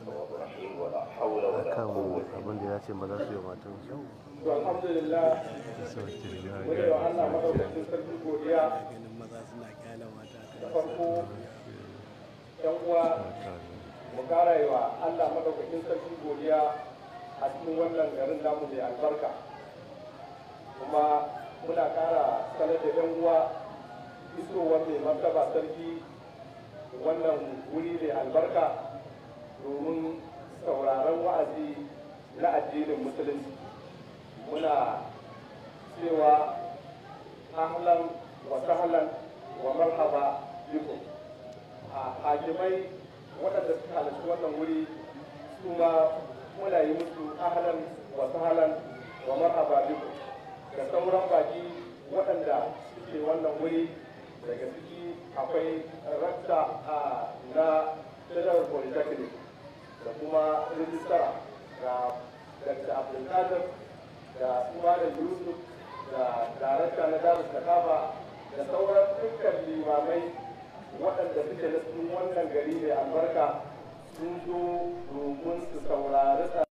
akan abin da ya ce maza su yi matan wani mu kara yi wa Allah madaukakin sarki godiya a cikin wannan garin namu mai albarka kuma muna kara sanar da yan uwa isrowar mai martaba sarki wannan wuri mai albarka domin sauraron wa'azi na addinin musulunci muna cewa ahlan wa sahlan wa marhaba bikum a hakimai waɗanda suka halarci wannan wuri su ma muna yi musu ahlan wa sahlan wa marhaba bikum da sauran baki waɗanda suke wannan wuri daga ciki akwai rakta ah, na federal polytechnic da kuma rijistara ga dakta abdulkadir da da yusuf da darakta na darus da sauran dukkan limamai waɗanda suke da wannan gari mai albarka sun zo domin su saurari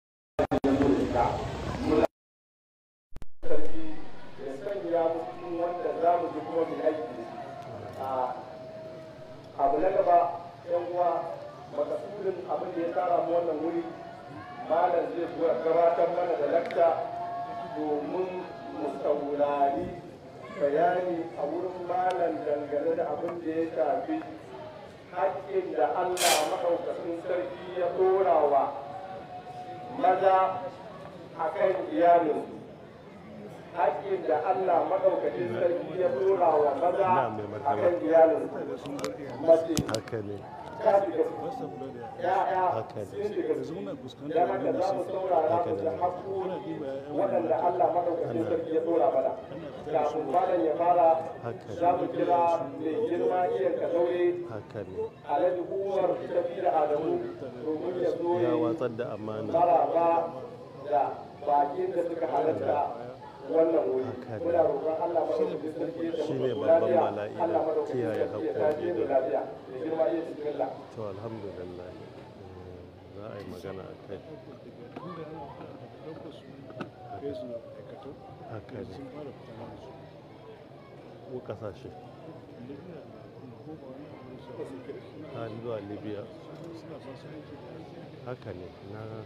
malam zai gabatar mana da lakta domin mu saurari bayani a wurin malam dangane da abin da ya shafi haƙƙin da Allah mahaukacin sarki ya ɗora maza a kan iyalinsu haƙƙin da Allah maɗaukacin sarki ya dora wa maza a kan iyalin mace waɗanda Allah maɗaukacin sarki ya dora mana kafin malam ya fara za mu kira mai girma iyan ka daure alhaji umar tafira adamu domin ya zo ya da amana maraba da bakin da suka halarta wannan wuri muna roƙon Allah ba da sarki ya tafi lafiya Allah da kiyaye da lafiya da girma to alhamdulillah eh, za a yi magana a kai haka ko kasashe ta zuwa libya haka ne na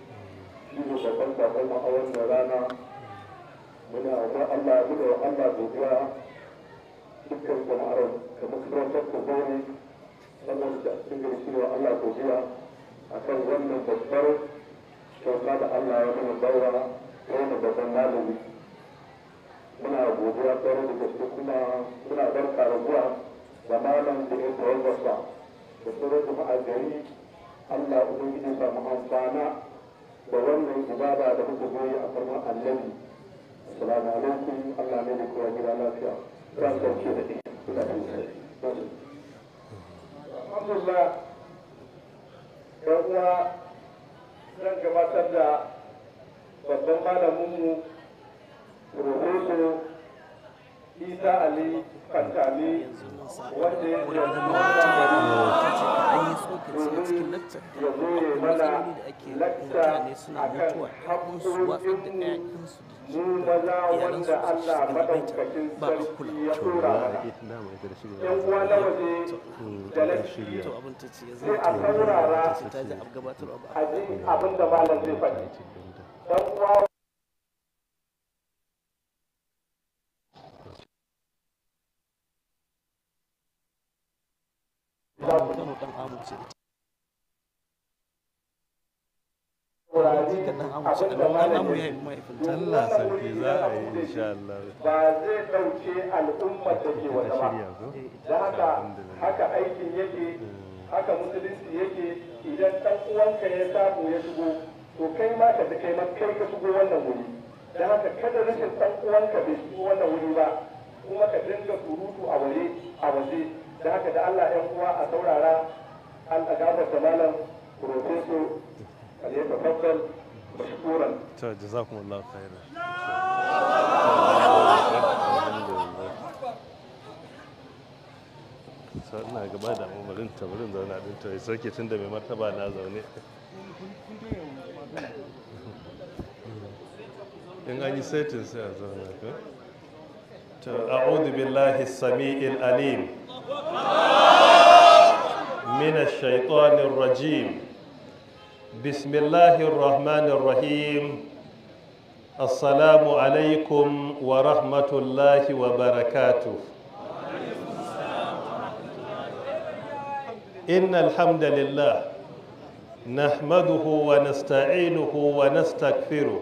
shi ne babban bakon a wannan rana muna wa Allah muna wa Allah godiya dukkan jama'ar da makarantar ku gani sannan da cikin gari wa Allah godiya akan wannan babbar kyauta da Allah ya mana bawa ta wani babban malami muna godiya kwarai da gaske kuma muna barka da zuwa da malam da ya tawar da sauran jama'a gari Allah ubangiji samu amfana da wannan ibada da kuka goyi a farkon annabi assalamu alaikum Allah ne da kowa gida lafiya ta sauke da ɗin alhamdulillah yan uwa zan gabatar da babban malaminmu professor isa ali fatali wanda ya zama an yi tsokaci a cikin lakcar akwai matsaloli da ake mutane suna mutuwa haɗin su watsar da ɗayakinsu da iyalansu su shiga maita ba a kula to abin ta ce ya zama ta yi ta ce ta ji gabatarwa ba a abin da malam zai faɗi dan amince da Allah sarki za a yi insha ba zai ɗauke al'ummar da ke wata ba da haka haka aikin yake haka musulunci yake idan ɗan uwanka ya samu ya shigo to kai ma ka kai ma kai ka shigo wannan wuri da haka kada rashin ɗan uwanka bai shigo wannan wuri ba kuma ka dinga surutu a waje a waje da haka da Allah ɗan uwa a saurara an a gafarta malam profeso aliyu fakkal mashkuran to jazakumullahu khairan sau ina gaba da umarin tabarin zaune din to sauke tun da mai martaba na zaune in an yi setin sai a zaune أعوذ بالله السميع العليم من الشيطان الرجيم بسم الله الرحمن الرحيم السلام عليكم ورحمة الله وبركاته إن الحمد لله نحمده ونستعينه ونستغفره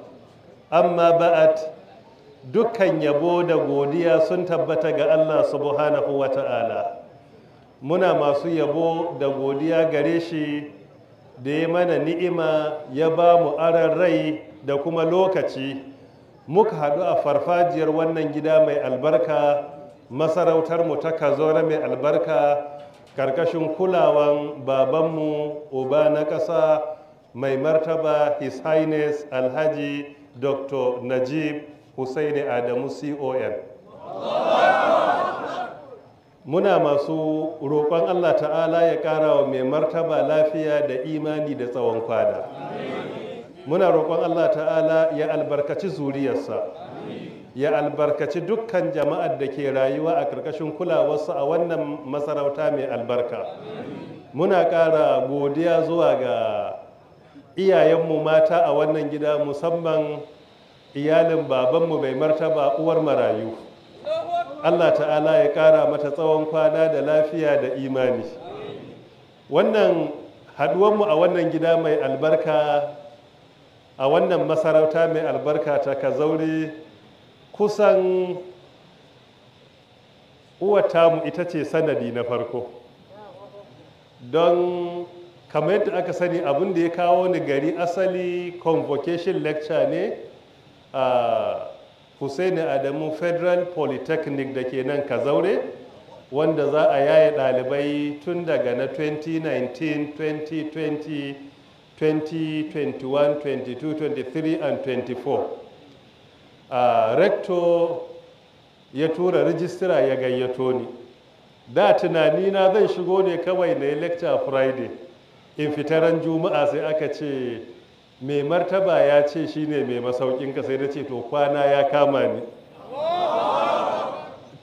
amma ba'at dukkan yabo da godiya sun tabbata ga Allah subhanahu wa ta'ala muna masu yabo da godiya gare shi da ya mana ni'ima ya ba mu aran rai da kuma lokaci muka haɗu a farfajiyar wannan gida mai albarka masarautar mu ta kazora mai albarka ƙarƙashin kulawan babanmu uba na ƙasa mai martaba his highness alhaji dr najib hussaini adamu con muna masu roƙon allah ta'ala ya ƙara wa mai martaba lafiya da imani da tsawon kwada. muna roƙon allah ta'ala ya albarkaci zuriyarsa ya albarkaci dukkan jama'ar da ke rayuwa a ƙarƙashin kulawarsa a wannan masarauta mai albarka muna ƙara godiya zuwa ga iyayenmu mata a wannan gida musamman iyalin babanmu mai martaba uwar marayu Allah ta'ala ya ƙara mata tsawon kwana da lafiya da imani wannan haɗuwanmu a wannan gida mai albarka a wannan masarauta mai albarka ta kazaure kusan tamu ita ce sanadi na farko don kamar yadda aka sani abin da ya kawo ni gari asali convocation lecture ne a Hussaini Adamu Federal Polytechnic da ke nan Kazaure wanda za a yaye ɗalibai tun daga na 2019, 2020, 2021, 2022, 2023 and 24. Uh, rector ya tura rijistira ya gayyato ni. Da tunani na zan shigo ne kawai na lecture Friday. in fitaran juma'a sai aka ce mai martaba ya ce shine mai ka sai na ce to kwana ya kama ni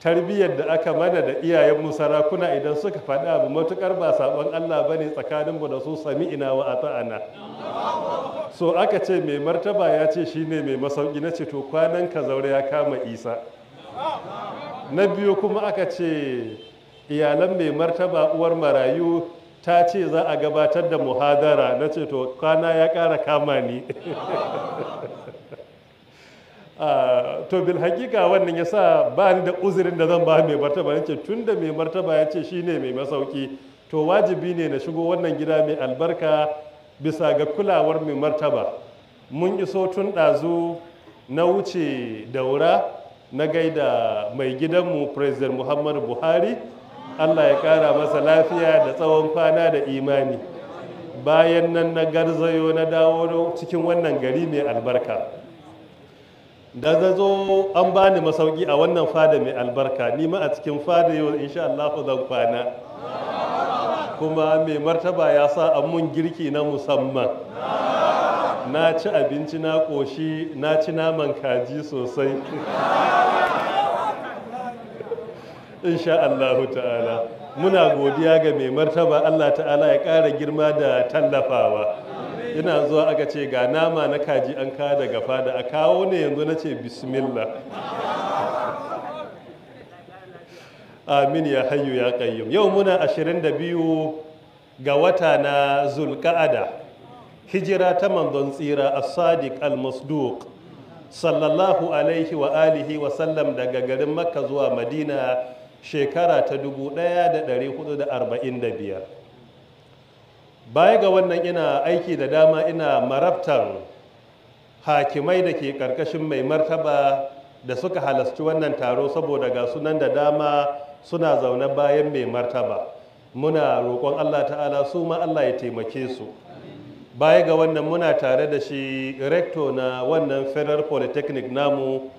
tarbiyyar da aka mana da iyayenmu sarakuna idan suka faɗi abu matukar ba saɓon Allah bane tsakaninmu da su sami ina wa ata'ana so aka ce mai martaba ya ce shine mai masauki na ce to kwanan ka zaure ya kama isa na biyu kuma aka ce iyalan mai martaba uwar marayu ta ce za a gabatar da muhadara na ce to kwana ya kara kama ni ah, to bil hakika wannan ya sa ba ni da uzurin da zan ba mai martaba ya ce tun da mai martaba ya ce shine mai masauki to wajibi ne na shigo wannan gida mai albarka bisa ga kulawar mai martaba mun iso tun ɗazu na wuce daura na gaida mai gidanmu president muhammadu buhari Allah ya ƙara masa lafiya da tsawon kwana da imani bayan nan na garzayo na dawo cikin wannan gari mai albarka da zazo zo an bani masauki a wannan fada mai albarka ni ma a cikin fada yau insha Allah zan kwana kuma mai martaba ya sa mun girki na musamman na ci abinci na ƙoshi na ci naman kaji sosai insha Allahu ta'ala muna godiya ga mai martaba Allah ta'ala ya ƙara girma da tallafawa ina zuwa aka ce ga nama na kaji an ka daga fada a kawo ne yanzu na ce bismillah amin ya hayu ya ƙayyum. yau muna 22 ga wata na zulka'ada hijira ta manzon tsira a sadiq al-masduq sallallahu alaihi wa alihi wa sallam daga garin makka zuwa madina shekara ta 1445 baya ga wannan ina aiki da dama ina marabtar hakimai da ke karkashin mai martaba da suka halasci wannan taro saboda ga sunan da dama suna zaune bayan mai martaba muna roƙon allah ta'ala su ma allah ya taimake su baya ga wannan muna tare da shi rector na wannan federal polytechnic namu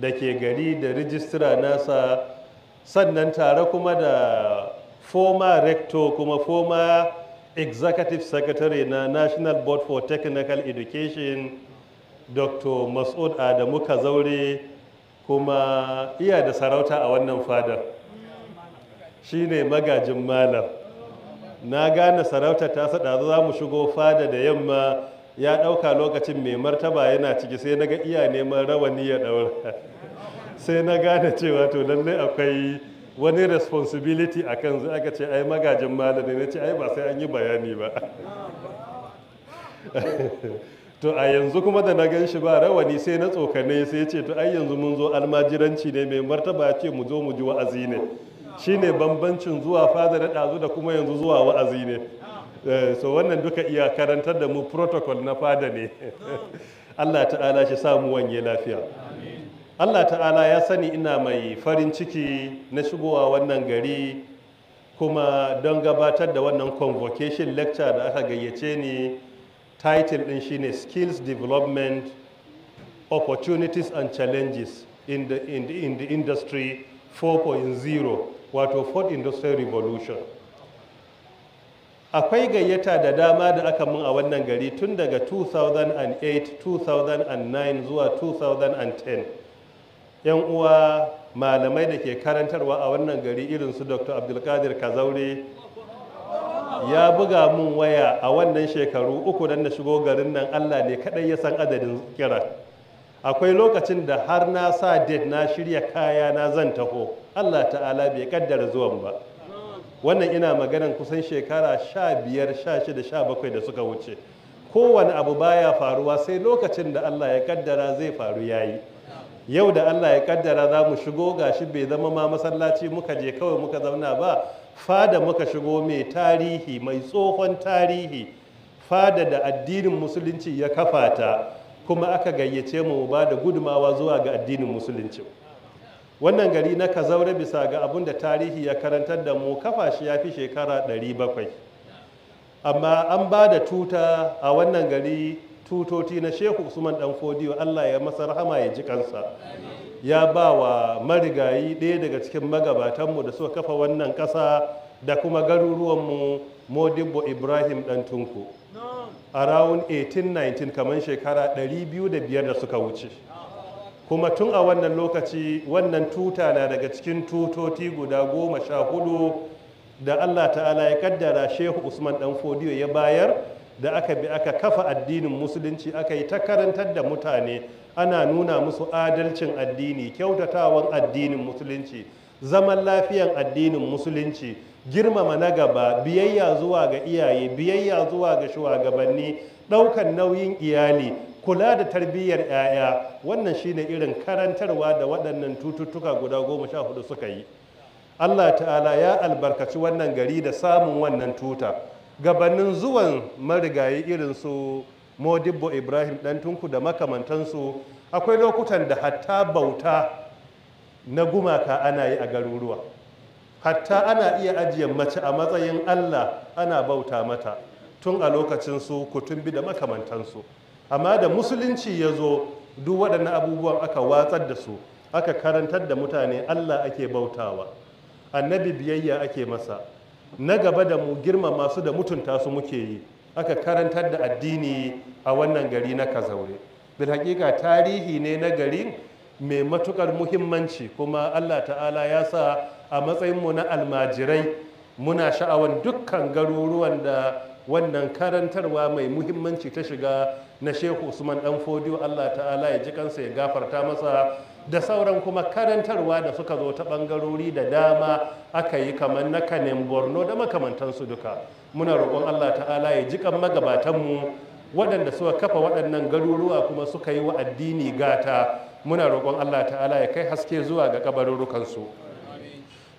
da ke gari da rijistira nasa sannan tare kuma da former rector kuma former executive secretary na national board for technical education dr masud adamu kazaure kuma iya da sarauta a wannan fadar shine magajin malam na gane sarauta ta sada za mu shigo fada da yamma ya ɗauka lokacin mai martaba yana ciki sai na ga iya neman rawani ya ɗaura sai na gane cewa to lallai akwai wani responsibility a kan zai aka ce ai magajin malami na ce ai ba sai an yi bayani ba to a yanzu kuma da na gan shi ba rawani sai na tsokane sai ce to ai yanzu mun zo almajiranci ne mai martaba ce mu zo mu ji wa'azi ne shine bambancin zuwa fada da ɗazu da kuma yanzu zuwa wa'azi ne eh, so wannan duka iya karantar da mu protocol na fada ne Allah ta'ala shi samu wanye lafiya Allah ta'ala ya sani ina mai farin ciki na shigowa wannan gari kuma don gabatar da wannan convocation lecture da aka gayyace ni title din shine skills development opportunities and challenges in the, in the, in the industry 4.0 wato fourth industrial revolution akwai gayyata da dama da aka mun a wannan gari tun daga 2008 2009 zuwa 2010 'yan uwa malamai da ke karantarwa a wannan gari irin su dr abdulkadir kazaure ya buga mun waya a wannan shekaru uku dan na shigo garin nan allah ne kadai ya san adadin kiran akwai lokacin da har na sa date na shirya kaya na zan taho allah ta'ala bai kaddara zuwan ba wannan ina maganan kusan shekara sha biyar sha shida sha bakwai da suka wuce kowane abu baya faruwa sai lokacin da allah ya kaddara zai faru yayi yau da Allah ya kaddara za mu shigo ga shi, bai zama ma masallaci muka je kawai muka zauna ba fada muka shigo mai tarihi mai tsohon tarihi fada da addinin musulunci ya kafa ta kuma aka gayyace mu ba da gudumawa zuwa ga addinin musulunci wannan gari na kazaure bisa ga abun da tarihi ya karantar da mu kafa shi ya fi shekara 700 amma an ba da tuta a wannan gari tutoti na shehu usman dan fodiyo allah ya masa rahama ya ji kansa ya ba wa marigayi ɗaya daga cikin magabatanmu da suka kafa wannan ƙasa da kuma garuruwanmu modibbo ibrahim dan tunku around 1819 kamar shekara 205 da suka wuce kuma tun a wannan lokaci wannan tuta na daga cikin tutoti guda goma sha hudu da allah ta'ala ya kaddara shehu usman dan fodiyo ya bayar da aka bi aka kafa addinin musulunci aka yi ta karantar da mutane ana nuna musu adalcin addini kyautatawan addinin musulunci zaman lafiyan addinin musulunci girmama na gaba biyayya zuwa ga iyaye biyayya zuwa ga shugabanni ɗaukan nauyin iyali kula da tarbiyyar 'ya'ya wannan shine irin karantarwa da waɗannan tututtuka guda goma sha hudu suka yi allah ta'ala ya albarkaci wannan gari da samun wannan tuta gabanin zuwan marigayi irin su modibbo ibrahim tunku da makamantansu akwai lokutan da hatta bauta na gumaka ana yi a garuruwa hatta ana iya ajiye mace a matsayin allah ana bauta mata tun a lokacin su kutumbi da makamantansu amma da musulunci ya zo duk waɗannan abubuwan aka watsar da su aka karantar da mutane allah ake bautawa annabi biyayya ake masa na gaba da mu girmama su da mutunta su muke yi aka karantar da addini a wannan gari na kazaure bil hakika tarihi ne na gari mai matukar muhimmanci kuma allah ta'ala ya sa a matsayinmu na almajirai muna sha'awan dukkan garuruwan da wannan karantarwa mai muhimmanci ta shiga na shehu usman dan fodiyo allah ta'ala ya ji kansa ya gafarta masa da sauran kuma karantarwa da suka zo ta ɓangarori da dama aka yi kamar na Kanin borno da makamantansu duka muna roƙon allah ta'ala ya jikan magabatanmu waɗanda suka kafa waɗannan garuruwa kuma suka yi wa addini gata muna roƙon allah ta'ala ya kai haske zuwa ga kabarurrukansu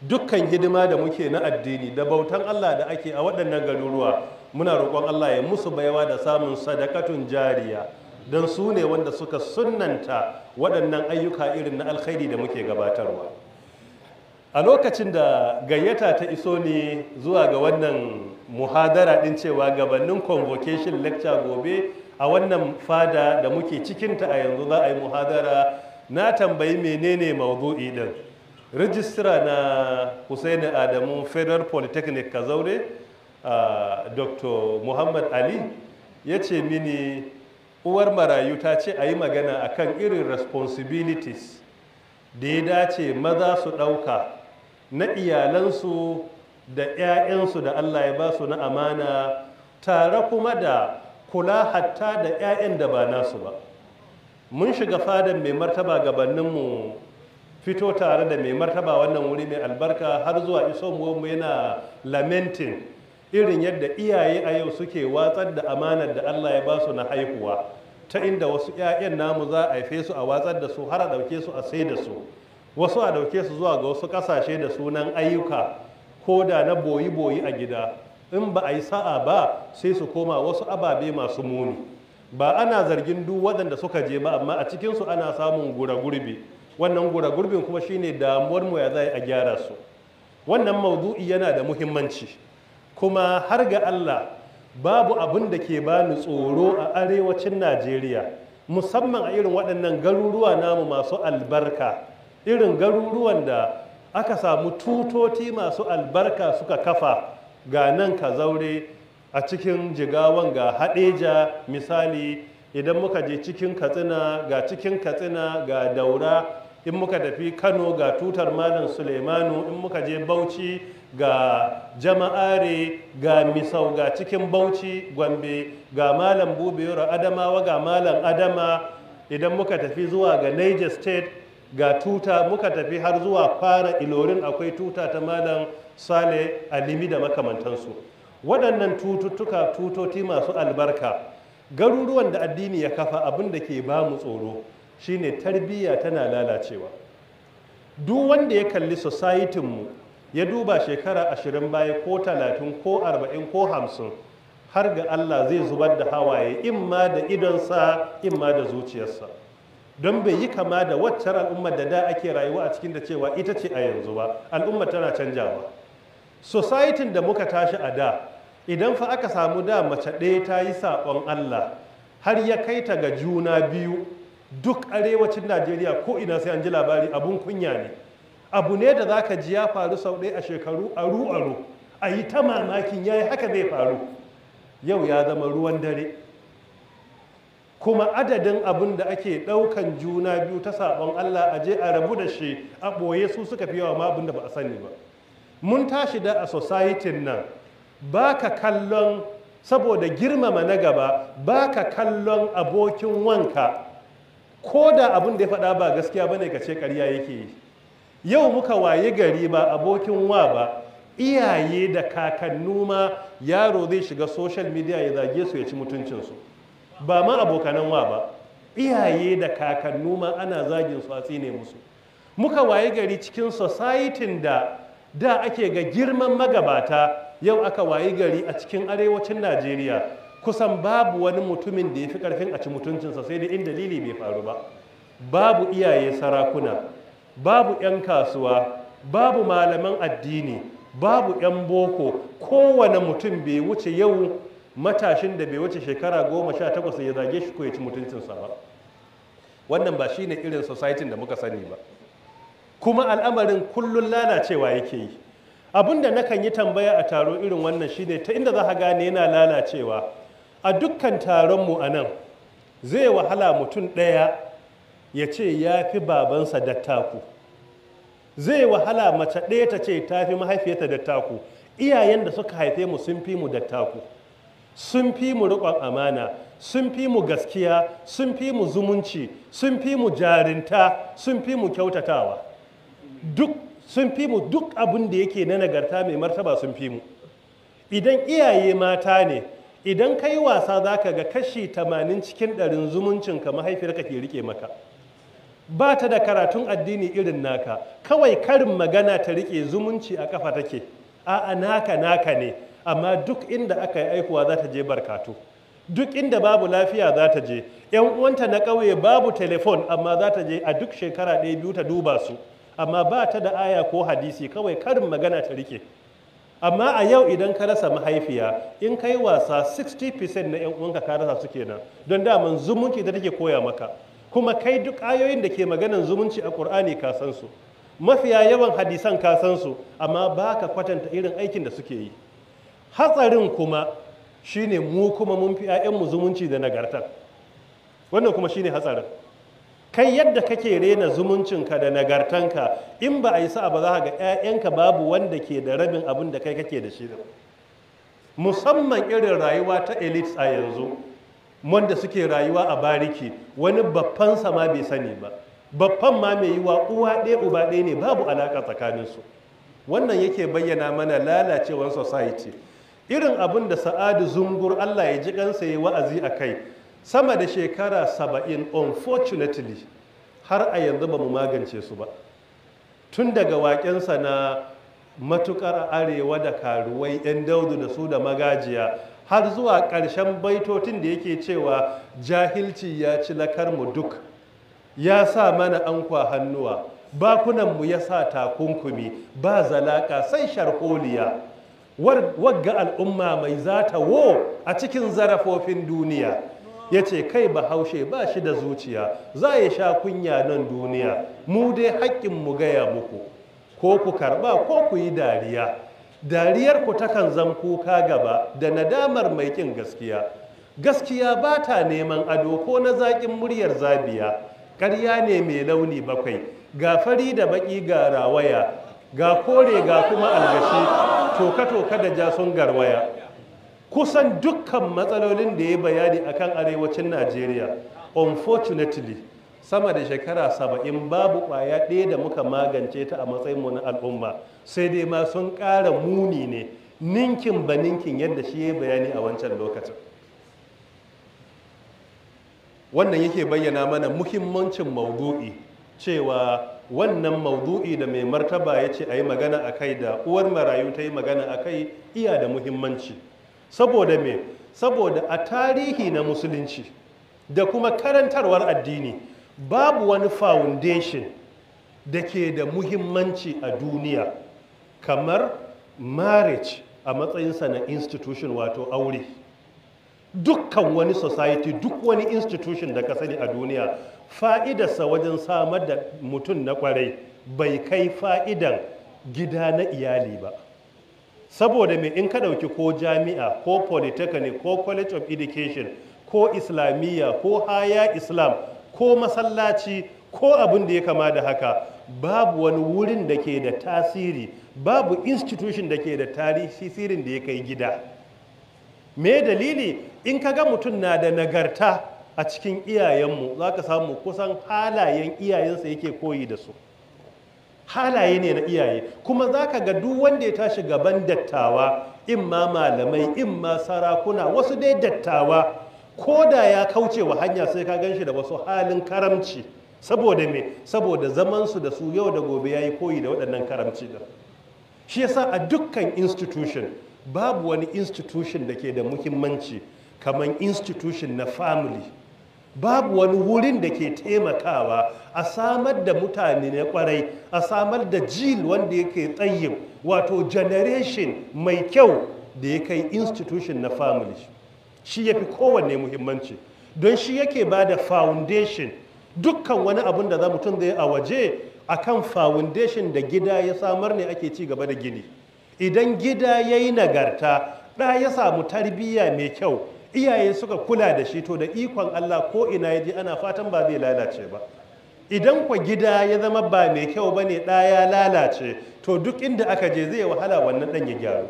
dukkan hidima da muke na addini da bautan allah da ake a waɗannan garuruwa muna roƙon allah ya musu baiwa da samun sadakatun jariya don su ne wanda suka sunanta waɗannan ayyuka irin na alkhairi da muke gabatarwa a lokacin da gayyata ta iso ne zuwa ga wannan muhadara ɗin cewa gabanin convocation lecture gobe a wannan fada da muke cikinta a yanzu za a yi muhadara na tambayi menene mawdu'i ɗin rijistira na Hussaini adamu federal polytechnic ka zaure dr muhammad ali ya ce mini uwar marayu ta ce a yi magana a kan irin responsibilities da ya dace maza su ɗauka na iyalansu da 'ya'yansu da Allah ya ba su na amana tare kuma da kula hatta da 'ya'yan da ba nasu ba mun shiga fadan mai martaba gabaninmu fito tare da mai martaba wannan wuri mai albarka har zuwa iso mu yana lamentin irin yadda iyaye a yau suke watsar da amanar da Allah ya ba su na haihuwa ta inda wasu 'ya'yan namu za a haife su a watsar da su har a ɗauke su a sai da su wasu a ɗauke su zuwa ga wasu ƙasashe da sunan ayyuka ko da na boyi-boyi a gida in ba a yi sa'a ba sai su koma wasu ababe masu muni ba ana zargin duk waɗanda suka je ba amma a cikinsu ana samun gura gurbi wannan gura gurbin kuma shine damuwar mu ya za a gyara su wannan maudu'i yana da muhimmanci kuma har ga Allah babu abin da ke bani tsoro a arewacin Najeriya musamman a irin waɗannan garuruwa namu masu albarka irin garuruwan da aka samu tutoti masu albarka suka kafa ga nan ka zaure a cikin jigawan ga haɗeja misali idan muka je cikin katsina ga cikin katsina ga daura in muka tafi kano ga tutar malam suleimanu in muka je bauchi ga jama'are ga misau ga cikin bauchi gwambe ga malam bubiyar adamawa ga malam adama idan muka tafi zuwa ga niger state ga tuta muka tafi har zuwa fara ilorin akwai tuta ta malam sale alimi da makamantansu waɗannan tututtuka tutoti masu albarka garuruwan da addini ya kafa abin da ke ba mu tsoro shine tarbiyya tana lalacewa duk wanda ya kalli societinmu ya duba shekara ashirin baya ko talatin ko arba'in ko hamsin har ga Allah zai zubar da hawaye in ma da idonsa ma da zuciyarsa don bai yi kama da waccan al'ummar da da ake rayuwa a cikin da cewa ita ce a yanzu ba Al'ummar tana canja ba. societin da muka tashi a da idan fa aka samu da mace ɗaya ta yi saƙon Allah har ya kai ta ga juna biyu duk arewacin Najeriya ko ina sai an ji labari abun kunya ne abu ne da za ka ji ya faru sau ɗaya a shekaru aru aru a yi ta mamakin ya yi haka zai faru yau ya zama ruwan dare kuma adadin abin da ake ɗaukan juna biyu ta sabon Allah a je a rabu da shi a ɓoye su suka fi yawa ma abin da ba a sani ba mun tashi da a society nan ba ka kallon saboda girmama na gaba ba ka kallon abokin wanka ko da abin da ya faɗa ba gaskiya ne ka ce ƙarya yake yi yau muka waye gari ba abokin wa ba iyaye da kakannu ma yaro zai shiga social media ya zage su ya ci mutuncinsu ba ma abokanan wa ba iyaye da kakannu ma ana zagin su a tsine musu muka waye gari cikin societin da da ake ga girman magabata yau aka waye gari a cikin arewacin najeriya kusan babu wani mutumin da ya fi karfin a ci mutuncinsa sai da in dalili bai faru ba babu iyaye sarakuna babu 'yan kasuwa babu malaman addini babu 'yan boko kowane mutum bai wuce yau matashin da bai wuce shekara goma sha takwas ya zage shi ko ya ci mutuncinsa ba wannan ba shine irin society da muka sani ba kuma al'amarin kullum lalacewa yake yi abinda nakan yi tambaya a taro irin wannan shine ta inda za ka gane yana lalacewa a dukkan taron mu a nan zai wahala mutum ɗaya ya ce ya fi babansa dattaku zai wahala mace ɗaya ta ce ta fi mahaifiyarta dattaku iyayen da suka haife mu sun fi mu dattaku sun fi mu riƙon amana sun fi mu gaskiya sun fi mu zumunci sun fi mu jarinta sun fi mu kyautatawa duk sun fi mu duk abin da yake na nagarta mai martaba sun fi mu idan iyaye mata ne idan ka yi wasa za ka ga kashi 80 cikin ɗarin zumuncinka mahaifiyarka ke riƙe maka ba ta da karatun addini irin naka kawai karin magana ta rike zumunci a kafa take a'a naka naka ne amma duk inda aka yi aihuwa za ta je barkatu duk inda babu lafiya za ta je yan uwanta na ƙauye babu telefon amma za ta je a duk shekara ɗaya biyu ta duba su amma ba ta da aya ko hadisi kawai karin magana ta rike amma a yau idan ka rasa mahaifiya in kai wasa 60% na yan uwanka ka rasa su kenan don daman zumunci da take koya maka kuma kai duk ayoyin da ke maganan zumunci a ƙur'ani ka san su mafiya yawan hadisan ka san su amma ba ka kwatanta irin aikin da suke yi hatsarin kuma shine mu kuma mun fi 'ya'yanmu zumunci da nagartar wannan kuma shine hatsarin kai yadda kake rena zumuncin ka da nagartanka in ba a yi sa'a ba za ga 'ya'yanka babu wanda ke da rabin abin da kai kake da shi musamman irin rayuwa ta elites a yanzu wanda suke rayuwa a bariki wani babban sama bai sani ba babban ma mai yiwa uwa ɗaya uba ɗaya ne babu alaƙa tsakaninsu wannan yake bayyana mana lalacewar society irin abin da sa'adu zungur allah ya ji kansa ya wa'azi a kai sama da shekara saba'in unfortunately har a yanzu ba mu magance su ba tun daga waƙensa na matuƙar arewa da karuwai 'yan daudu da su da magajiya har zuwa ƙarshen baitotin da yake cewa jahilci ya ci lakarmu duk ya sa mana ankwa hannuwa bakunanmu ya sa takunkumi ba zalaka sai sharholiya wagga al'umma mai zata wo a cikin zarafofin duniya ya ce kai bahaushe ba shi da zuciya za ya sha kunya nan duniya mu dai haƙƙin mu gaya muku ko ku karɓa ko ku yi dariya dariyar ku takan zam kuka gaba da nadamar mai kin gaskiya gaskiya ba ta neman ado ko na zaƙin muryar zabiya ƙarya ne mai launi bakwai ga fari da baƙi ga rawaya ga kore ga kuma algashi toka-toka da jasun garwaya kusan dukkan matsalolin da ya bayani akan arewacin najeriya unfortunately sama da shekara saba'in babu ƙwaya ɗaya da muka magance ta a matsayinmu na al'umma sai dai ma sun ƙara muni ne ninkin ba ninkin yadda shi ya bayani a wancan lokacin wannan yake bayyana mana muhimmancin maudu'i cewa wannan maudu'i da mai martaba ya ce a yi magana a kai da uwar marayu ta yi magana a kai iya da muhimmanci saboda me saboda a tarihi na musulunci da kuma karantarwar addini babu wani foundation da ke da muhimmanci a duniya kamar marriage a matsayinsa na institution wato aure dukkan wani society duk wani institution da ka sani a duniya fa'idarsa wajen samar da mutum na kwarai bai kai fa'idan gida na iyali ba saboda mai in ka ɗauki ko jami'a ko polytechnic ko college of education ko islamiyya ko haya islam ko masallaci ko abin da ya kama da haka babu wani wurin da ke da tasiri babu institution da ke da tasirin da ya kai gida me dalili in ka ga mutum na da nagarta a cikin iyayenmu za ka samu kusan halayen iyayensa yake koyi da su halaye ne na iyaye kuma za ka ga duk wanda ya tashi gaban dattawa in ma malamai in ma sarakuna wasu dai dattawa ko da ya kauce wa hanya sai ka gan shi da wasu halin karamci saboda me saboda zamansu da su yau da gobe ya yi koyi da waɗannan karamci da shi yasa a dukkan institution babu wani institution da ke da muhimmanci kamar institution na family babu wani wurin da ke taimakawa a samar da mutane na kwarai a samar da jil wanda yake tsayin wato generation mai kyau da ya kai institution na family shi ya fi kowanne muhimmanci don shi yake ba da foundation dukkan wani abun da za mutum zai a waje a kan foundation da gida ya samar ne ake ci gaba da gini idan gida ya yi nagarta ɗa ya samu tarbiyya mai kyau iyaye suka kula da shi to da ikon Allah ko ina ya je ana fatan ba zai lalace ba idan kwa gida ya zama ba mai kyau ba ne ɗa ya lalace to duk inda aka je zai wahala wannan ɗan ya gyaru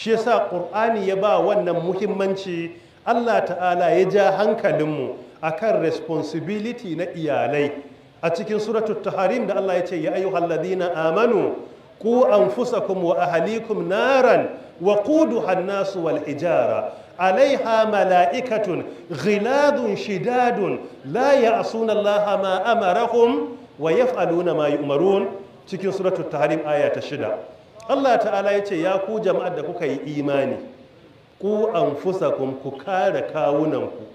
shi yasa qur'ani ya ba wannan muhimmanci Allah ta'ala ya ja hankalinmu akan responsibility na iyalai a cikin suratul taharim da Allah ya ce ya ayyuhalladhina amanu ku anfusakum wa ahalikum naran wa hannasu an wal ijara. alaiha mala'ikatun ghiladun shidadun la ya'suna Allah ma amarahum wa yaf'aluna ma yu'marun cikin suratul taharim aya ta shida. Allah ta'ala ya ce ya ku jama'ar da kuka yi imani ku an anfusakum ku kare kawunanku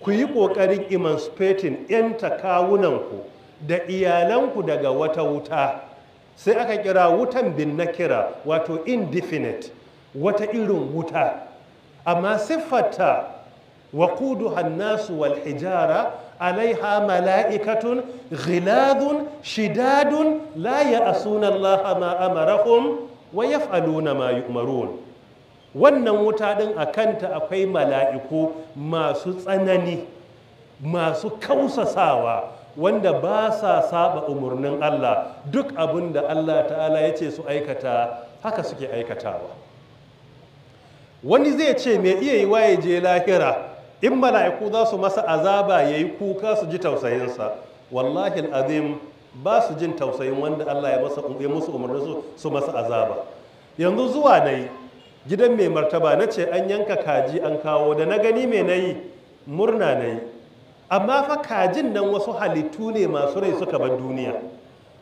ku yi ƙoƙarin emancipating yanta kawunanku da iyalanku daga wata wuta sai aka kira wutan bin na kira wato indefinite wata irin wuta amma siffarta wa kudu hannasu wal hijara alaiha mala'ikatun ghiladun shidadun la ya'asuna laha ma amarahum wa yaf'aluna ma wannan wuta a kanta akwai mala'iku masu tsanani masu kausasawa wanda ba sa saba umarnin Allah duk abin da Allah ta'ala ya ce su aikata haka suke aikatawa wani zai ce mai iya yi waye je lahira in mala'iku za su masa azaba ya yi kuka su ji tausayinsa wallahi azim ba su jin tausayin wanda Allah ya masa um, musu umarni su masa azaba yanzu zuwa nayi gidan mai martaba na ce an yanka kaji an kawo da na gani mai nayi murna nayi amma fa kajin nan wasu halittu ne masu rai suka bar duniya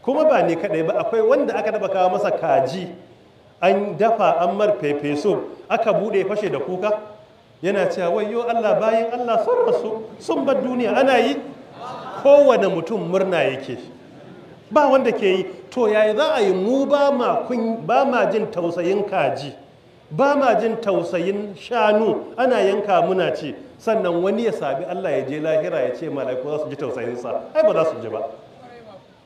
kuma ba ni kadai ba akwai wanda aka taba kawo masa kaji an dafa an mar fefe aka bude fashe da kuka yana cewa yo Allah bayan Allah sun rasu sun bar duniya ana yi kowane mutum murna yake ba wanda ke yi to yayi za a yi mu ba ma jin tausayin kaji ba ma jin tausayin shanu ana yanka muna ce sannan wani ya sabi Allah ya je lahira ya ce mala'iku za su ji tausayinsa ai ba za su ji ba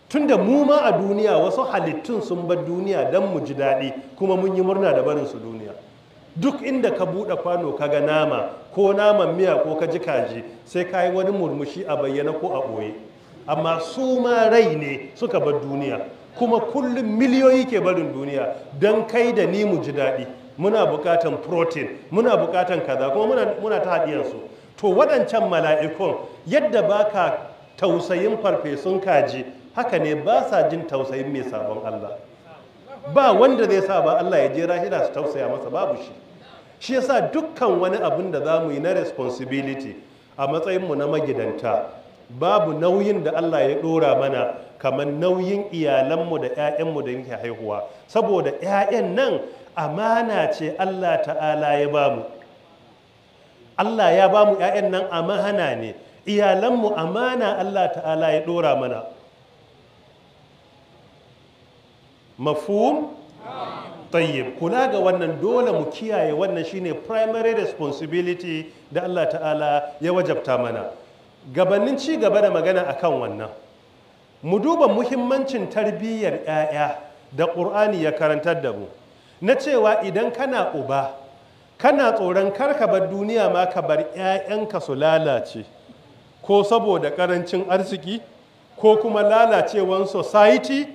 tunda mu ma a duniya wasu halittun sun bar duniya don mu ji daɗi kuma mun yi murna da barin su duniya duk inda ka buɗe kwano ka ga nama ko naman miya ko ka ji kaji sai ka yi wani murmushi a bayyana ko a ɓoye amma su ma rai ne suka bar duniya kuma kullum miliyoyi ke barin duniya don kai da ni mu ji daɗi muna buƙatan protein muna buƙatan kaza kuma muna, ta haɗiyansu to waɗancan mala'ikun yadda ba ka tausayin farfesun kaji haka ne ba sa jin tausayin mai sabon Allah ba wanda zai sa ba Allah ya je rahira su tausaya masa babu shi shi yasa dukkan wani abin da za mu yi na responsibility a matsayinmu na magidanta babu nauyin da Allah ya ɗora mana kamar nauyin iyalanmu da 'ya'yanmu da yake haihuwa saboda 'ya'yan nan amana ce Allah ta'ala ya bamu Allah ya bamu 'ya'yan nan amana ne iyalanmu amana Allah ta'ala ya ɗora mana mafhum tayyib kula ga wannan dole mu kiyaye wannan shine primary responsibility da Allah ta'ala ya wajabta mana gabanin ci gaba da magana akan wannan mu duba muhimmancin tarbiyyar 'ya'ya da ƙur'ani ya karantar da mu na cewa idan kana uba kana tsoron kar ka bar duniya ma ka bar 'ya'yanka su lalace ko saboda ƙarancin arziki ko kuma lalacewan society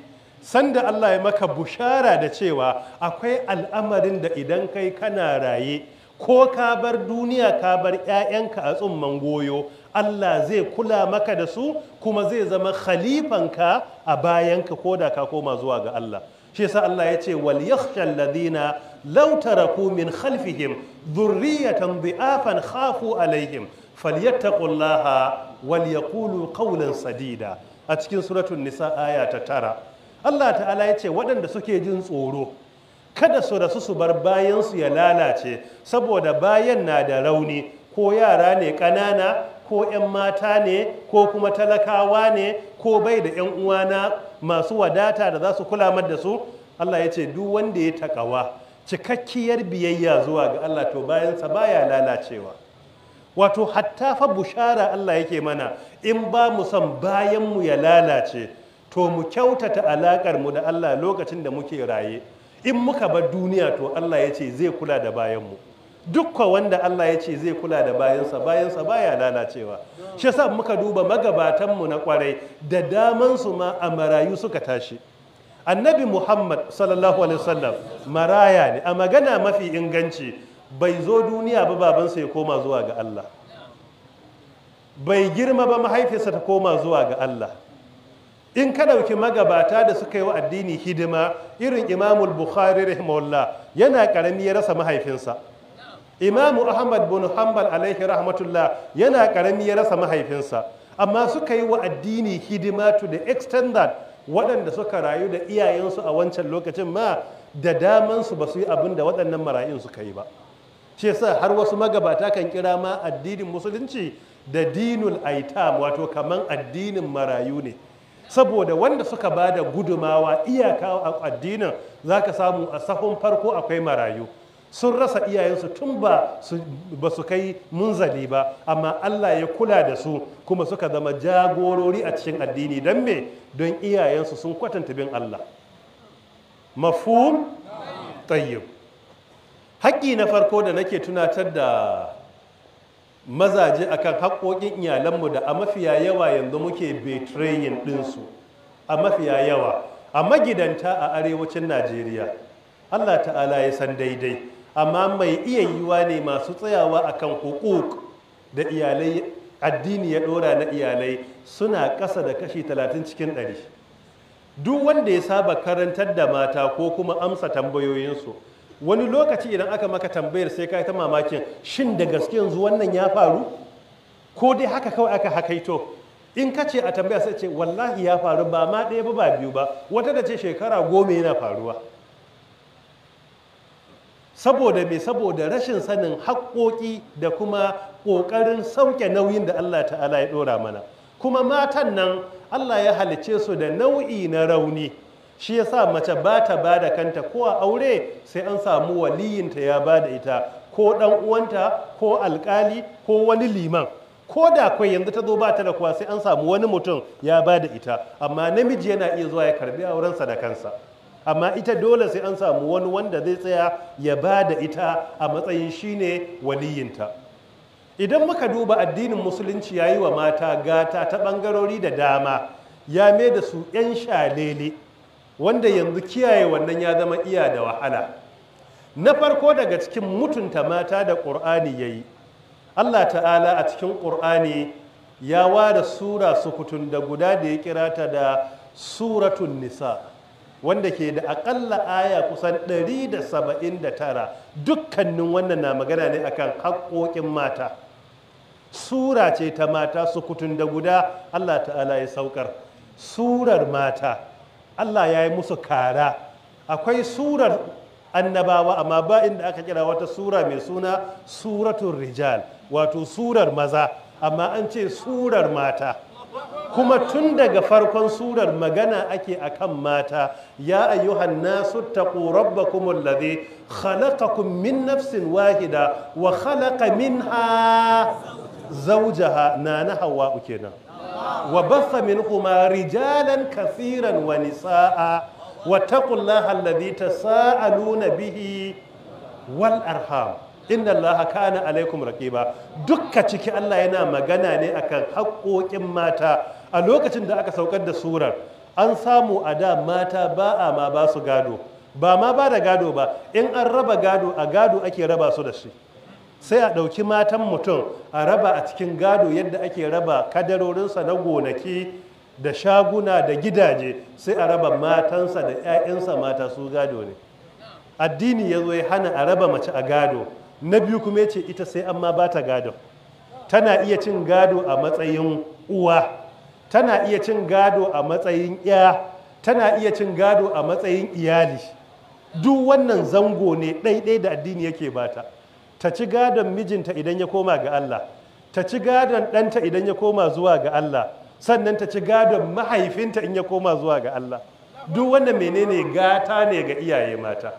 sanda Allah ya maka bushara da cewa akwai al'amarin da idan kai kana raye ko ka bar duniya ka bar 'ya'yanka a tsumman goyo Allah zai kula maka da su kuma zai zama khalifanka a bayanka ko da ka koma zuwa ga Allah shi yasa Allah ya ce wal yakhshal ladina law taraku min khalfihim dhurriyatan dhi'afan khafu alaihim falyattaqullaha wal yaqulu qawlan sadida a cikin suratul nisa aya ta tara Allah ta'ala ya ce waɗanda suke jin tsoro kada su rasu su bar bayansu ya lalace saboda bayan na da rauni ko yara ne ƙanana ko 'yan mata ne ko kuma talakawa ne ko bai da 'yan uwana masu wadata da za su kula da su Allah ya ce duk wanda ya takawa cikakkiyar biyayya zuwa ga Allah to bayansa baya lalacewa wato hatta fa bushara Allah yake mana in ba mu san bayanmu ya lalace to mu kyautata alaƙar mu da Allah lokacin da muke raye in muka bar duniya to Allah ya ce zai kula da bayanmu. mu dukkan wanda Allah ya ce zai kula da bayansa bayansa baya lalacewa shi yasa muka duba magabatan mu na kwarai da daman su ma a marayu suka tashi annabi muhammad sallallahu alaihi wasallam maraya ne a magana mafi inganci bai zo duniya ba babansa ya koma zuwa ga allah bai girma ba mahaifiyarsa ta koma zuwa ga allah in ka ɗauki magabata da suka yi wa addini hidima irin imamul bukhari rahimahullah yana karami ya rasa mahaifinsa imamu ahmad bin hanbal alaihi rahmatullah yana karami ya rasa mahaifinsa amma suka yi wa addini hidima to the extent that waɗanda suka rayu da iyayensu a wancan lokacin ma da damansu ba su yi abin da waɗannan marayun suka yi ba ce sa har wasu magabata kan kira ma addinin musulunci da dinul aitam wato kaman addinin marayu ne saboda wanda suka ba da gudumawa iyaka a addinin za ka samu a sahun farko akwai marayu sun rasa iyayensu tun ba su kai munzali ba amma Allah ya kula da su kuma suka zama jagorori a cikin addini don me don iyayensu sun kwatanta bin Allah mafhum tayyib haƙƙi na farko da nake tunatar da mazaje akan haƙoƙin iyalanmu da a mafiya yawa yanzu muke betrayin ɗinsu a mafiya yawa a magidanta a arewacin najeriya allah ta'ala ya san daidai amma mai iya yiwa ne masu tsayawa akan hukuk da iyalai addini ya ɗora na iyalai suna ƙasa da kashi 30 cikin 100 duk wanda ya saba karantar da mata ko kuma amsa tambayoyinsu wani lokaci idan aka maka tambayar sai ka yi ta mamakin shin da gaske yanzu wannan ya faru ko dai haka kawai aka hakaito in ka ce a tambaya sai ce wallahi ya faru ba ma ɗaya ba ba biyu ba wata da ce shekara goma yana faruwa saboda me saboda rashin sanin haƙoƙi da kuma ƙoƙarin sauke nauyin da Allah ta'ala ya ɗora mana kuma matan nan Allah ya halice su da nau'i na rauni shi ya sa mace ba ta ba da kanta ko a aure sai an samu waliyinta ya ba da ita ko dan uwanta ko alkali ko wani liman ko da kwai yanzu ta zo ba ta da kuwa sai an samu wani mutum ya ba da ita amma namiji yana iya zuwa ya karbi aurensa da kansa amma ita dole sai an samu wani wanda zai tsaya ya ba da ita a matsayin shine waliyinta idan muka duba addinin musulunci ya yi wa mata gata ta ɓangarori da dama ya mai da su 'yan shalele wanda yanzu kiyaye wannan ya zama iya da wahala na farko daga cikin mutunta mata da ƙur'ani ya yi allah ta'ala a cikin ƙur'ani ya ware sura sukutun da guda da ya kira ta da suratun nisa wanda ke da aƙalla aya kusan 179 dukkanin wannan na magana ne akan haƙoƙin mata sura ce ta mata sukutun da guda allah ta'ala ya saukar surar mata Allah ya yi musu kara akwai surar annabawa amma ba inda aka kira wata sura mai suna suratun rijal wato surar maza amma an ce surar mata kuma tun daga farkon surar magana ake akan mata ya ayyuhan nasu taqu rabbakum alladhi khalaqakum min nafsin wahida wa khalaqa minha zawjaha na na hawa kenan wa baffa minhuma rijalan kasiran wa nisaa wa taqullaha alladhi tasaaluna bihi wal arham inna allaha kana alaikum ba dukka ciki Allah yana magana ne akan haƙoƙin mata a lokacin da aka saukar da surar an samu a da mata ba a basu gado ba ma ba gado ba in an raba gado a gado ake raba su da shi sai a ɗauki matan mutum a raba a cikin gado yadda ake raba kadarorinsa na gonaki da shaguna da gidaje sai a raba matansa da 'ya'yansa mata su gado ne addini ya zo ya hana a raba mace a gado na biyu kuma ya ce ita sai an ma ba ta gado tana iya cin gado a matsayin uwa tana iya cin gado a matsayin 'ya tana iya cin gado a matsayin iyali duk wannan zango ne ɗaiɗai da addini yake bata ta ci gadon mijinta idan ya koma ga Allah ta ci gadon ɗanta idan ya koma zuwa ga Allah sannan ta ci gadon mahaifinta in ya koma zuwa ga Allah duk wanda menene gata ne ga iyaye mata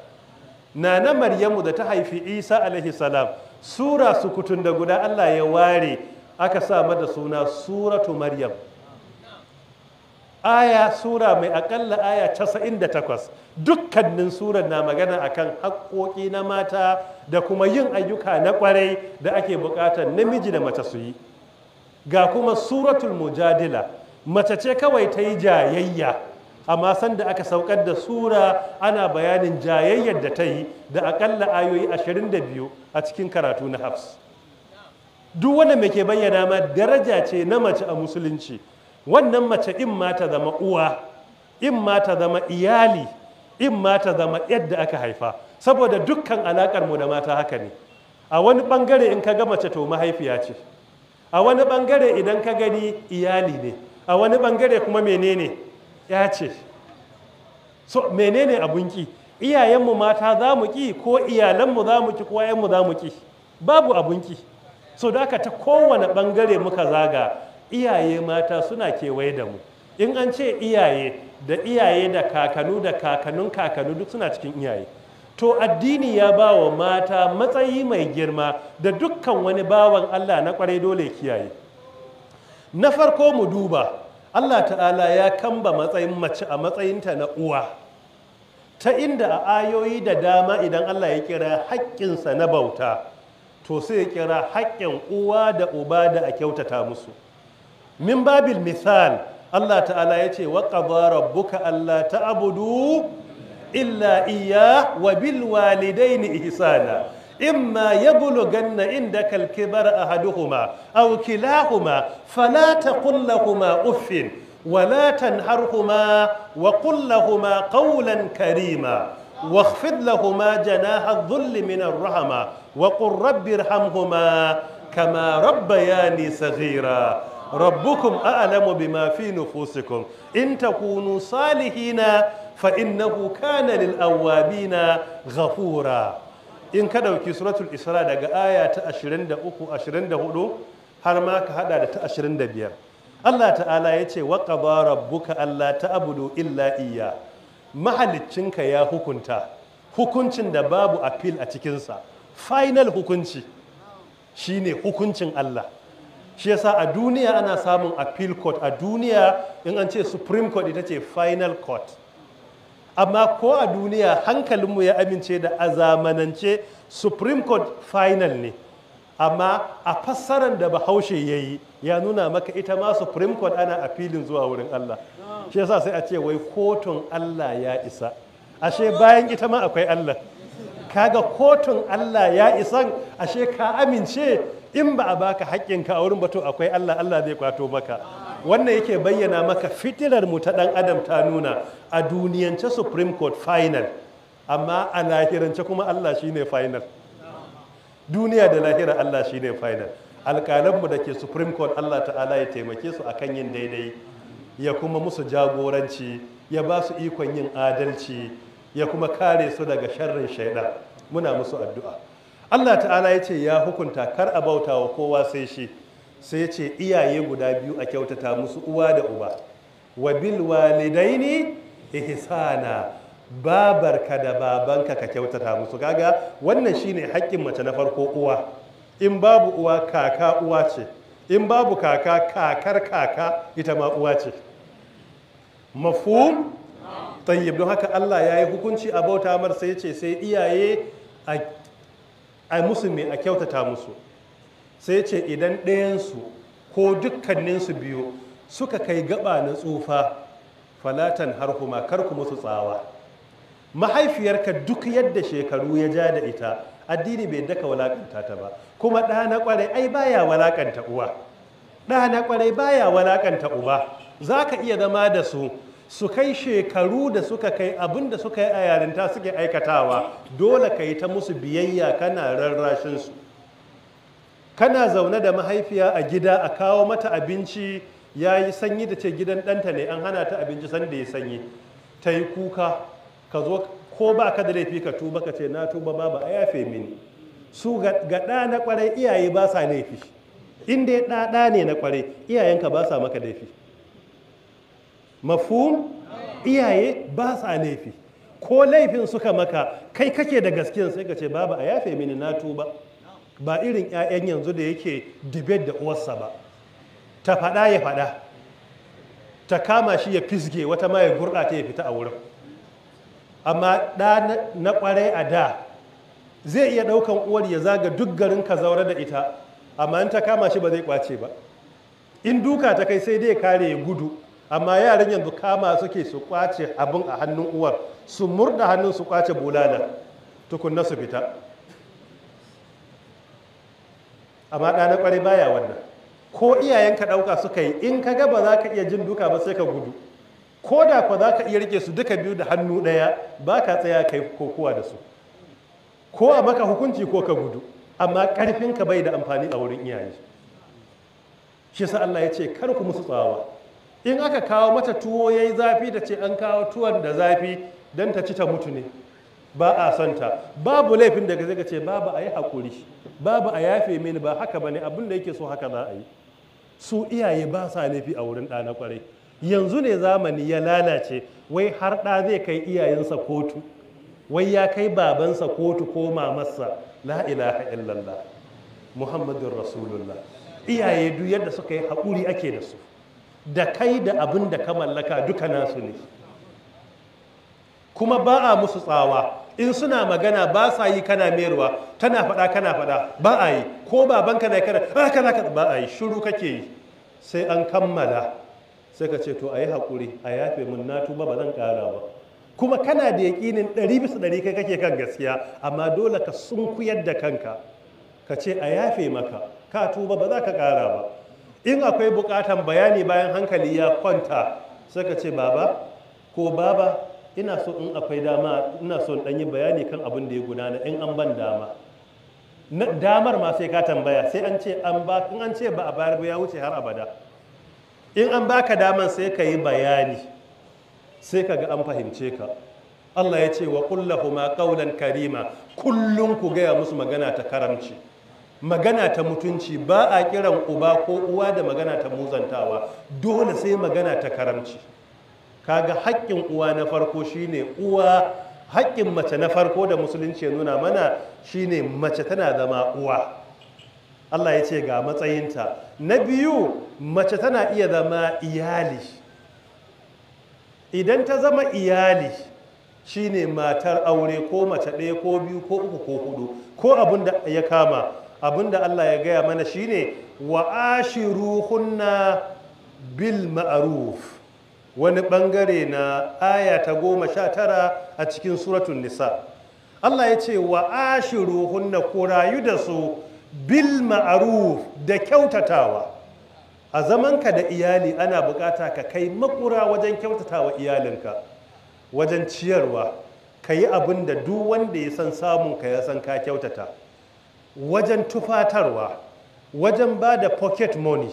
nana maryamu da ta haifi isa alaihi salam sura sukutun da guda Allah ya ware aka sa mata suna suratu maryam aya sura mai akalla aya 98 dukkanin surar na magana akan haƙoƙi na mata da kuma yin ayyuka na ƙwarai da ake buƙatar namiji da mace su yi ga kuma suratul mujadila mace ce kawai ta yi jayayya amma sanda aka saukar da sura ana bayanin jayayyar da ta yi da akalla ayoyi 22 a cikin karatu na hafs duk wanda mai ke bayyana ma daraja ce na mace a musulunci wannan mace in ma ta zama uwa in ma ta zama iyali in ma ta zama yadda aka haifa saboda dukkan alakar mu da mata haka ne a wani bangare in ka ga mace to mahaifiya ce a wani bangare idan ka gani iyali ne a wani bangare kuma menene ya ce so menene abun ki iyayenmu mata za mu ki ko iyalanmu za mu ki ko mu za mu ki babu abun ki so da aka ta kowane bangare muka zaga iyaye mata suna kewaye da mu in an ce iyaye da iyaye da kakanu da kakanun kakanu duk suna cikin iyaye to addini ya ba wa mata matsayi mai girma da dukkan wani bawan Allah na kwarai dole kiyaye na farko mu duba Allah ta'ala ya kamba matsayin mace a matsayinta na uwa ta inda a ayoyi da dama idan Allah ya kira haƙƙinsa na bauta to sai ya kira haƙƙin uwa da uba da a kyautata musu من باب المثال الله تعالى يتي وقضى ربك ألا تعبدوا إلا إياه وبالوالدين إحسانا إما يبلغن عندك الكبر أحدهما أو كلاهما فلا تقل لهما أف ولا تنهرهما وقل لهما قولا كريما واخفض لهما جناح الذل من الرحمة وقل رب ارحمهما كما ربياني صغيرا rabbukum a'lamu bima fi nufusikum in takunu salihina fa innahu kana lil na zafura in ka dauki suratul isra daga aya ta 23 24 har ma ka hada da ta 25 Allah ta'ala ya ce wa qada rabbuka alla ta'budu illa Mahaliccin ka ya hukunta hukuncin da babu appeal a cikinsa final hukunci shine hukuncin Allah shi yasa a duniya ana samun appeal court a duniya in an ce supreme court ita ce final court amma ko a duniya hankalinmu ya amince da a zamanance supreme court final ne amma a fassarar da bahaushe ya yi ya nuna maka ita ma supreme court ana a filin zuwa wurin allah shi yasa sai a ce wai kotun allah ya isa ashe bayan ita ma akwai allah kaga kotun allah ya isan ashe ka amince in ba a baka haƙƙinka a wurin bato akwai Allah Allah zai kwato maka wannan yake bayyana maka fitilar mu ta dan adam ta nuna a duniyance supreme court final amma a lahirance kuma Allah shine final duniya da lahira Allah shine final alƙalanmu da ke supreme court Allah ta'ala ya taimake su akan yin daidai ya kuma musu jagoranci ya ba su ikon yin adalci ya kuma kare su daga sharrin shaida muna musu addu'a Allah ta'ala ya ce ya hukunta kar a bauta wa kowa sai shi sai ce iyaye guda biyu a kyautata musu uwa da uba wa bil walidaini ihsana babarka da babanka ka kyautata musu kaga wannan shine haƙƙin mace na farko uwa in babu uwa kaka uwa ce in babu kaka kakar kaka ita ma uwa ce mafhum tayyib don haka Allah ya yi hukunci a bauta mar sai ce sai iyaye a A musu mai a kyautata musu sai ce idan ɗayansu ko dukkaninsu biyu suka kai gaba na tsufa falatan harhuma kar ku musu tsawa mahaifiyarka duk yadda shekaru ya ja da ita addini bai daka walakanta ta ba kuma ɗa na ƙwarai ai baya walakanta uwa ɗa na ƙwarai baya walakanta uba za ka iya zama da su su kai shekaru da suka kai abin da suka yi a yarinta suke aikatawa dole ka yi ta musu biyayya kana rarrashinsu kana zaune da mahaifiya a gida a kawo mata abinci ya yi sanyi da ce gidan ɗanta ne an hana ta abinci sanda ya sanyi ta yi kuka ka zo ko ba ka da laifi ka tuba ka ce na tuba ba a yafe mini su ga ɗa na kwarai iyaye ba sa laifi in dai ɗa ne na kwarai, iyayenka ba sa maka laifi mafhum iyaye ba sa laifi ko laifin suka maka kai kake da gaskiyan sai ka ce babu a yafe mini na tuba ba irin 'ya'yan yanzu da yake dibet da uwarsa ba ta faɗa ya faɗa ta kama shi ya fisge wata ma ya gurɗa ta ya fita a wurin amma ɗa na ƙwarai a da zai iya ɗaukan uwar ya zaga duk garin ka zaure da ita amma in ta kama shi ba zai ƙwace ba in duka ta kai sai dai kare ya gudu amma yaran yanzu kama suke su kwace abin a hannun uwar su murda hannun su kwace bulala tukunna su fita amma ɗana kware baya wannan ko iyayen ka ɗauka suka yi in ka ga ba za ka iya jin duka ba sai ka gudu ko da kwa za ka iya rike su duka biyu da hannu ɗaya ba ka tsaya kai kokowa da su ko a maka hukunci ko ka gudu amma ka bai da amfani a wurin iyaye shi sa Allah ya ce kar ku musu tsawa in aka kawo mata tuwo ya yi zafi ta ce an kawo tuwon da zafi don ta ci ta mutu ne ba a son ta babu laifin daga zai ce babu a yi haƙuri babu a yafe mini ba haka ba ne abin da yake so haka za a yi su iyaye ba sa laifi a wurin ɗana ƙwarai yanzu ne zamani ya lalace wai har ɗa zai kai iyayensa kotu wai ya kai babansa kotu ko mamarsa la ilaha illallah muhammadin rasulullah iyaye duk yadda suka yi haƙuri ake da su da kai da abin da ka mallaka duka nasu ne kuma ba a musu tsawa in suna magana ba sa yi kana meruwa tana faɗa kana faɗa ba a yi ko babanka na kana ah, kana kana ba a yi shiru kake yi sai an kammala sai ka ce to a yi haƙuri a yafe mun na tuba ba zan ƙara ba kuma kana da yaƙinin ɗari bisa ɗari kai kake kan gaskiya amma dole ka sunkuyar da kanka ka ce a yafe maka ka tuba ba za ka ƙara ba in akwai bukatan bayani bayan hankali ya kwanta suka ce baba ko baba ina so in akwai dama ina so in bayani kan abin da ya gudana in an ban dama damar ma sai ka tambaya sai an ce an ba in an ce ba a bayar ba ya wuce har abada in an baka daman sai ka yi bayani sai ka ga an fahimce ka Allah ya ce wa ma qawlan karima kullum ku gaya musu magana ta karamci magana ta mutunci ba a kiran uba ko uwa da magana ta muzantawa dole sai magana ta karamci kaga haƙƙin uwa na farko shine uwa haƙƙin mace na farko da musulunci ya nuna mana shine mace tana zama uwa Allah ya ce ga matsayinta na biyu mace tana iya zama iyali idan ta zama iyali shine matar aure ko mace ɗaya ko biyu ko uku ko hudu ko abin da ya kama abinda Allah ya gaya mana shine wa ruhunna bil ma'aruf. wani bangare na aya ta goma sha tara a cikin suratun nisa Allah ya ce wa ruhunna ku rayu da su bil ma'aruf da kyautatawa a ka da iyali ana bukata ka kai makura wajen kyautatawa iyalinka wajen ciyarwa ka yi abin da duk wanda ya san samun ka ya san ka kyautata wajen tufatarwa wajen ba da pocket money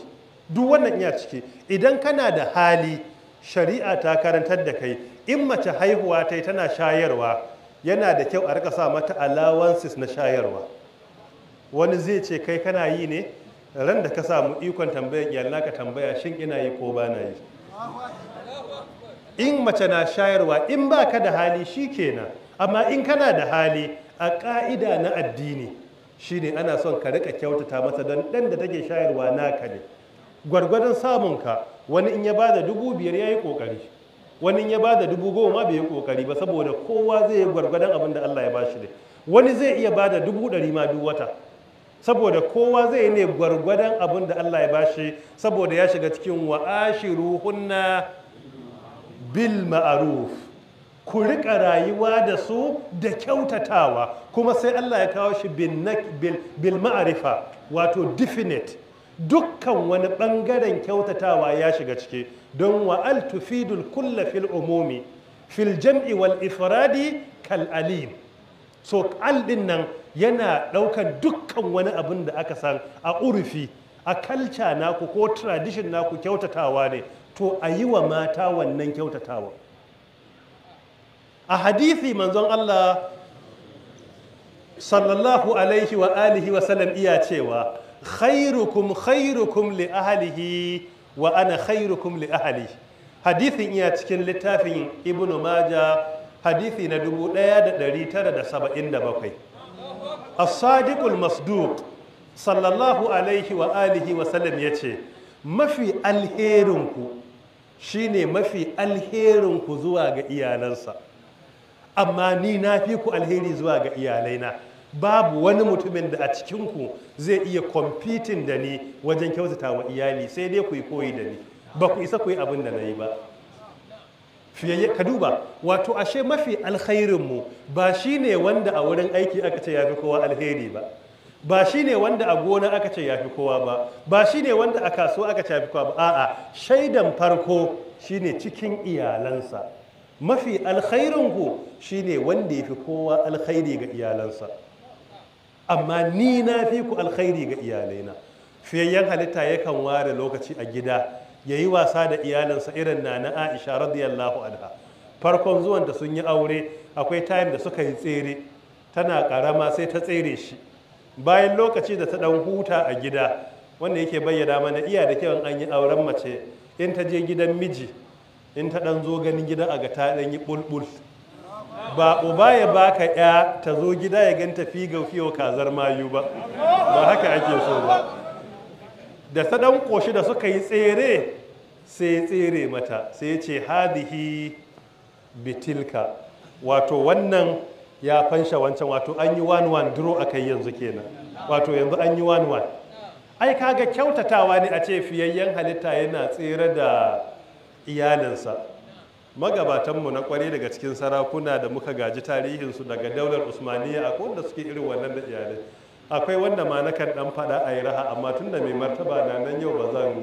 duk wannan iya ciki idan kana da hali shari'a ta karantar da kai in mace haihuwa ta yi tana shayarwa yana da kyau a rika sa mata allowances na shayarwa wani zai ce kai kana yi ne ran da ka samu ikon tambayan yalla ka tambaya shin ina yi ko ba na yi in mace na shayarwa in ba ka da hali shi kenan amma in kana da hali a ka'ida na addini Shi ne ana son ka rika kyautata masa don ɗan da take shayarwa naka ne gwargwadon ka wani in ya ba da dubu biyar ya yi ƙoƙari wani in ya ba da dubu goma bai yi ƙoƙari ba saboda kowa zai yi gwargwadon abin da Allah ya bashi ne wani zai iya ba da dubu ɗari ma duk wata saboda kowa zai ne gwargwadon abin da Allah ya ba shi saboda ya shiga cikin wa'ashiruhunna bil ma'aruf ku riƙa rayuwa da su da kyautatawa kuma sai Allah ya kawo shi bil ma'arifa wato definite dukkan wani ɓangaren kyautatawa ya shiga ciki don wa'al tufidul kulla fil umumi fil jam'i wal ifradi kal alim so al din nan yana ɗaukar dukkan wani abin da aka san a urufi a kalca naku ko tradition naku kyautatawa ne to a yi wa mata wannan kyautatawa a hadithi manzon Allah sallallahu alaihi wa alihi wa sallam iya cewa khairukum khairukum li ahlihi wa ana khairukum li ahli hadithin iya cikin littafin ibn maja hadithi na 1977 as-sadiqul masduq sallallahu alaihi wa alihi wa sallam yace mafi alherinku shine mafi alherinku zuwa ga iyalansa amma ni na fi ku alheri zuwa ga iyalaina babu wani mutumin da a cikinku zai iya kwamfitin da ni wajen kyautata wa iyali sai dai ku yi koyi da ni ba ku isa ku yi abin da na yi ba fiye ka duba wato ashe mafi alkhairinmu ba shi ne wanda a wurin aiki aka ce ya fi kowa alheri ba ba shi ne wanda a gona aka ce ya fi kowa ba ba shi ne wanda a kasuwa aka ce ya fi kowa ba a'a shaidan farko shine cikin iyalansa mafi alkhairin ku shine wanda ya fi kowa alkhairi ga iyalansa amma ni na fi ku alkhairi ga iyalaina fiyayyen halitta yakan ware lokaci a gida ya yi wasa da iyalinsa irin na na aisha radiyallahu anha farkon zuwan da sun yi aure akwai time da suka yi tsere tana karama sai ta tsere shi bayan lokaci da ta dan huta a gida wanda yake bayyana mana iya da kyau an yi auren mace in ta je gidan miji in ta ɗan zo ganin gidan a ga ta ɗan yi ɓulɓul, ba uba ya baka ya ta zo gida ya ganta fi ga fiyo kazar mayu ba ba haka ake so ba da ta ɗan ƙoshi da suka yi tsere sai tsere mata sai ce hadihi bitilka wato wannan ya fansha wancan wato an yi wan wan duro a kai yanzu kenan wato yanzu an yi wan wan ai kaga kyautatawa ne a ce fiyayyen halitta yana tsere da iyalinsa magabatanmu na kwarai daga cikin sarakuna da muka gaji tarihinsu daga daular usmaniya a wanda suke irin wannan da iyalai akwai wanda ma nakan dan fada a yi raha amma tun da mai martaba na nan yau ba zan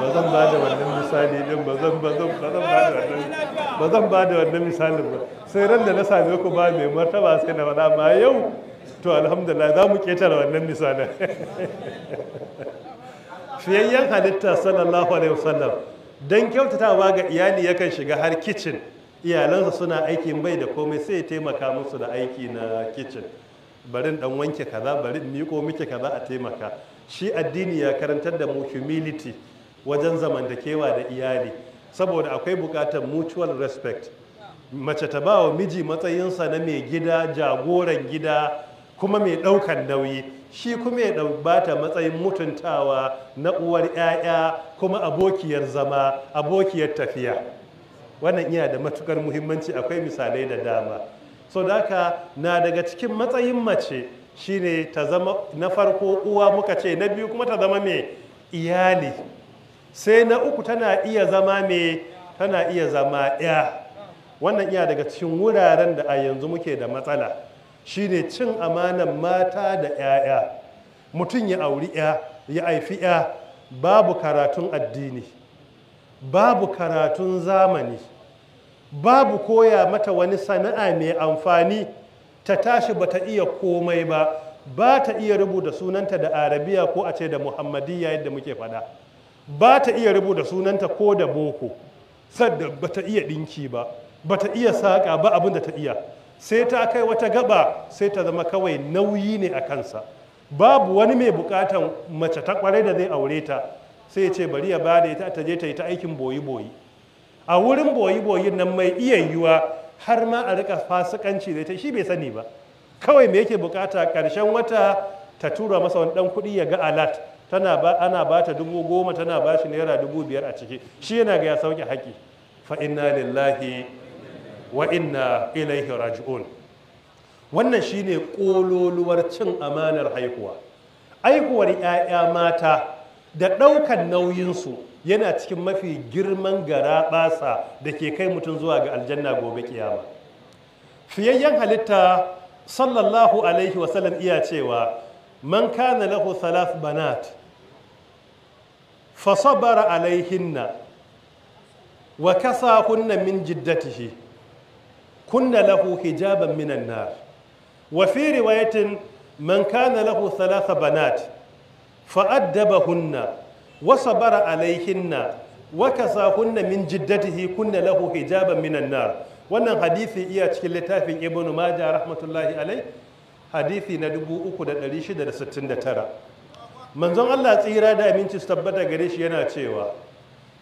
ba zan ba da wannan misali din ba zan ba zan ba zan ba da wannan ba zan ba da wannan misalin ba sai ran da na same ku ba mai martaba sai na fada amma yau to alhamdulillah za mu ketare wannan misalin fiyayyen halitta sallallahu alaihi wasallam don kyautatawa ga iyali yakan shiga har kicin iyalansa suna aikin bai da komai sai ya taimaka musu da aiki na kicin barin dan wanke kaza barin miko miki kaza a taimaka shi addini ya karantar da mu humility wajen zamantakewa da iyali saboda akwai bukatar mutual respect mace ta ba wa miji matsayinsa na mai gida jagoran gida kuma mai ɗaukan nauyi shi kuma ya ɗaubata matsayin mutuntawa na uwar 'ya'ya kuma abokiyar zama abokiyar tafiya wannan iya da matukar muhimmanci akwai misalai da dama so da haka na daga cikin matsayin mace shine ta zama na farko uwa muka ce na biyu kuma ta zama mai iyali sai na uku tana iya zama mai tana iya zama ya wannan iya daga cikin wuraren da a yanzu muke da matsala Shi ne cin amanan mata da 'ya'ya mutum ya auri 'ya ya haifi 'ya babu karatun addini babu karatun zamani babu koya mata wani sana'a mai amfani ta tashi ba ta iya komai ba ba ta iya rubuta sunanta da arabiya ko a ce da muhammadiyya yadda muke faɗa ba ta iya rubuta sunanta ko da boko sadda ba ta iya ɗinki ba ba ta iya saƙa ba abin da ta iya sai ta kai wata gaba sai ta zama kawai nauyi ne a kansa babu wani mai bukatan mace ta kwarai da zai aure ta sai ya ce bari ya bada ita ta je ta yi ta aikin boyi boyi a wurin boyi boyin nan mai iya yiwa har ma a rika fasikanci da ita shi bai sani ba kawai me yake bukata karshen wata ta tura masa wani dan kuɗi ya ga alat tana ba ana ba ta dubu goma tana ba shi naira dubu biyar a ciki shi yana ga ya sauke haƙi fa inna lillahi wa inna ilaihi raji'un wannan shine kololuwar cin amanar haihuwa haihuwar 'ya'ya mata da ɗaukan nauyinsu yana cikin mafi girman gara da ke kai mutum zuwa ga aljanna gobe kiyama fiyayyen halitta sallallahu alaihi wasallam iya cewa man kana lahu thalath banat fa sabara alaihinna wa kasahunna min jiddatihi kunna lahu hijaban minan nar wa fi riwayatin man kana lahu thalatha banat fa addabahunna wa sabara alaihinna wa kasahunna min jiddatihi kunna lahu hijaban minan nar wannan hadisi iya cikin littafin ibnu majah rahmatullahi alai hadisi na 3669 manzon Allah tsira da aminci su tabbata gare shi yana cewa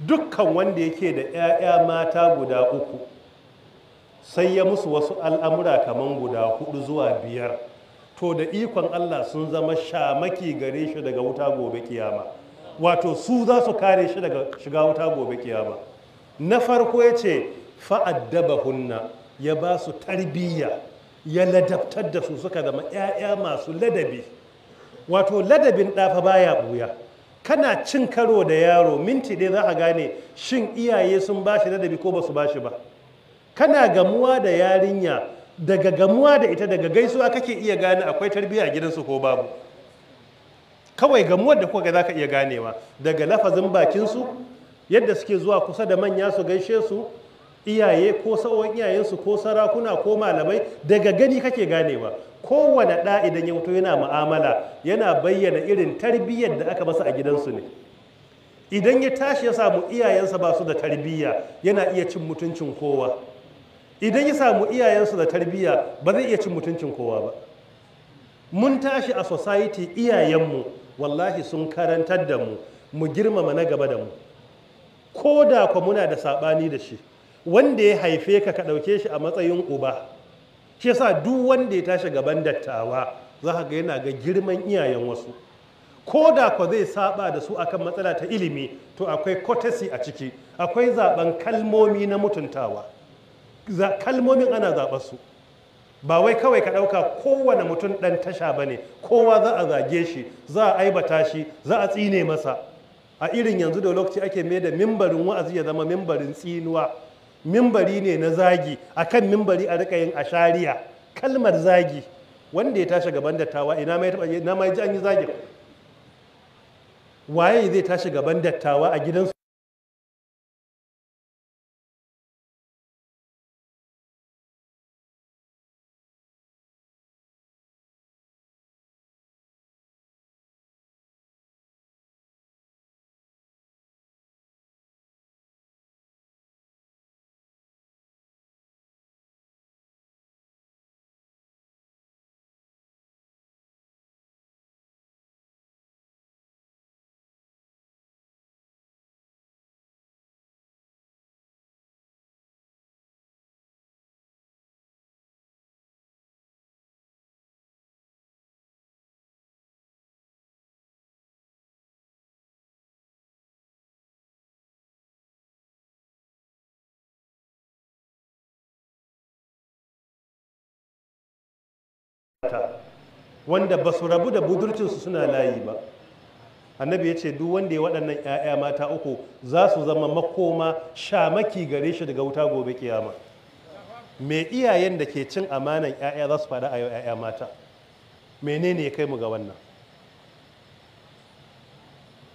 dukkan wanda yake da 'ya'ya mata guda uku sai ya musu wasu al'amura kaman guda hudu zuwa biyar to da ikon Allah sun zama shamaki gare shi daga wuta gobe kiyama wato su za su kare shi daga shiga wuta gobe kiyama na farko ya ce hunna ya ba su tarbiyya ya ladabtar da su suka zama 'ya'ya masu ladabi wato ladabin ɗafa baya ɓuya kana cin karo da yaro minti ɗaya za a gane shin iyaye sun ba shi ladabi ko ba su ba shi ba kana gamuwa da yarinya daga gamuwa da ita daga gaisuwa kake iya gane akwai tarbiyya a gidansu ko babu kawai gamuwar da kuka za ka iya ganewa daga lafazin bakinsu yadda suke zuwa kusa da manya su gaishe su iyaye ko sauran iyayensu ko sarakuna ko malamai daga gani kake ganewa kowane ɗa idan ya wuto yana mu'amala yana bayyana irin tarbiyyar da aka masa a gidansu ne idan ya tashi ya samu iyayensa ba su da tarbiyya yana iya cin mutuncin kowa idan ya samu iyayensu da tarbiyya ba zai iya cin mutuncin kowa ba mun tashi a society iyayenmu wallahi sun karantar da mu mu girmama na gaba da mu ko da kwa muna da saɓani da shi wanda ya haife ka ka ɗauke shi a matsayin uba shi yasa duk wanda ya tashi gaban dattawa za ka ga yana ga girman iyayen wasu ko da kwa zai saba da su akan matsala ta ilimi to akwai kotasi a ciki akwai zaben kalmomi na mutuntawa kalmomin ana zaɓar su ba wai kawai ka ɗauka kowane mutum ɗan tasha ba ne kowa za a zage shi za a aibata shi za a tsine masa a irin yanzu da lokaci ake mai da mimbarin wa'azi ya zama mimbarin tsinuwa mimbari ne na zagi a kan mimbari a rika yin ashariya kalmar zagi wanda ya tashi gaban dattawa ina mai taɓa ina mai ji an yi zagi waye zai tashi gaban dattawa a gidansu haka wanda ba su rabu da budurcinsu suna layi ba annabi ya ce duk wanda ya waɗannan 'ya'ya mata uku za su zama makoma shamaki gare shi daga wuta gobe kiyama me iyayen da ke cin amanan 'ya'ya za su faɗa a yau 'ya'ya mata menene ya kai mu ga wannan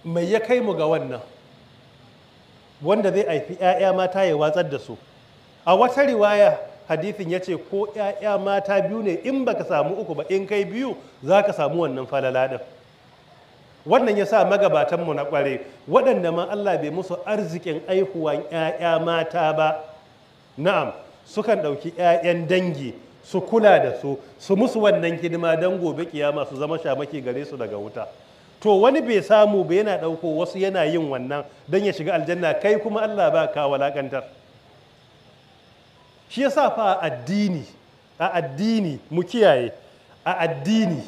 mai ya kai mu ga wannan wanda zai haifi 'ya'ya mata ya watsar da su a wata riwaya hadisin ya ce ko 'ya'ya mata biyu ne in baka samu uku ba in kai biyu za ka samu wannan falala ɗin wannan ya sa magabatanmu na ƙware waɗanda ma Allah bai musu arzikin aihuwan 'ya'ya mata ba na'am sukan ɗauki 'ya'yan dangi su kula da su su musu wannan hidima don gobe kiyama su zama shamaki gare su daga wuta to wani bai samu ba yana ɗauko wasu yana yin wannan don ya shiga aljanna kai kuma Allah ba ka walakantar shi yasa fa a addini a addini mu kiyaye a addini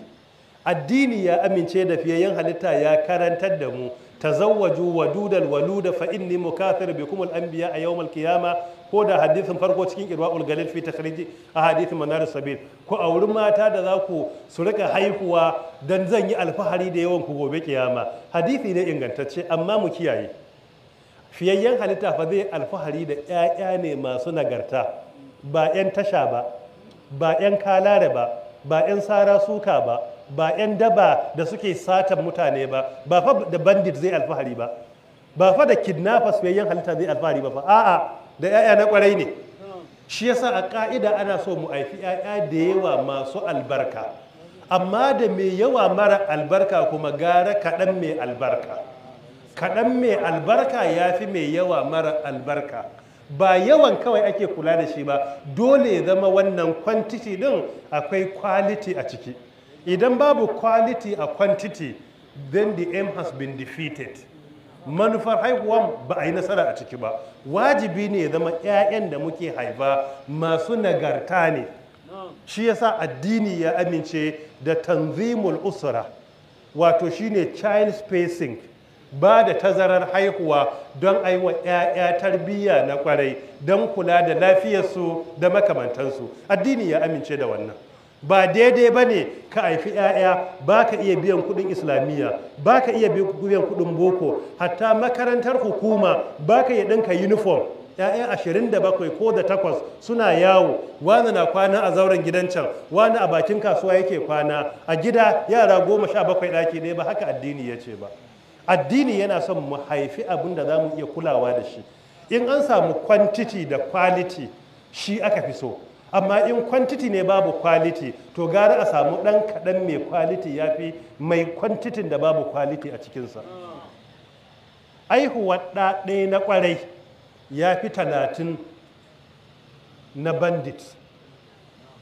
addini ya amince da fiyayyen halitta ya karantar da mu tazawwaju wadudal waluda fa inni mukathir bikum al anbiya a yawmal qiyama ko da hadithin farko cikin irwaul galil fi takhrij a hadithin manar sabil ko auri mata da za ku su rika haihuwa dan zan yi alfahari da yawan ku gobe kiyama hadisi ne ingantacce amma mu kiyaye fiyayyen halitta fa zai alfahari da 'ya'ya ne masu nagarta ba 'yan tasha ba ba 'yan kalare ba ba 'yan sara suka ba ba 'yan daba da suke satan mutane ba ba fa da bandit zai alfahari ba ba fa da kidnappers mai halitta zai alfahari ba fa a'a da 'ya'ya na kwarai ne shi yasa a ka'ida ana so mu haifi 'ya'ya da yawa masu albarka amma da mai yawa mara albarka kuma gara kaɗan mai albarka kaɗan mai albarka ya fi mai yawa mara albarka ba yawan kawai ake kula da shi ba dole ya zama wannan kwantiti din akwai kwaliti a ciki idan babu kwaliti a kwantiti then the aim has been defeated manufar haihuwa ba a yi nasara a ciki ba wajibi ne ya zama 'ya'yan da muke haifa masu nagarta ne shi yasa addini ya amince da tanzimul usra wato shine child spacing ba da tazarar haihuwa don aiwa 'ya'ya tarbiyya na kwarai don kula da lafiyarsu da makamantansu addini ya amince da wannan ba daidai ba ne ka haifi 'ya'ya ba ka iya biyan kudin islamiyya ba ka iya biyan kudin boko hatta makarantar hukuma ba ka iya ɗinka uniform 'ya'ya ashirin da bakwai ko da takwas suna yawo wani na kwana a zauren gidan can wani a bakin kasuwa yake kwana a gida yara goma sha bakwai ɗaki ne ba haka addini ya ce ba addini yana son mu haifi abin da za mu iya kulawa da shi in an samu kwantiti da kwaliti shi aka fi so amma in kwantiti ne babu kwaliti, to gara a samu ɗan kaɗan mai kwaliti ya fi mai kwantitin da babu kwaliti a cikinsa aihuwar ɗaɗe na ƙwarai ya fi talatin na bandit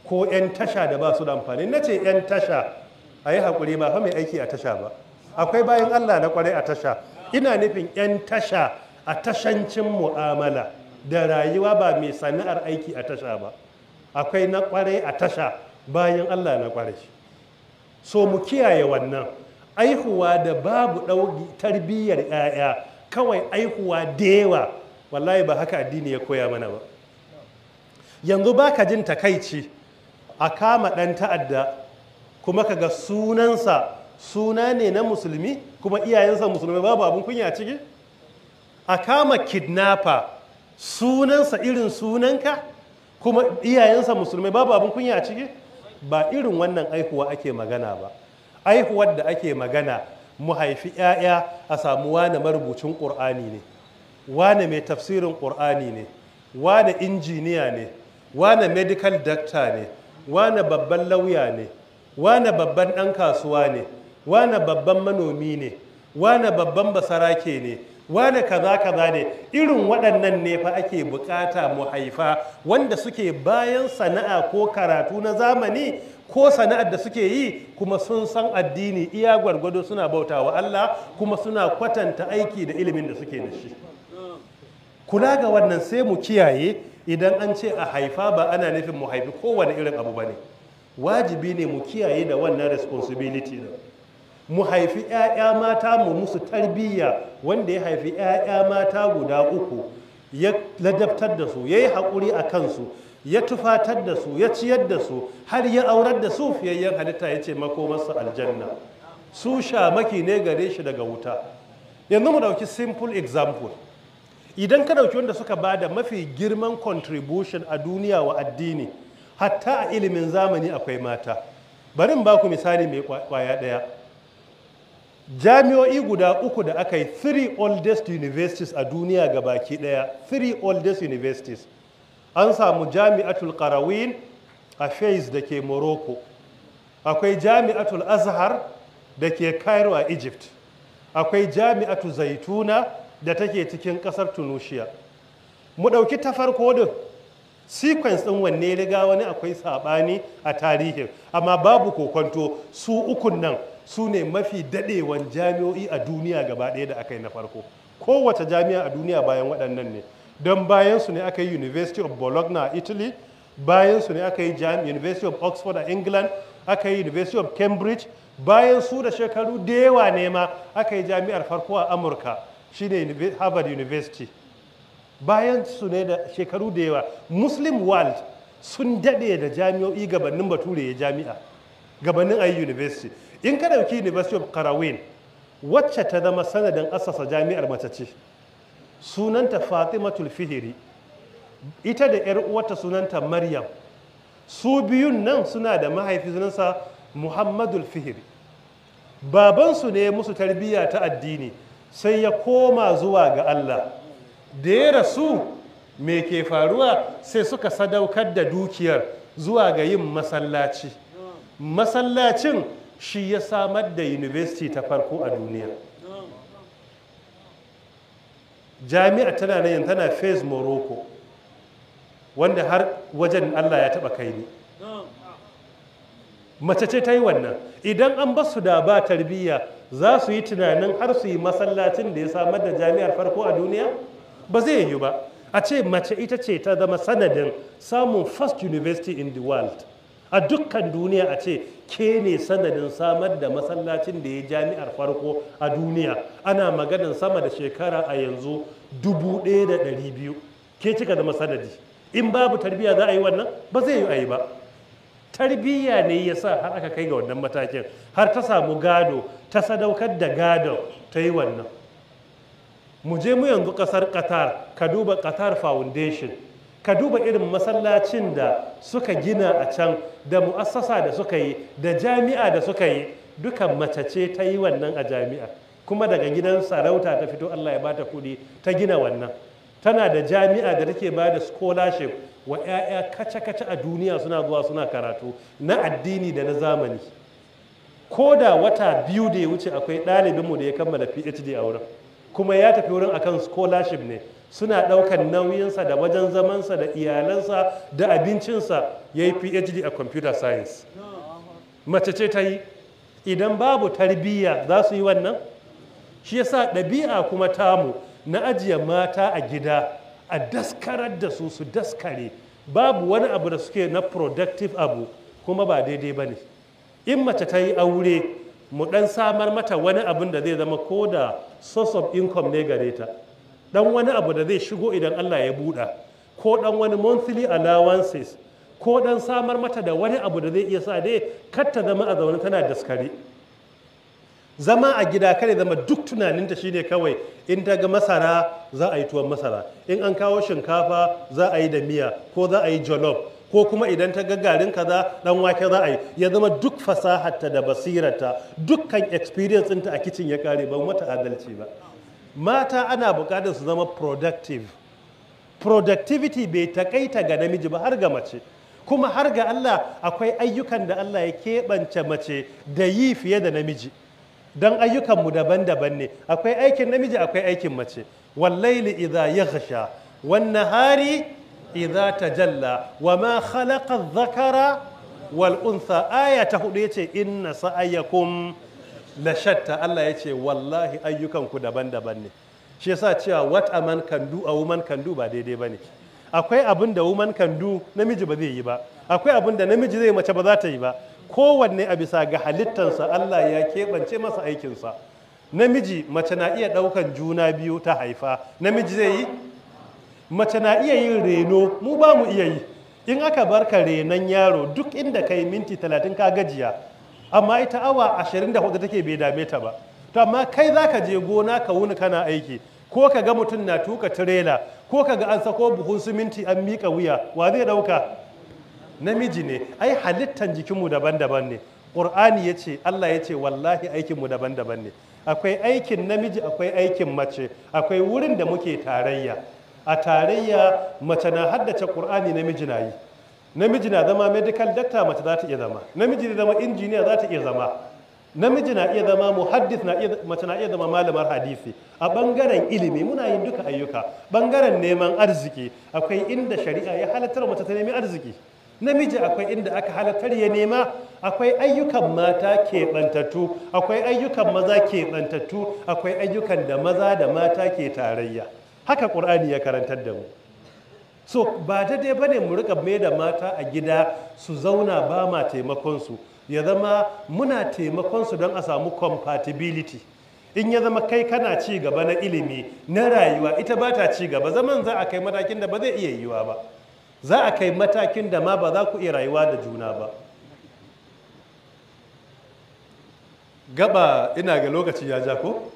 ko 'yan tasha da ba su da amfani na ce 'yan tasha a yi haƙuri ba fa mai aiki a tasha ba akwai bayan Allah na kwarai a tasha ina nufin 'yan tasha a tashancin mu'amala da rayuwa ba mai sana'ar aiki a tasha ba akwai na kwarai a tasha bayan Allah na kwarai so mu kiyaye wannan aihuwa da babu ɗauki tarbiyyar 'ya'ya kawai aihuwa da wallahi ba haka addini ya koya mana ba yanzu ba ka jin takaici a kama ɗan ta'adda kuma ka ga sunansa suna ne na musulmi kuma iyayensa musulmi babu abin kunya ciki a kama kidnapper sunansa irin sunanka kuma iyayensa musulmi babu abin kunya ciki ba irin wannan aihuwa ake magana ba aihuwar da ake magana mu haifi 'ya'ya a samu wane marubucin ƙur'ani ne wane mai tafsirin ƙur'ani ne wane injiniya ne wane medical doctor ne wane babban lauya ne wane babban ɗan kasuwa ne wane babban manomi ne wane babban basarake ne wane kaza kaza ne irin waɗannan ne fa ake bukata mu haifa wanda suke bayan sana'a ko karatu na zamani ko sana'ar da suke yi kuma sun san addini iya gwargwado suna bauta wa Allah kuma suna kwatanta aiki da ilimin da suke da shi kula ga wannan sai mu kiyaye idan an ce a haifa ba ana nufin mu haifi kowane irin abu ba ne wajibi ne mu kiyaye da wannan responsibility mu haifi 'ya'ya mata mu musu tarbiyya wanda ya haifi 'ya'ya mata guda uku ya ladabtar da su ya yi haƙuri a kansu ya tufatar da su ya ciyar da su har ya aurar da su fiyayyen halitta ya ce makomarsa aljanna su shamaki ne gare shi daga wuta yanzu mu ɗauki simple example idan ka ɗauki wanda suka bada mafi girman contribution a duniya wa addini hatta a ilimin zamani akwai mata bari ba ku misali mai kwaya ɗaya jami'o'i guda uku da aka yi three oldest universities a duniya ga baki daya three oldest universities an samu jami'atul qarawin a fez da ke morocco akwai jami'atul azhar da ke cairo a egypt akwai jami'atu zaituna da take cikin kasar tunisia mu ɗauki ta farko din sequence din wanne riga wani akwai saɓani a tarihin amma babu kokonto su ukun nan su ne mafi dadewan jami'o'i a duniya gaba ɗaya da aka yi na farko kowace jami'a a duniya bayan waɗannan ne don bayan su ne aka yi university of bologna a italy bayan su ne aka yi university of oxford a england aka yi university of cambridge bayan su da shekaru da yawa ne ma aka yi jami'ar farko a amurka shine harvard university bayan su ne da shekaru da yawa muslim world sun daɗe da jami'o'i gabanin bature ya jami'a gabanin ayi university in ka ɗauki university of karawin wacce ta zama sanadin asasa jami'ar mace ce sunanta fatimatul fihiri ita da 'yar uwarta sunanta maryam su biyun nan suna da mahaifi sunansa muhammadul fihiri babansu ne musu tarbiyya ta addini sai ya koma zuwa ga allah da ya rasu me ke faruwa sai suka sadaukar da dukiyar zuwa ga yin masallaci masallacin shi ya samar da university ta farko a duniya jami'a tana nan yanzu tana fez morocco wanda har wajen allah ya taba kai ni mace ce ta yi wannan idan an basu da ba tarbiyya za su yi tunanin har su yi masallacin da ya samar da jami'ar farko a duniya ba zai yi ba a ce mace ita ce ta zama sanadin samun first university in the world a dukkan duniya a ce ke ne sanadin samar da masallacin da ya jami'ar farko a duniya ana maganin sama da shekara a yanzu dubu ɗaya da ɗari biyu ke cika da masanadi in babu tarbiyya za a yi wannan ba zai yi a ba tarbiyya ne ya sa har aka kai ga wannan matakin har ta samu gado ta sadaukar da gado ta yi wannan mu je mu yanzu ƙasar qatar ka duba qatar foundation ka duba irin masallacin da suka gina a can da mu'assasa da suka yi da jami'a da suka yi duka mace ce ta yi wannan a jami'a kuma daga gidan sarauta ta fito Allah ya bata kuɗi ta gina wannan tana da jami'a da take ba da scholarship wa ƴaƴa kace-kace a duniya suna zuwa suna karatu na addini da na zamani ko da wata biyu da ya wuce akwai ɗalibinmu da ya kammala phd a wurin kuma ya tafi wurin akan scholarship ne suna ɗaukar nauyinsa da wajen zamansa da iyalansa da abincinsa ya yi phd a computer science mace ce ta yi idan babu tarbiyya za su yi wannan shi yasa ɗabi'a kuma tamu na ajiye mata a gida a daskarar da su su daskare babu wani abu da suke na productive abu kuma ba daidai ba ne in mace ta yi aure mu ɗan samar mata wani abin da zai zama ko da source of income ne gare ta dan wani abu da zai shigo idan Allah ya buɗa ko dan wani monthly allowances ko dan samar mata da wani abu da zai iya sa dai kar ta zama a zaune tana daskare zama a gida kare zama duk tunaninta shine kawai in ta ga masara za a yi tuwon masara in an kawo shinkafa za a yi da miya ko za a yi jollof ko kuma idan ta ga garin kaza dan wake za a yi ya zama duk fasaharta da basirarta dukkan experience ɗinta a kicin ya kare ban wata adalci ba mata ana bukatar su zama productive productivity bai takaita ga namiji ba har ga mace kuma har ga Allah akwai ayyukan da Allah ya keɓance mace da yi fiye da namiji don ayyukanmu daban-daban ne akwai aikin namiji akwai aikin mace wallaili gasha yaghsha hari nahari ta tajalla wa ma khalaqa zakara wal unsa aya ta hudu yace inna sa'ayakum la shatta Allah ya ce wallahi ayyukanku daban-daban ne shi yasa cewa what a man can do a woman can do ba daidai ba ne. akwai abin da woman can do namiji ba zai yi ba akwai abin da namiji zai mace ba za ta yi ba kowanne a bisa ga halittarsa Allah ya keɓance masa aikinsa namiji mace na iya ɗaukan juna biyu ta haifa namiji zai yi mace na iya yin reno mu ba mu iya yi in aka barka renon yaro duk inda kai minti talatin ka gajiya amma ita awa 24 take bai dame ta ba to amma kai zaka je gona ka wuni kana aiki ko ka ga mutum na tuka tirela ko ka ga an sako buhun siminti an miƙa wuya wa zai ɗauka namiji ne ai halittan jikinmu daban-daban ne ƙur'ani ya ce allah ya ce wallahi aikinmu daban-daban ne akwai aikin namiji akwai aikin mace akwai wurin da muke tarayya a tarayya mace na haddace ƙur'ani namiji na yi namiji na zama medical doctor mace za ta iya zama namiji na zama engineer za ta iya zama namiji na iya zama muhaddis na iya mace na iya zama malamar hadisi a bangaren ilimi muna yin duka ayyuka bangaren neman arziki akwai inda shari'a ya halartar mace ta nemi arziki namiji akwai inda aka halartar ya nema akwai ayyukan mata keɓantattu akwai ayyukan maza keɓantattu akwai ayyukan da maza da mata ke tarayya haka ƙur'ani ya karantar da mu so ba daidai bane mu rika mai da mata a gida su zauna ba ma taimakon su ya zama muna taimakon su don a samu compatibility in ya zama kai kana ci gaba na ilimi na rayuwa ita ba ta ci gaba zaman za a kai matakin da ba zai iya yiwuwa ba za a kai matakin da ma ba za ku iya rayuwa da juna ba gaba ina ga lokaci ya ja ko?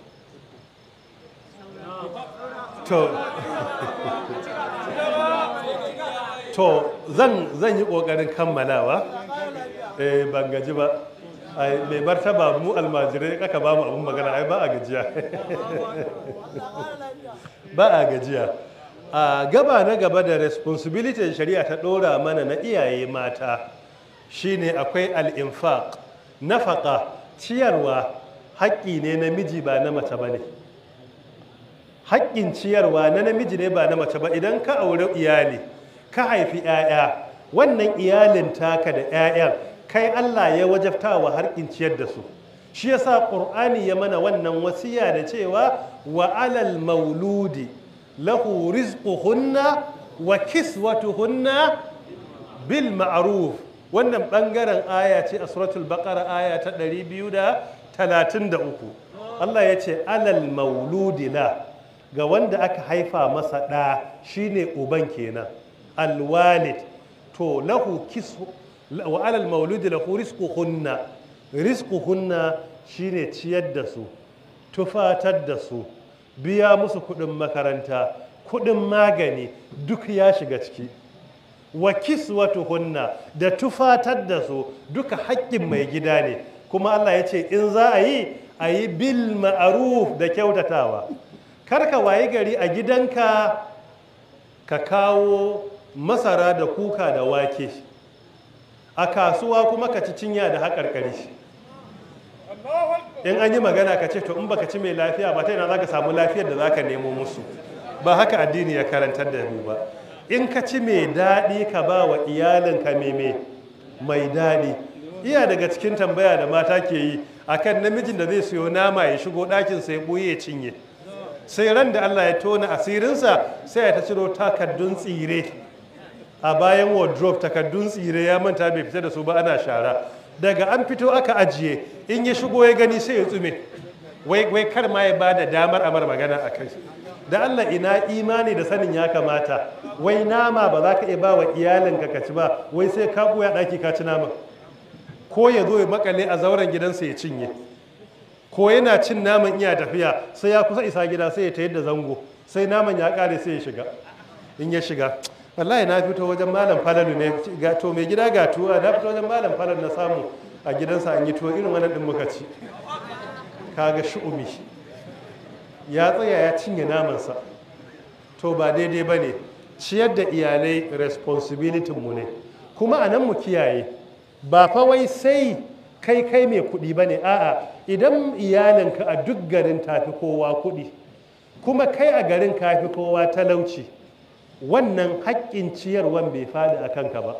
to to zan zan yi kokarin kammalawa eh ban gaji ba ai mai martaba mu almajirai aka ba mu abun magana ai ba a gajiya ba a gajiya a gaba na gaba da responsibility shari'a ta dora mana na iyaye mata shine akwai al-infaq nafaka ciyarwa haƙƙi ne na miji ba na mace ba ne haƙƙin ciyarwa na namiji ne ba na mace ba idan ka aure iyali ka haifi 'ya'ya wannan iyalin taka da 'ya'yan kai Allah ya wa harkin ciyar da su shi yasa ƙur'ani ya mana wannan wasiya da cewa wa alal mauludi lahu rizquhunna wa kiswatuhunna bil ma'aruf. wannan ɓangaren aya ce a suratul baqara aya ta 233 Allah ya ce alal mauludi la ga wanda aka haifa masa ɗa shine uban kenan alwalid to lahu kisu wa alal mauludi lahu rizquhunna hunna shine ciyar da su tufatar da su biya musu kuɗin makaranta kuɗin magani duk ya shiga ciki wa hunna da tufatar da su duka haƙƙin mai gida ne kuma Allah ya ce in za a yi a yi bil ma'aruf da kyautatawa kar ka wayi gari a gidanka ka kawo masara da kuka da wake a kasuwa kuma ka ci cinya da haƙarƙari in an yi magana ka ce to in baka ci mai lafiya ba ta yana za ka samu lafiyar da za ka nemo musu ba haka addini ya karantar da mu ba in ka ci mai daɗi ka ba wa iyalinka meme mai daɗi iya daga cikin tambaya da mata ke yi akan namijin da zai siyo nama ya shigo ɗakin sai ɓoye cinye sai ran da Allah ya tona asirinsa sai ya ta ciro takardun tsire a bayan wardrobe takardun tsire ya manta bai fita da su ba ana shara daga an fito aka ajiye in ya shigo ya gani sai ya tsume wai kar ma ya ba da damar amar magana a kai da Allah ina imani da sanin ya kamata wai nama ba za ka iya ba wa iyalinka ka ci ba wai sai ka buya ɗaki ka ci nama ko ya zo ya makale a zauren gidansa ya cinye ko yana cin naman iya tafiya sai ya kusa isa gida sai ya ta yadda zango sai naman ya kare sai ya shiga in ya shiga wallahi na fito wajen malam falalu ne gato mai gida gato a, na fito wajen malam falalu na samu a gidansa an yi tuwo irin wannan din muka ci kaga shu'umi ya tsaya ya cinye namansa to ba daidai ba ne ciyar da iyalai responsibility mu ne kuma a nan mu kiyaye ba fa sai kai kai mai kuɗi ba ne a'a idan iyalinka a duk garin tafi kowa kuɗi kuma kai a garin kafi kowa talauci wannan haƙƙin ciyarwan bai faɗi a kanka ba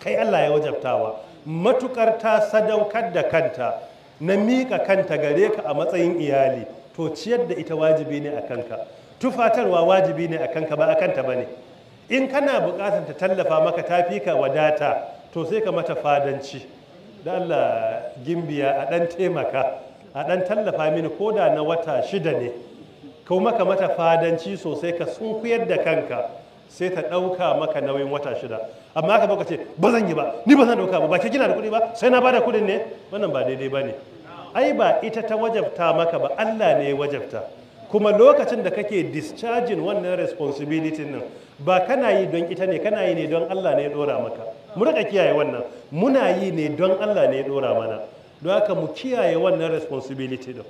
kai Allah ya wajabtawa matukar ta sadaukar da kanta na miƙa kanta gare ka a matsayin iyali to ciyar da ita wajibi ne a kanka tufatarwa wajibi ne a kanka ba a kanta ba ne in kana buƙatar ta tallafa maka ta fi ka wadata to sai ka mata fadanci da Allah gimbiya a ɗan taimaka a ɗan tallafa mini koda na wata shida ne ko maka mata fadanci sosai ka sunkuyar da kanka sai ta ɗauka maka nauyin wata shida amma aka baka ce ba zan yi ba ni ba zan ɗauka ba ba ke gina da kuɗi ba sai na bada kuɗin ne wannan ba daidai ba ne ai ba ita ta wajabta maka ba Allah ne ya wajabta kuma lokacin da kake discharging wannan responsibility nan ba kana yi don ita ne kana yi ne don Allah ne ya dora maka mu rika kiyaye wannan muna yi ne don Allah ne ya dora mana don haka mu kiyaye wannan responsibility din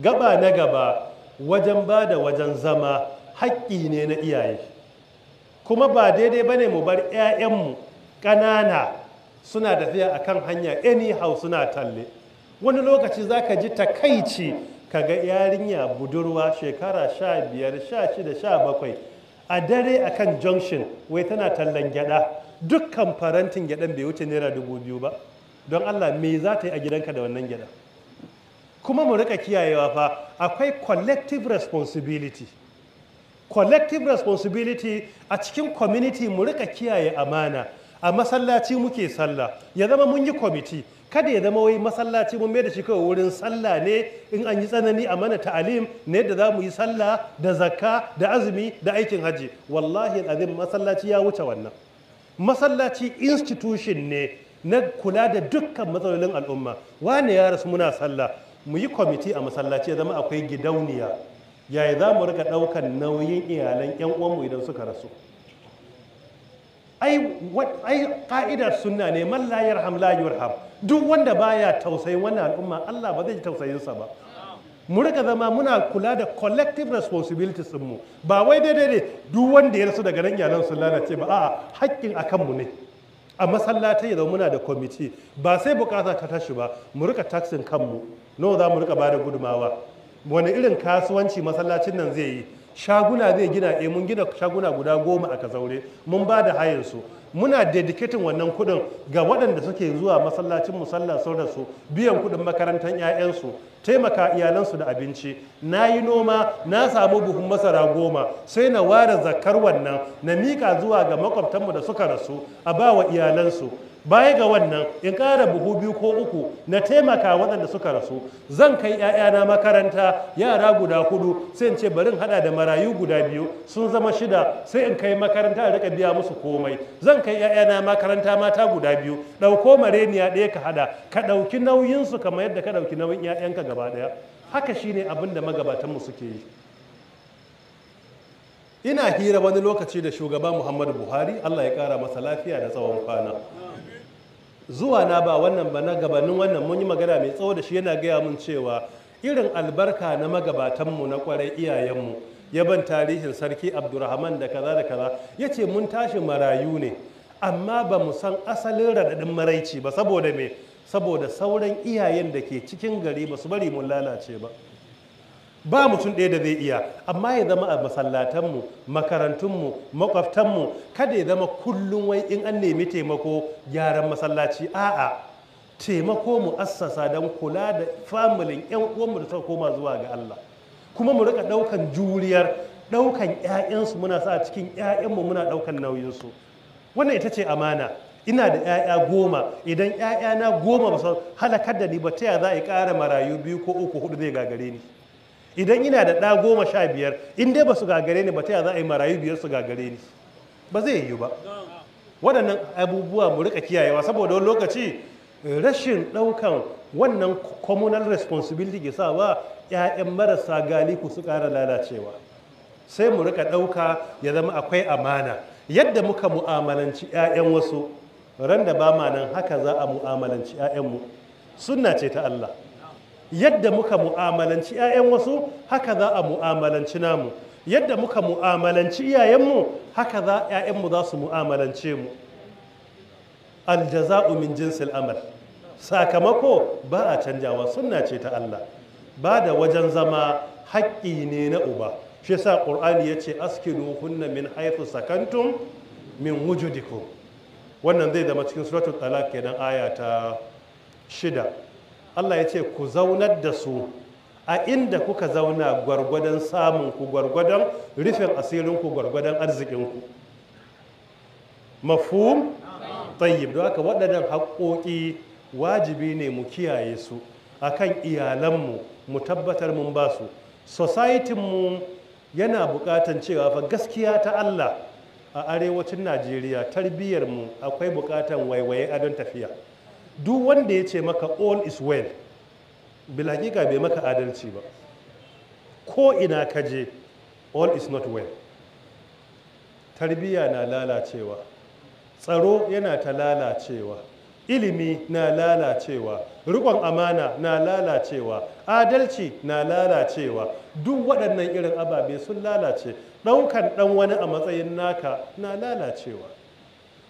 gaba na gaba wajen ba da wajen zama haƙƙi ne na iyaye kuma ba daidai ba ne mu bar 'ya'yanmu ƙanana suna tafiya a kan hanya anyhow suna talle wani lokaci za ka ji takaici ga yarinya budurwa shekara sha biyar sha shida sha bakwai a dare a kan junction wai tana tallan gyada dukkan farantin gyadan bai wuce naira dubu biyu ba don allah me za ta yi a gidanka da wannan gyaɗa? kuma mu rika kiyayewa fa akwai collective responsibility collective responsibility a cikin community mu rika kiyaye amana a masallaci muke sallah ya zama mun yi kwamiti kada ya zama wai masallaci mun mai da shi kawai wurin sallah ne in an yi tsanani a mana ta'alim na da za mu yi sallah da zakka da azumi da aikin hajji wallahi azim masallaci ya wuce wannan masallaci institution ne na kula da dukkan matsalolin al'umma wane ya rasu muna sallah mu yi kwamiti a masallaci ya zama akwai gidauniya Yaya za mu rika ɗaukan nauyin iyalan 'yan uwanmu idan suka rasu ai ka'idar sunna ne man la yarham la yurham duk wanda baya tausayi wannan al'umma Allah ba zai ji tausayinsa ba mu rika zama muna kula da collective responsibilities mu ba wai daidai ne duk wanda ya rasu daga nan iyalan sun lalace ba a'a haƙƙin akan mu ne a masallatai da muna da kwamiti ba sai bukata ta tashi ba mu rika taxin kanmu nawa za mu rika ba da gudumawa wani irin kasuwanci masallacin nan zai yi shaguna zai gina eh mun gina shaguna guda goma a kazaure mun ba da hayansu. muna dedicating wannan kuɗin ga waɗanda suke zuwa masallacin musalla sau da su biyan kuɗin makarantar 'ya'yansu taimaka iyalansu da abinci na yi noma na samu buhun masara goma sai na ware zakar wannan na mika zuwa ga makwabtanmu da suka rasu a ba wa iyalansu baya ga wannan in ƙara buhu biyu ko uku na taimaka waɗanda suka rasu zan kai 'ya'yana makaranta yara guda hudu sai in ce barin haɗa da marayu guda biyu sun zama shida sai in kai makaranta a rika biya musu komai zan zan ‘ya'yana makaranta mata guda biyu ɗauko mareniya ɗaya ka haɗa ka ɗauki nauyinsu kamar yadda ka ɗauki nauyin ‘ya'yanka gaba ɗaya haka shi ne abin da magabatanmu suke yi ina hira wani lokaci da shugaba muhammadu buhari allah ya ƙara masa lafiya da tsawon kwana zuwa na ba wannan ba na gabanin wannan mun yi magana mai tsawo da shi yana gaya mun cewa irin albarka na magabatanmu na kwarai iyayenmu ya ban tarihin sarki abdurrahman da kaza da kaza ya ce mun tashi marayu ne amma ba mu san asalin raɗaɗin maraici ba saboda me saboda sauran iyayen da ke cikin gari ba su bari mun lalace ba ba mutum ɗaya da zai iya amma ya zama a masallatanmu makarantunmu makwabtanmu kada ya zama kullum wai in an nemi taimako gyaran masallaci a'a taimako mu assasa don kula da familin 'yan uwanmu da suka koma zuwa ga Allah kuma mu rika ɗaukan juriyar ɗaukan 'ya'yansu muna sa cikin 'ya'yanmu muna ɗaukan nauyinsu wannan ita ce amana ina da 'ya'ya goma idan 'ya'yana goma ba su halakar da ni ba ta za a ƙara marayu biyu ko uku hudu zai gagare ni idan ina da ɗa goma sha biyar in dai ba su gagare ni ba ta ya za a yi marayu biyar su gagare ni ba zai yiwu ba waɗannan abubuwa mu rika kiyayewa saboda wani lokaci rashin ɗaukan wannan communal responsibility ke sa ba 'ya'yan marasa galiku su ƙara lalacewa sai mu rika ɗauka ya zama akwai amana yadda muka mu'amalanci 'ya'yan wasu ran da ba ma nan haka za a mu'amalanci 'ya'yanmu sunna ce ta Allah yadda muka mu'amalanci 'ya'yan wasu haka za a mu'amalanci namu yadda muka mu'amalanci iyayenmu haka za 'ya'yanmu za su mu'amalance mu aljaza'u min jinsil amal sakamako ba a canjawa sunna ce ta Allah ba da wajen zama haƙƙi ne na uba shi yasa qur'ani yace askinu hunna min haythu sakantum min wujudikum wannan zai zama cikin suratul talaq kenan ayata shida Allah ya ce ku zaunar da su a inda kuka zauna gwargwadon samun ku gwargwadon rufin asirin ku gwargwadon arzikin ku mafhum tayyib don haka waɗannan haƙoƙi wajibi ne mu kiyaye su akan iyalanmu mu tabbatar mun ba su society mu yana bukatan cewa fa gaskiya ta Allah a arewacin Najeriya tarbiyyar mu akwai buƙatan waiwaye adon tafiya duk wanda ya ce maka all is well bilakika bai maka adalci ba ko ina ka je all is not well tarbiyya na lalacewa tsaro yana ta lalacewa ilimi na lalacewa rikon amana na lalacewa adalci na lalacewa duk waɗannan irin ababe sun lalace ɗaukan ɗan wani a matsayin naka na lalacewa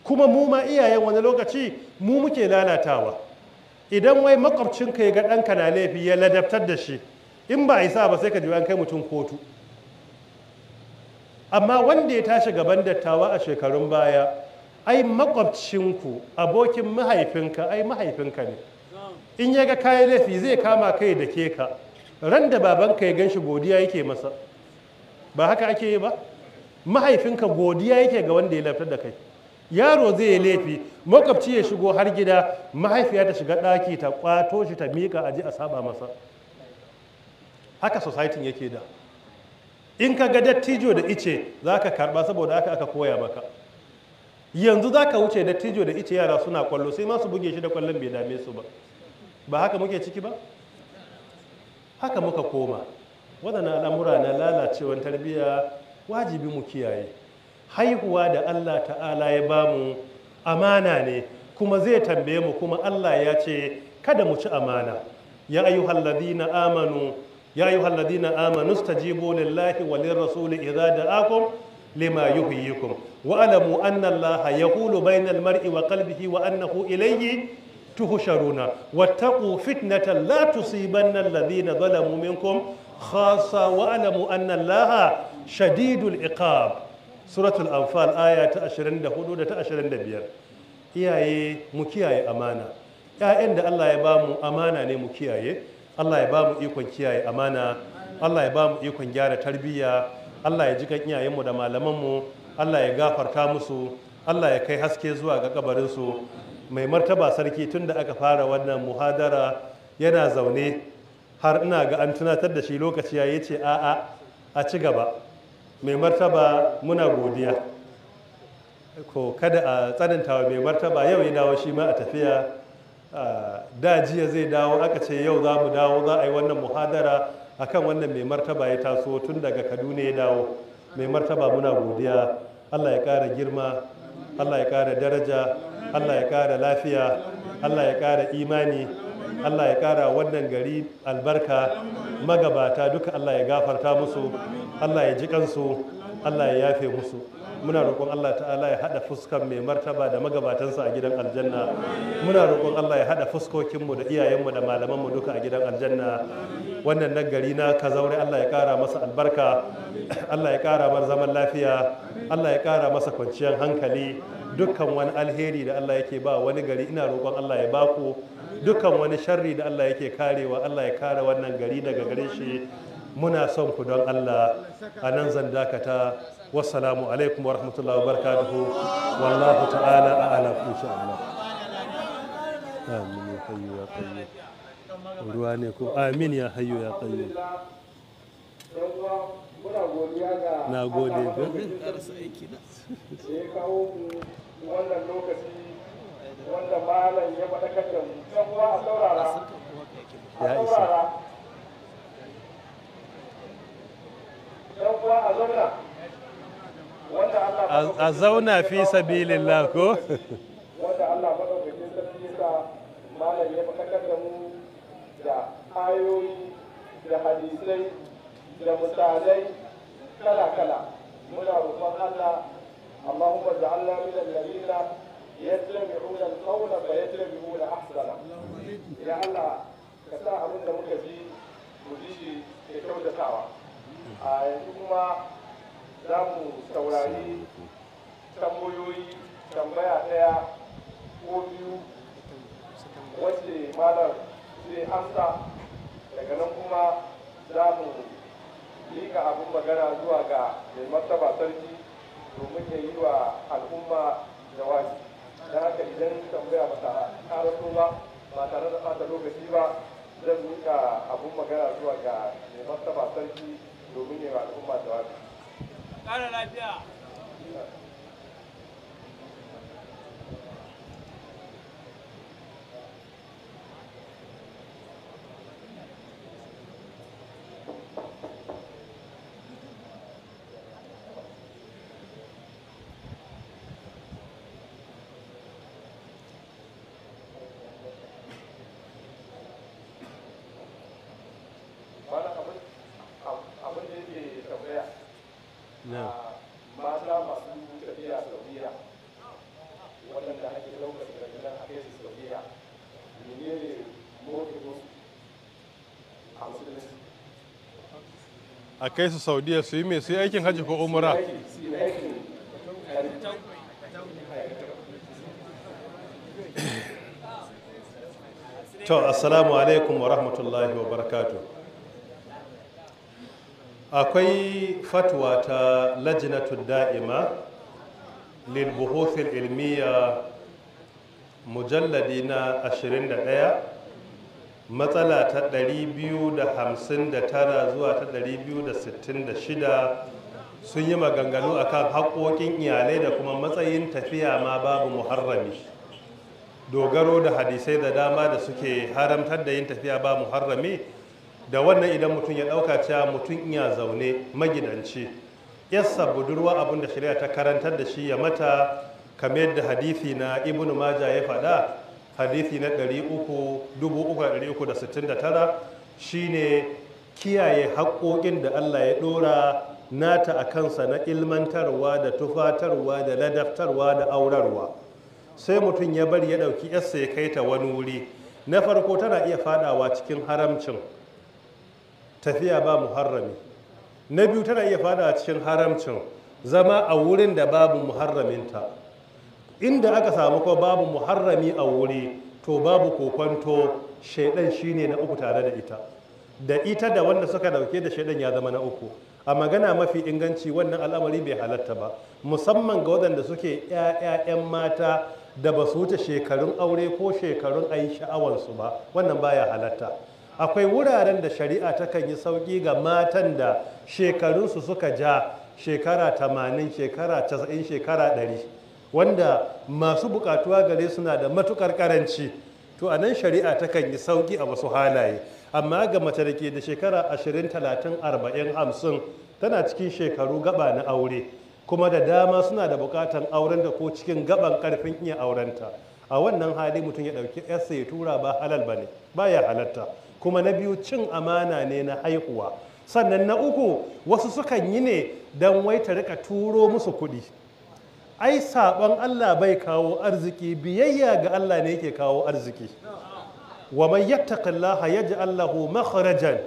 kuma mu ma iyayen wani lokaci mu muke lalatawa idan wai makwabcinka ya ga ɗanka na laifi ya ladabtar da shi in ba a isa ba sai ka ji an kai mutum kotu amma wanda ya tashi gaban dattawa a shekarun baya ai makwabcinku abokin mahaifinka ai mahaifinka ne in ya ga kayan laifi zai kama kai da ke ka ran da babanka ya ganshi godiya yake masa ba haka ake yi ba mahaifinka godiya yake ga wanda ya laftar da kai yaro zai yi laifi makwabci ya shigo har gida mahaifiya ta shiga ɗaki ta kwato shi ta miƙa aji a saba masa haka society yake da in ka ga dattijo da ice za ka karɓa saboda haka aka koya maka yanzu za ka wuce da tijo da ice yara suna kwallo sai masu buge shi da kwallon bai dame su ba ba haka muke ciki ba haka muka koma waɗannan al'amura na lalacewar tarbiyya wajibi mu kiyaye haihuwa da allah ta'ala ya bamu amana ne kuma zai tambaye mu kuma allah ya ce kada mu ci amana ya ayyuhal ladina amanu ya ayyuhal ladina amanu stajibu lillahi rasuli lirrasuli da da'akum lima yuhyikum wa alamu anna allaha yaqulu bainal mar'i wa qalbihi wa annahu ilayhi tuhsharuna wattaqu fitnatan la tusibanna alladhina zalamu minkum khassa wa alamu anna allaha shadidul iqab suratul anfal aya ta 24 da ta iyaye mu kiyaye amana ƴaƴan da Allah ya bamu amana ne mu kiyaye Allah ya bamu ikon kiyaye amana Allah ya bamu ikon gyara tarbiyya Allah ya ji kan iyayenmu da malamanmu Allah ya gafarta musu Allah ya kai haske zuwa ga kabarinsu mai martaba sarki tun da aka fara wannan muhadara yana zaune har ina ga an tunatar da shi lokaci ya ce a'a a ci gaba mai martaba muna godiya ko kada a tsanantawa mai martaba yau ya dawo shi ma a tafiya da jiya zai dawo aka ce yau za mu dawo za a yi wannan muhadara akan wannan mai martaba ya taso tun daga kaduna ya dawo mai martaba muna godiya allah ya ƙara girma allah ya ƙara daraja allah ya ƙara lafiya allah ya ƙara imani allah ya ƙara wannan gari albarka magabata duka allah ya gafarta musu allah ya ji kansu allah ya yafe musu muna roƙon Allah ta'ala ya haɗa fuskan mai martaba da magabatansa a gidan aljanna muna roƙon Allah ya haɗa fuskokinmu da iyayenmu da malamanmu duka a gidan aljanna wannan nagari gari na kazaure Allah ya ƙara masa albarka Allah ya ƙara mar zaman lafiya Allah ya ƙara masa kwanciyar hankali dukkan wani alheri da Allah yake ba wani gari ina roƙon Allah ya baku dukkan wani sharri da Allah yake karewa Allah ya kare wannan gari daga gare shi muna son ku don Allah a nan zan dakata wasalamu alaikum wa rahmatullahi wa barakatuhu wallahu ta'ala ala insha Allah amin ya hayyu ya kayo ruwa ne ko amin ya hayyu ya kayo. na gode ga na gode da a a zauna fi sabilillah ko wanda Allah madaukakin sarki malam ya da mu da ayoyi da hadisai da misalai kala kala muna roƙon Allah Allahumma ja'alna min alladhina yattabi'una al-qawla fa yattabi'una ahsana ya Allah ka sa abin da muka ji mu ji shi da kyautatawa a yanzu kuma za mu saurari tambayoyi tambaya ɗaya ko biyu wacce malar zai amsa daga nan kuma za mu liƙa abin magana zuwa ga mai martaba sarki domin ya yi wa al'umma jawabi don haka idan tambaya ba ta ƙaraso ba ba tare da ɓata lokaci ba zan miƙa abin magana zuwa ga mai martaba sarki domin ya yi wa al'umma jawabi kara lafiya kai su saudiya su yi mai su yi aikin hajji ko umra to assalamu alaikum wa rahmatullahi wa barakatu akwai fatwa ta lajinatun da'ima lil buhufin ilmiya mujalladi na 21 matsala ta 259 zuwa ta 266 sun yi maganganu a kan haƙoƙin iyalai da kuma matsayin tafiya ma babu muharrami dogaro da hadisai da dama da suke haramtar da yin tafiya ba muharrami da wannan idan mutum ya ɗauka cewa mutum ya zaune magidanci yassa budurwa abin da shari'a ta karantar da shi ya mata kamar yadda hadisi na ibnu maja ya faɗa Hadithi na shi shine kiyaye haƙoƙin da Allah ya ɗora nata a kansa na ilmantarwa da tufatarwa da ladaftarwa da aurarwa sai mutum ya bari ya ɗauki yarsa ya kai ta wani wuri na farko tana iya fadawa cikin haramcin tafiya ba muharrami na biyu tana iya fadawa cikin haramcin zama a wurin da babu muharraminta inda aka samu ko babu muharrami a wuri to babu kokonto shaidan shine na uku tare da ita da ita da wanda suka dauke da shaidan ya zama na uku a magana mafi inganci wannan al'amari bai halatta ba musamman ga waɗanda suke 'ya'ya'yan mata da ba su wuce shekarun aure ko shekarun ayi yi sha'awansu ba wannan baya halatta akwai wuraren da shari'a takan yi sauƙi ga matan da shekarunsu suka ja shekara 80 shekara 90 shekara 100 wanda masu bukatuwa gare suna da matukar karanci to a nan shari'a takan yi sauki a wasu halaye amma ga mace da ke da shekara 20 30 40 50 tana cikin shekaru gaba na aure kuma da dama suna da bukatan auren da ko cikin gaban karfin iya aurenta a wannan hali mutum ya dauki yarsa ya tura ba halal bane baya halatta kuma na biyu cin amana ne na haihuwa sannan na uku wasu sukan yi ne don wai ta rika turo musu kuɗi ai saɓon Allah bai kawo arziki biyayya ga Allah ne yake kawo arziki wa man yattaqillaha yaj'al lahu makhrajan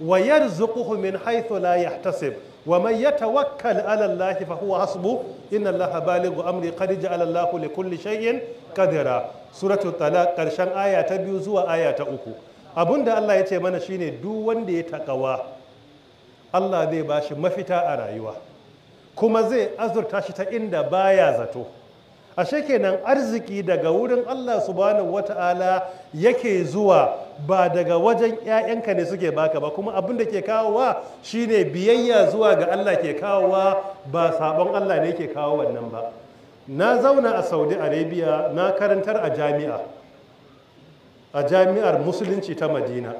wa yarzuquhu min haythu la yahtasib wa man yatawakkal 'ala Allah fa huwa hasbu inna Allah balighu amri qad ja'ala Allah li kulli shay'in qadira suratu talaq karshen aya ta biyu zuwa aya ta uku abinda Allah ya ce mana shine duk wanda ya takawa Allah zai bashi mafita a rayuwa kuma zai azurta shi ta inda baya zato ashe kenan arziki daga wurin Allah subhanahu wata'ala yake zuwa ba daga wajen 'ya'yanka ne suke baka ba kuma abin da ke kawowa shine biyayya zuwa ga Allah ke kawowa ba sabon Allah ne ke kawo wannan ba na zauna a saudi arabia na karantar a jami'a a jami'ar musulunci ta madina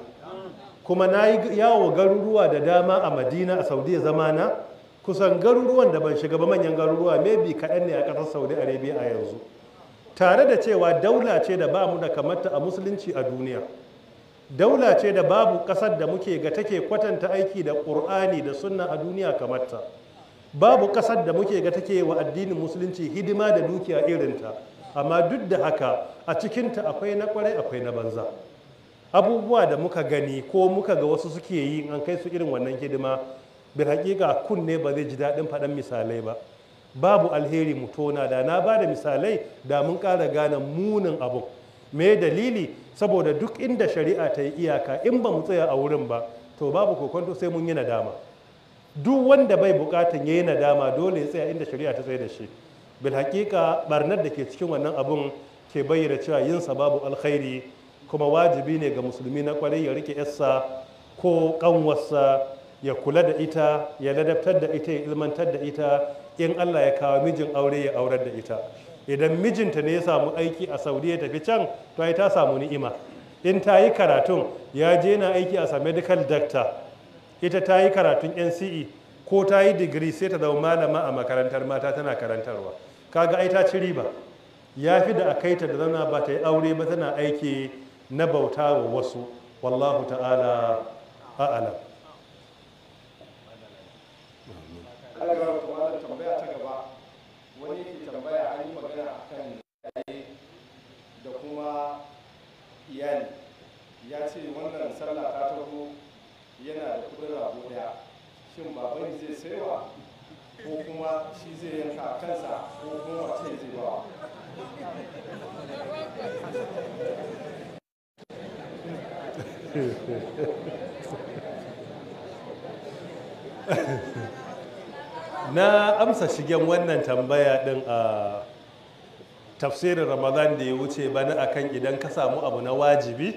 kuma na yi yawo garuruwa da dama a madina a saudiya zamana kusan garuruwan da ban shiga ba manyan garuruwa maybe kaɗan ne a ƙasar saudi arabia a yanzu tare da cewa daula ce da ba mu da kamata a musulunci a duniya daula ce da babu ƙasar da muke ga take kwatanta aiki da ƙur'ani da sunna a duniya kamata. babu ƙasar da muke ga take wa addinin musulunci hidima da dukiya irinta amma duk da haka a cikinta akwai na kwarai akwai na banza abubuwa da muka gani ko muka ga wasu suke yi an kai su irin wannan hidima bin hakika kunne ba zai ji daɗin faɗan misalai ba babu alheri mu tona da na ba da misalai da mun ƙara gane munin abu me dalili saboda duk inda shari'a ta yi iyaka in ba mu tsaya a wurin ba to babu kokonto sai mun yi nadama duk wanda bai bukatan ya yi nadama dole ya tsaya inda shari'a ta tsaye da shi bil hakika barnar da ke cikin wannan abun ke bayyana cewa yin sa babu alkhairi kuma wajibi ne ga musulmi na kwarai ya rike yassa ko kanwarsa ya kula da ita ya ladabtar da ita ya ilmantar da ita in Allah ya kawo mijin aure ya aurar da ita idan mijinta ne ya samu aiki a saudi ya tafi can to ai ta samu ni'ima in ta yi karatun ya je na aiki a medical doctor ita ta yi karatun nce ko ta yi digiri sai ta zama malama a makarantar mata tana karantarwa kaga ai ta ci riba ya fi da a kai ta da zauna ba ta yi aure ba tana aiki na bauta wa wasu wallahu ta'ala a'alam alagar kuma da tambaya ta gaba wani yake tambaya an yi magana akan yaye da kuma iyali ya ce wannan sallah ta taho yana da kudin rabo daya shin baban zai saiwa ko kuma shi zai yanka kansa ko kuma wace zai bawa Hehehehe na amsa shigen wannan tambaya din a tafsirin ramadan da ya wuce bana akan idan ka samu abu na wajibi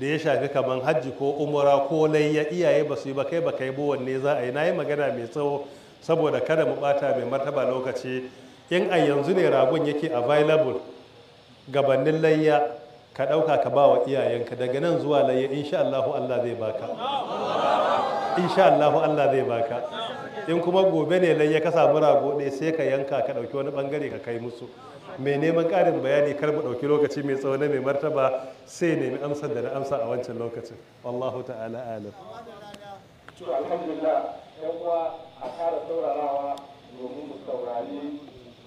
da ya shafi kamar hajji ko umura ko layya iyaye ba su yi ba kai ba kai wanne za a yi na yi magana mai tsawo saboda kada mu bata mai martaba lokaci in a yanzu ne ragon yake available gabanin layya ka ɗauka ka ba wa iyayenka daga nan zuwa layya insha Allahu Allah zai baka insha Allah Allah zai baka in kuma gobe ne lai ya ka samu rago sai ka yanka ka ɗauki wani ɓangare ka kai musu mai neman ƙarin bayani kar mu ɗauki lokaci mai tsawo mai martaba sai nemi amsar da na amsa a wancan lokacin wallahu ta'ala alim to alhamdulillah yan uwa a kara saurarawa domin mu saurari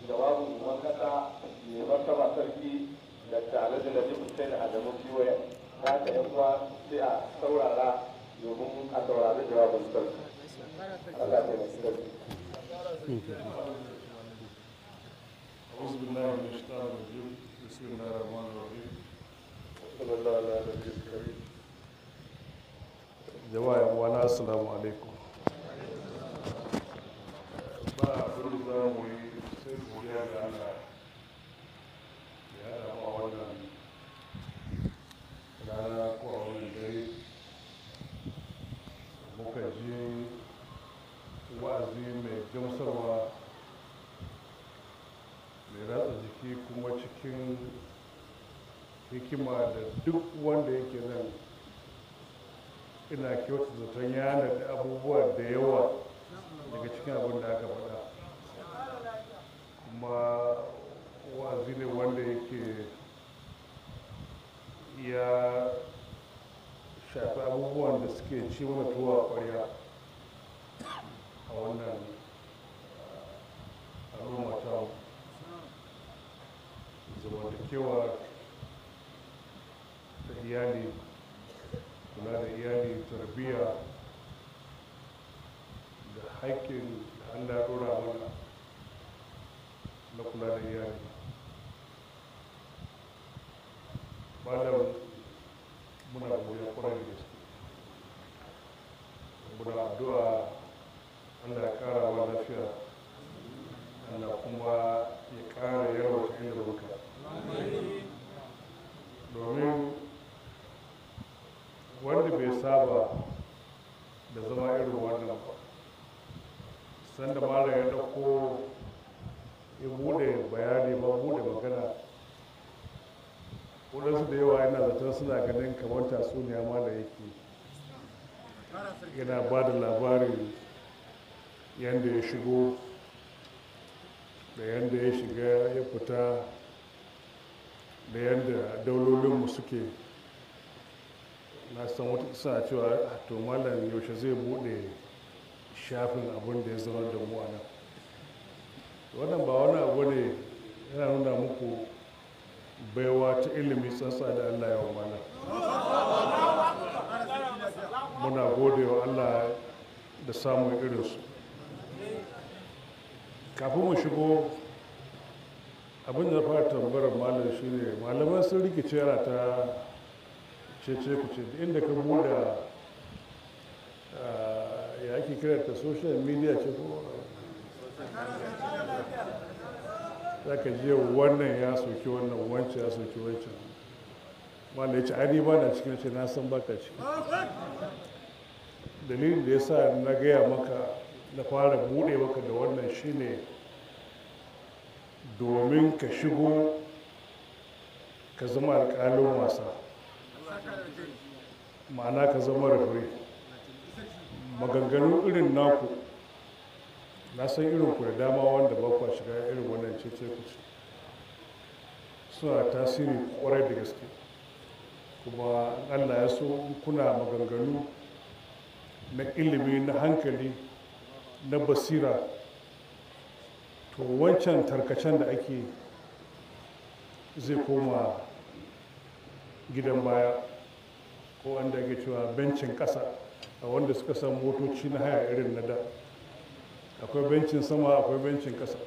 jawabin uban kasa mai martaba sarki da tare da Najib Hussein Adamu Kiwaye ta yan uwa sai a saurara yorum hataları cevabıdır. Allah teala Jawai wana salamu alaikum. Ba a duk zamuyi sai buriya da ana hikima da duk wanda yake nan ina kyautu zaton yana da abubuwa da yawa daga cikin abin da aka faɗa kuma wazi ne wanda yake ya shafi abubuwan da suke ci mana tuwa ƙwarya a wannan al'umma ta zamantakewa iyali kula da iyali tarbiyya da haƙƙin da allah ya ɗora mana na kula da iyali saba da zama irin wannan ba sanda mara ya dauko ya bude bayani ba bude magana wadansu da yawa yana zaton suna ganin kamar tatsuniya ma da yake yana ba da labarin yadda ya shigo da yadda ya shiga ya fita da yadda daulolinmu suke na san wata a cewa to malam yaushe zai bude shafin abin da ya zama da mu nan wannan ba wani abu ne yana nuna muku baiwa ta ilimi tsantsa da allah yawan mana muna gode wa allah da samun irinsu kafin mu shigo abin da fara tambarar malam shine malaman sun rikice yana ta cece ku ce inda ka buɗe eh, ya ake kiranta social media ce ko za ka je wannan ya soki wannan wancan ya soki wancan wanda ya ce ani ba na cikin ce na san baka ciki dalilin da ya sa na gaya maka na fara buɗe maka da wannan shine domin ka shigo ka zama alƙalin wasa ma'ana ka zama rafure maganganu irin naku na san irin ku da dama wanda ba kwa shiga irin wannan cece kuce suna tasiri kwarai da gaske kuma allah ya so kuna maganganu na ilimi na hankali na basira to wancan tarkacen da ake zai koma gidan baya ko wanda ake cewa bencin ƙasa a wanda suka san motoci na haya irin na da akwai bencin sama akwai bencin ƙasa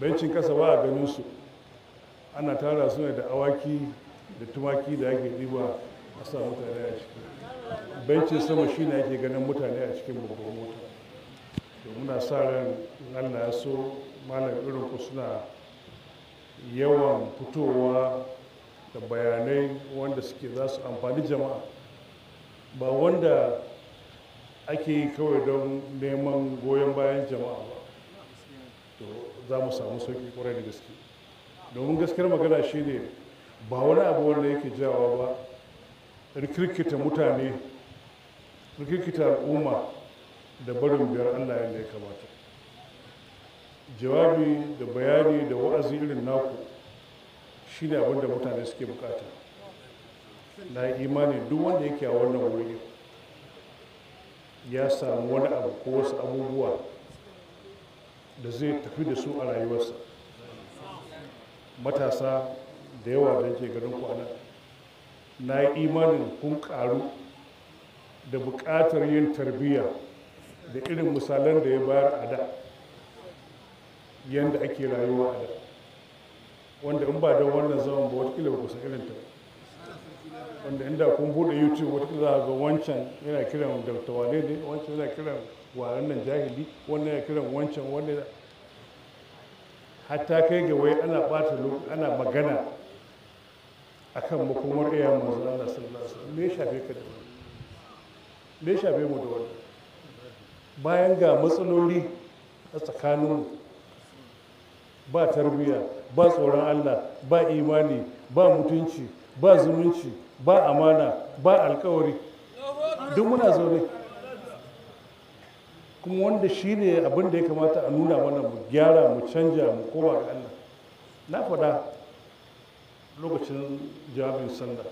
bencin ƙasa ba a ganin su ana tara su ne da awaki da tumaki da ake ɗiba a sa mutane a ciki bencin sama shi ne ake ganin mutane a cikin babban mota muna sa ran allah ya so malam irin ku suna yawan fitowa da bayanai wanda suke za su amfani jama'a ba wanda ake yi kawai don neman goyon bayan jama'a ba to za mu samu sauƙi ƙwarai da gaske domin gaskiyar magana shi ne ba wani abu wanda yake jawa ba rikirkita mutane rikirkita al'umma da barin biyar allah yadda ya kamata jawabi da bayani da wa'azi irin naku shi ne abinda mutane suke bukata na imani duk wanda yake a wannan wuri ya samu wani abu ko wasu abubuwa da zai tafi da su a rayuwarsa matasa da yawa da yake ganin kwanan na imanin kun karu da bukatar yin tarbiyya da irin misalan da ya bayar a da yadda ake rayuwa a da wanda in ba da wannan zaman ba watakila ba kusa irin ta wanda inda kun bude youtube watakila za ga wancan yana kiran da tawane ne wancan yana kiran waran nan jahili wannan yana kiran wancan wannan hatta kai ga wai ana bata ana magana akan makomar iya manzon Allah sallallahu alaihi wasallam me shafe ka da wani? me shafe mu da wannan bayan ga matsaloli a tsakaninmu ba tarbiyya ba tsoron Allah ba imani ba mutunci ba zumunci ba amana ba alkawari duk muna zaune kuma wanda shi ne abin da ya kamata a nuna mana mu gyara mu canja mu koma ga Allah na faɗa lokacin jawabin sanda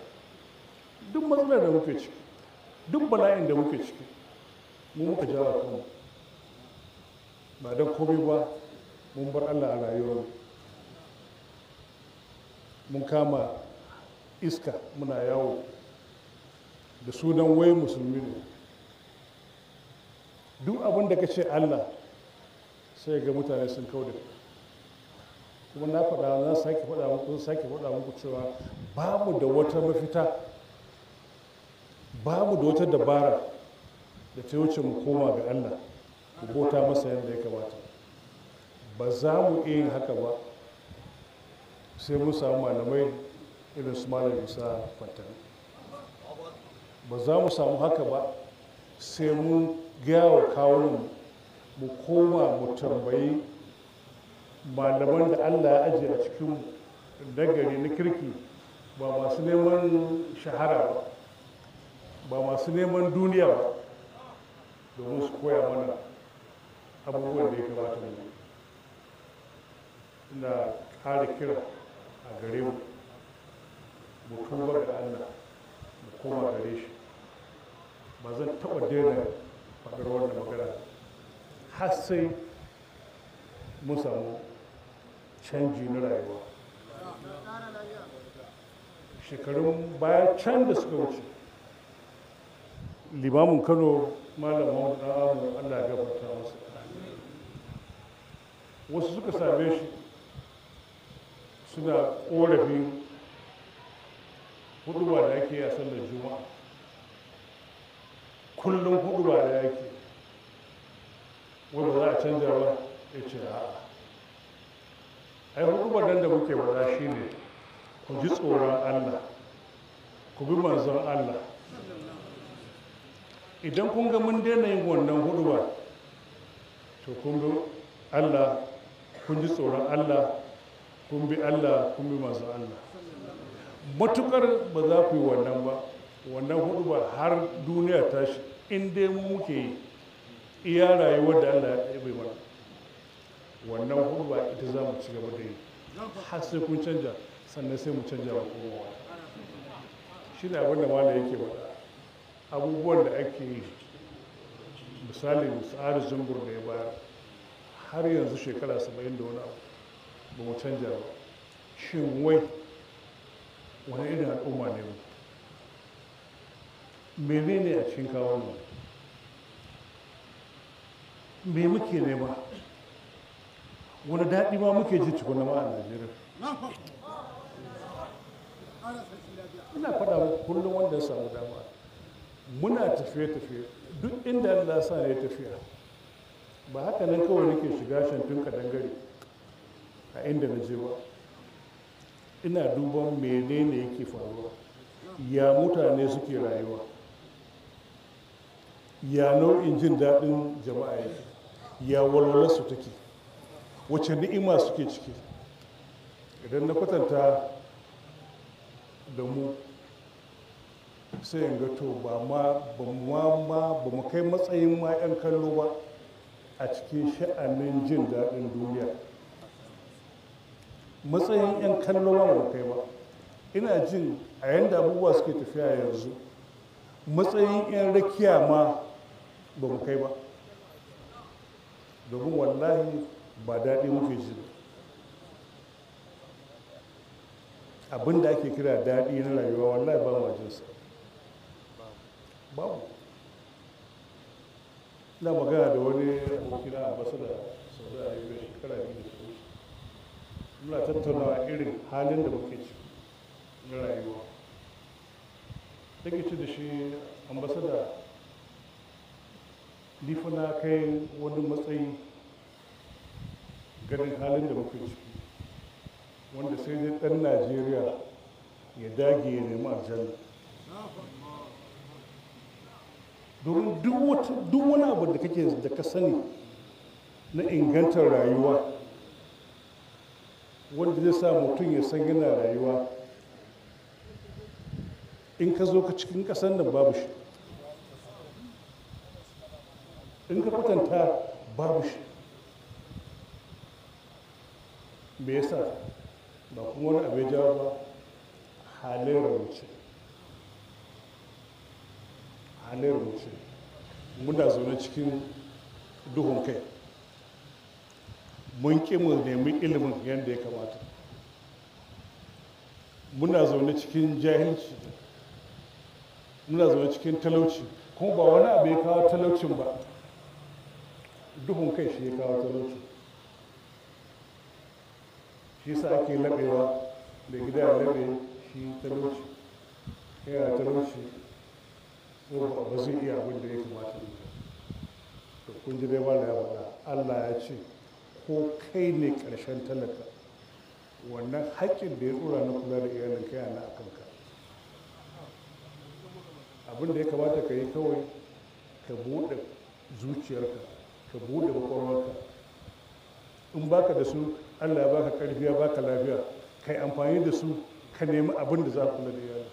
duk matsalar da muke ciki duk bala'in da muke ciki mu muka jawa kuma ba don komai ba mun bar Allah a rayuwarmu mun kama iska muna yawo da sunan wai musulmi ne duk abin da ka ce allah sai ga mutane sun kauda. kuma na faɗa na sake faɗa muku sake faɗa muku cewa mu da wata mafita babu da wata dabara da ta wuce mu koma ga allah ku bota masa yadda ya kamata ba za mu iya haka ba sai mun samu malamai irin su malam isa kwantara ba za mu samu haka ba sai mun gaya wa kawunan mu koma mu tambayi malaman da allah ya ajiye a cikin dagari na kirki ba masu neman shahara ba ba masu neman duniya ba domin su koya mana abubuwan da ya kamata mu ina kare kira a gare mu mu ba ga Allah mu koma gare shi ba zan taɓa daina faɗar wannan magana har sai mun samu canji na rayuwa shekarun bayan can da suka wuce limamin kano Malam mawadu ɗan allah ya gabata masa wasu suka same shi suna korafin huduwa da ake a sallar juma'a kullum huduwa da yake wanda za a canza ba ya ce a yi huduwa nan da muke bada shi ne ku ji tsoron allah ku bi manzon allah idan kun ga mun daina yin wannan huduwa to kun bi allah kun ji tsoron allah kun bi Allah kun bi masu Allah matukar ba za ku yi wannan ba wannan hudu ba har duniya tashi in dai mu muke iya rayuwar da Allah ya bai mana wannan hudu ba ita za mu ci gaba da yi har sai kun canja sannan sai mu canja wa kuma shi ne abin da yake ba abubuwan da ake yi misali misali zumbur da ya bayar har yanzu shekara saba'in da wani abu ba mu canja ba shin wai wani irin al'umma ne mu mene ne a cikin kawo mu me muke nema wani daɗi ma muke ji tukuna ma a najeriya ina faɗa kullum wanda ya samu dama muna tafiye-tafiye duk inda allah sa ne tafiya ba haka nan kawai nake shiga shantun kadangare a inda na je ba ina duban menene yake faruwa ya mutane suke rayuwa ya nau'in jin daɗin jama'a yake ya su take Wacce ni'ima suke ciki idan na kwatanta da mu sai in gato to ba ma ba ma ba mu kai matsayin ma 'yan kallo ba a cikin sha'anin jin daɗin duniya matsayin 'yan kallo ba kai ba ina jin a yanda abubuwa suke tafiya yanzu matsayin 'yan rakiya ma ba mu kai ba domin wallahi ba daɗi muke ji abin da ake kira daɗi na rayuwa wallahi ba ma jinsa babu na magana da wani abokina a basu da sau da shekara biyu muna tattaunawa irin halin da muke ci na rayuwa take ci da shi ambasada nifa na kai wani matsayi ganin halin da muke ciki wanda sai dai ɗan najeriya ya dage ya nemi aljanna domin duk wani abu da kake da ka sani na ingantar rayuwa wanda zai sa mutum ya san yana rayuwa in ka zo ka cikin ƙasar nan babu shi in ka kwatanta babu shi me yasa ba kuma wani abu ya jawo ba halin rauce halin rauce muna zaune cikin duhun kai mun ƙi mu nemi ilimin yadda ya kamata muna zaune cikin jahilci muna zaune cikin talauci kuma ba wani abu ya kawo talaucin ba duhun kai shi ya kawo talauci shi sa ake labewa da gida ya labe shi talauci yana talauci ba zai iya abin da ya kamata ne da kun ji dai ba na ya allah ya ce ko kai ne ƙarshen talaka wannan haƙƙin da ya tsora na kula da iyalin kai na a kanka abin da ya kamata ka yi kawai ka buɗe zuciyarka ka buɗe makwarwarka in baka da su allah baka ƙarfi ya baka lafiya kai amfani da su ka nemi abin da za ka kula da iyalin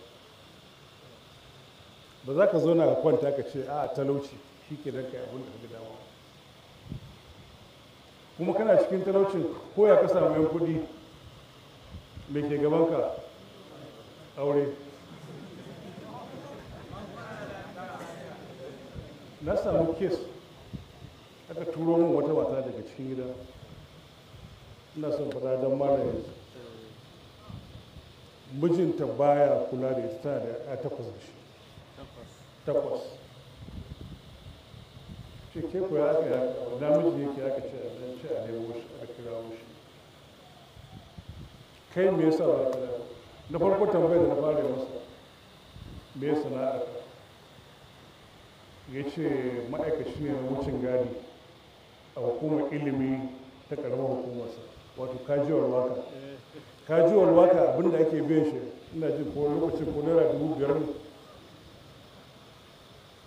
ba za ka zauna ka kwanta ka ce a talauci shi ke don kai abin da ka gida ba kuma kana cikin talaucin koya ka samu yan kuɗi mai ke gabanka aure na samu kes aka turo min wata wata daga cikin gida ina son fada don mara yanzu mijinta baya kula da ita tana da ya takwas da shi takwas ce ko ya yake ya ce ce a aka kira kai me yasa ba ka na farko tambayar da na fara masa me sana'ar ya ce ma'aikaci ne na wucin gadi a hukumar ilimi ta karamar hukumarsa wato kajiyar waka kajiyar waka abinda ake biyan shi ina jin ko lokacin ko naira dubu biyar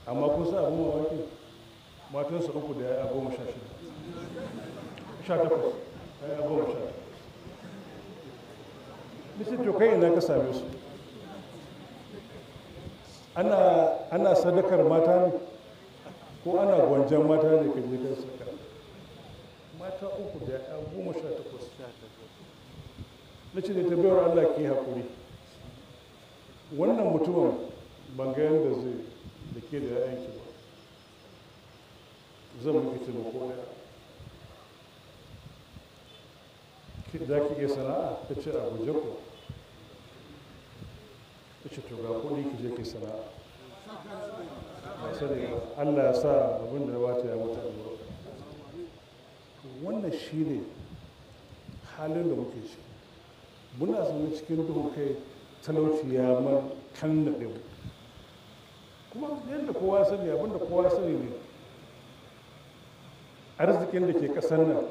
amma kun sa abin mamaki matansa uku da yi goma sha shida sha takwas yaya goma sha shida nishi to kai ina ka same su ana sadakar mata ne ko ana gwanjan mata ne ka je kan sadaka mata uku da yaya goma sha takwas na ce da ta bayar Allah ke haƙuri wannan mutumin ban da zai da ke da 'ya'yanki ba zan muke taimako ɗaya za ki iya sana'a ta ce a guje ku ta ce to ga kuɗi ki je ki sana'a ba sani ba allah ya sa abin da wata ya mutu a wannan shi ne halin da muke shi muna zaune cikin duhun kai talauci ya man kan naɗe kuma yadda kowa sani abin da kowa sani ne arzikin da ke kasan nan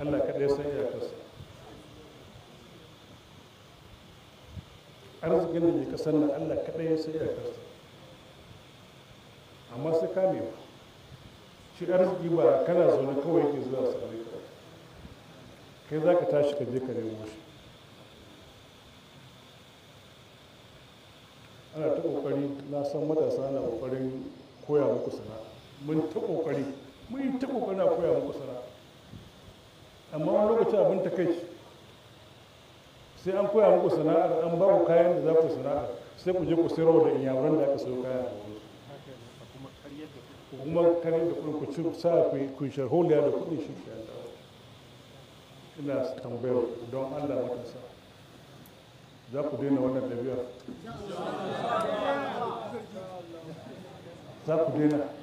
allah kaɗai san iyakarsa arzikin da ke ƙasar nan allah kaɗai san iyakarsa amma sai kame ba shi arziki ba kana zaune kawai yake zuwa sami ka kai za ka tashi ka je ka nemo shi ana ta ƙoƙari na san matasa na ƙoƙarin koya muku sana'a mun ta ƙoƙari mun yi ta kokarin a koya muku sana'a amma wani lokaci abin ta kai sai an koya muku sana'ar an ba ku kayan da za ku sana'ar sai ku je ku sayar da inyamuran da aka sayo kaya ku kuma karyar da kuɗin ku ci sa ku sharholiya da kuɗin shi ina tambayar don allah matasa za ku daina wannan ɗabi'ar za ku daina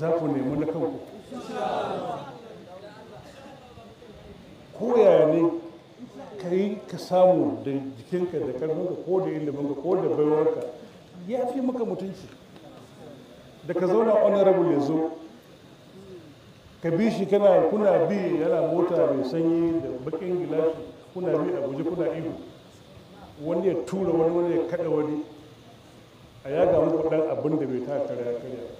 za ku nemi na kanku ko yaya ne ka yi ka samu da jikinka da karfinka ko da iliminka ko da baiwarka ya fi maka mutunci da ka zauna honorable ya zo ka bi shi kana kuna bi yana mota mai sanyi da bakin gilashi kuna bi a guje kuna ihu wani ya tura wani wani ya kada wani a yaga muku kudan abin da bai ta kare ya karya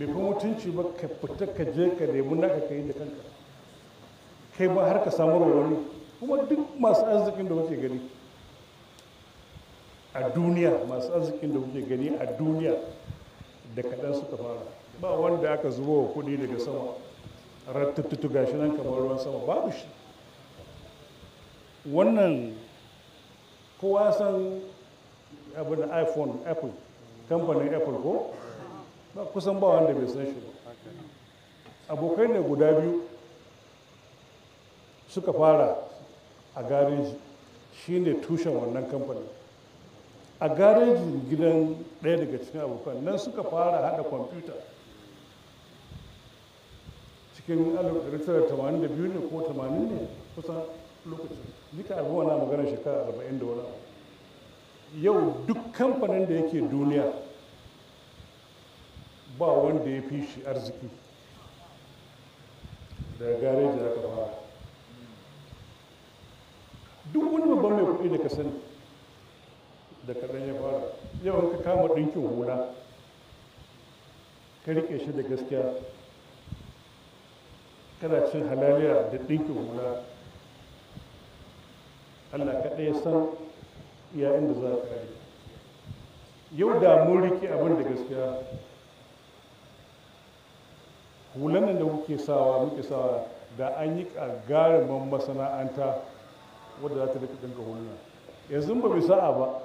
bai fi mutunci ba ka fita ka je ka nemi naka ka yi da kanka kai ba har ka samu wani kuma duk masu arzikin da kuke gani a duniya masu arzikin da kuke gani a duniya da kaɗan suka fara ba wanda aka zuba wa kuɗi daga sama rattattu gashi nan kamar ruwan sama babu shi wannan kowa san abin iphone apple kamfanin apple ko ba kusan ba wanda bai san shi ba abokai ne guda biyu suka fara a gareji Shi ne tushen wannan kamfanin a garejin gidan ɗaya daga cikin abokan nan suka fara hada kwamfuta cikin 1982 ne ko 80 ne kusan lokacin duka abu wana maganar shekara 40 da wani yau duk kamfanin da yake duniya ba wanda ya fi shi arziki Da gareji da aka fara duk wani babban mai kuɗi da ka sani da kaɗan ya fara yawan ka kama ɗinkin hula ka riƙe shi da gaskiya kana cin halaliya da ɗinkin hula allah kaɗai ya san ya inda za ka kare yau da mun riƙe abin da gaskiya hulan nan da kuke sawa muke sawa da an yi gariman masana'anta wadda za ta daga dinka huluna yanzu ba bi sa'a ba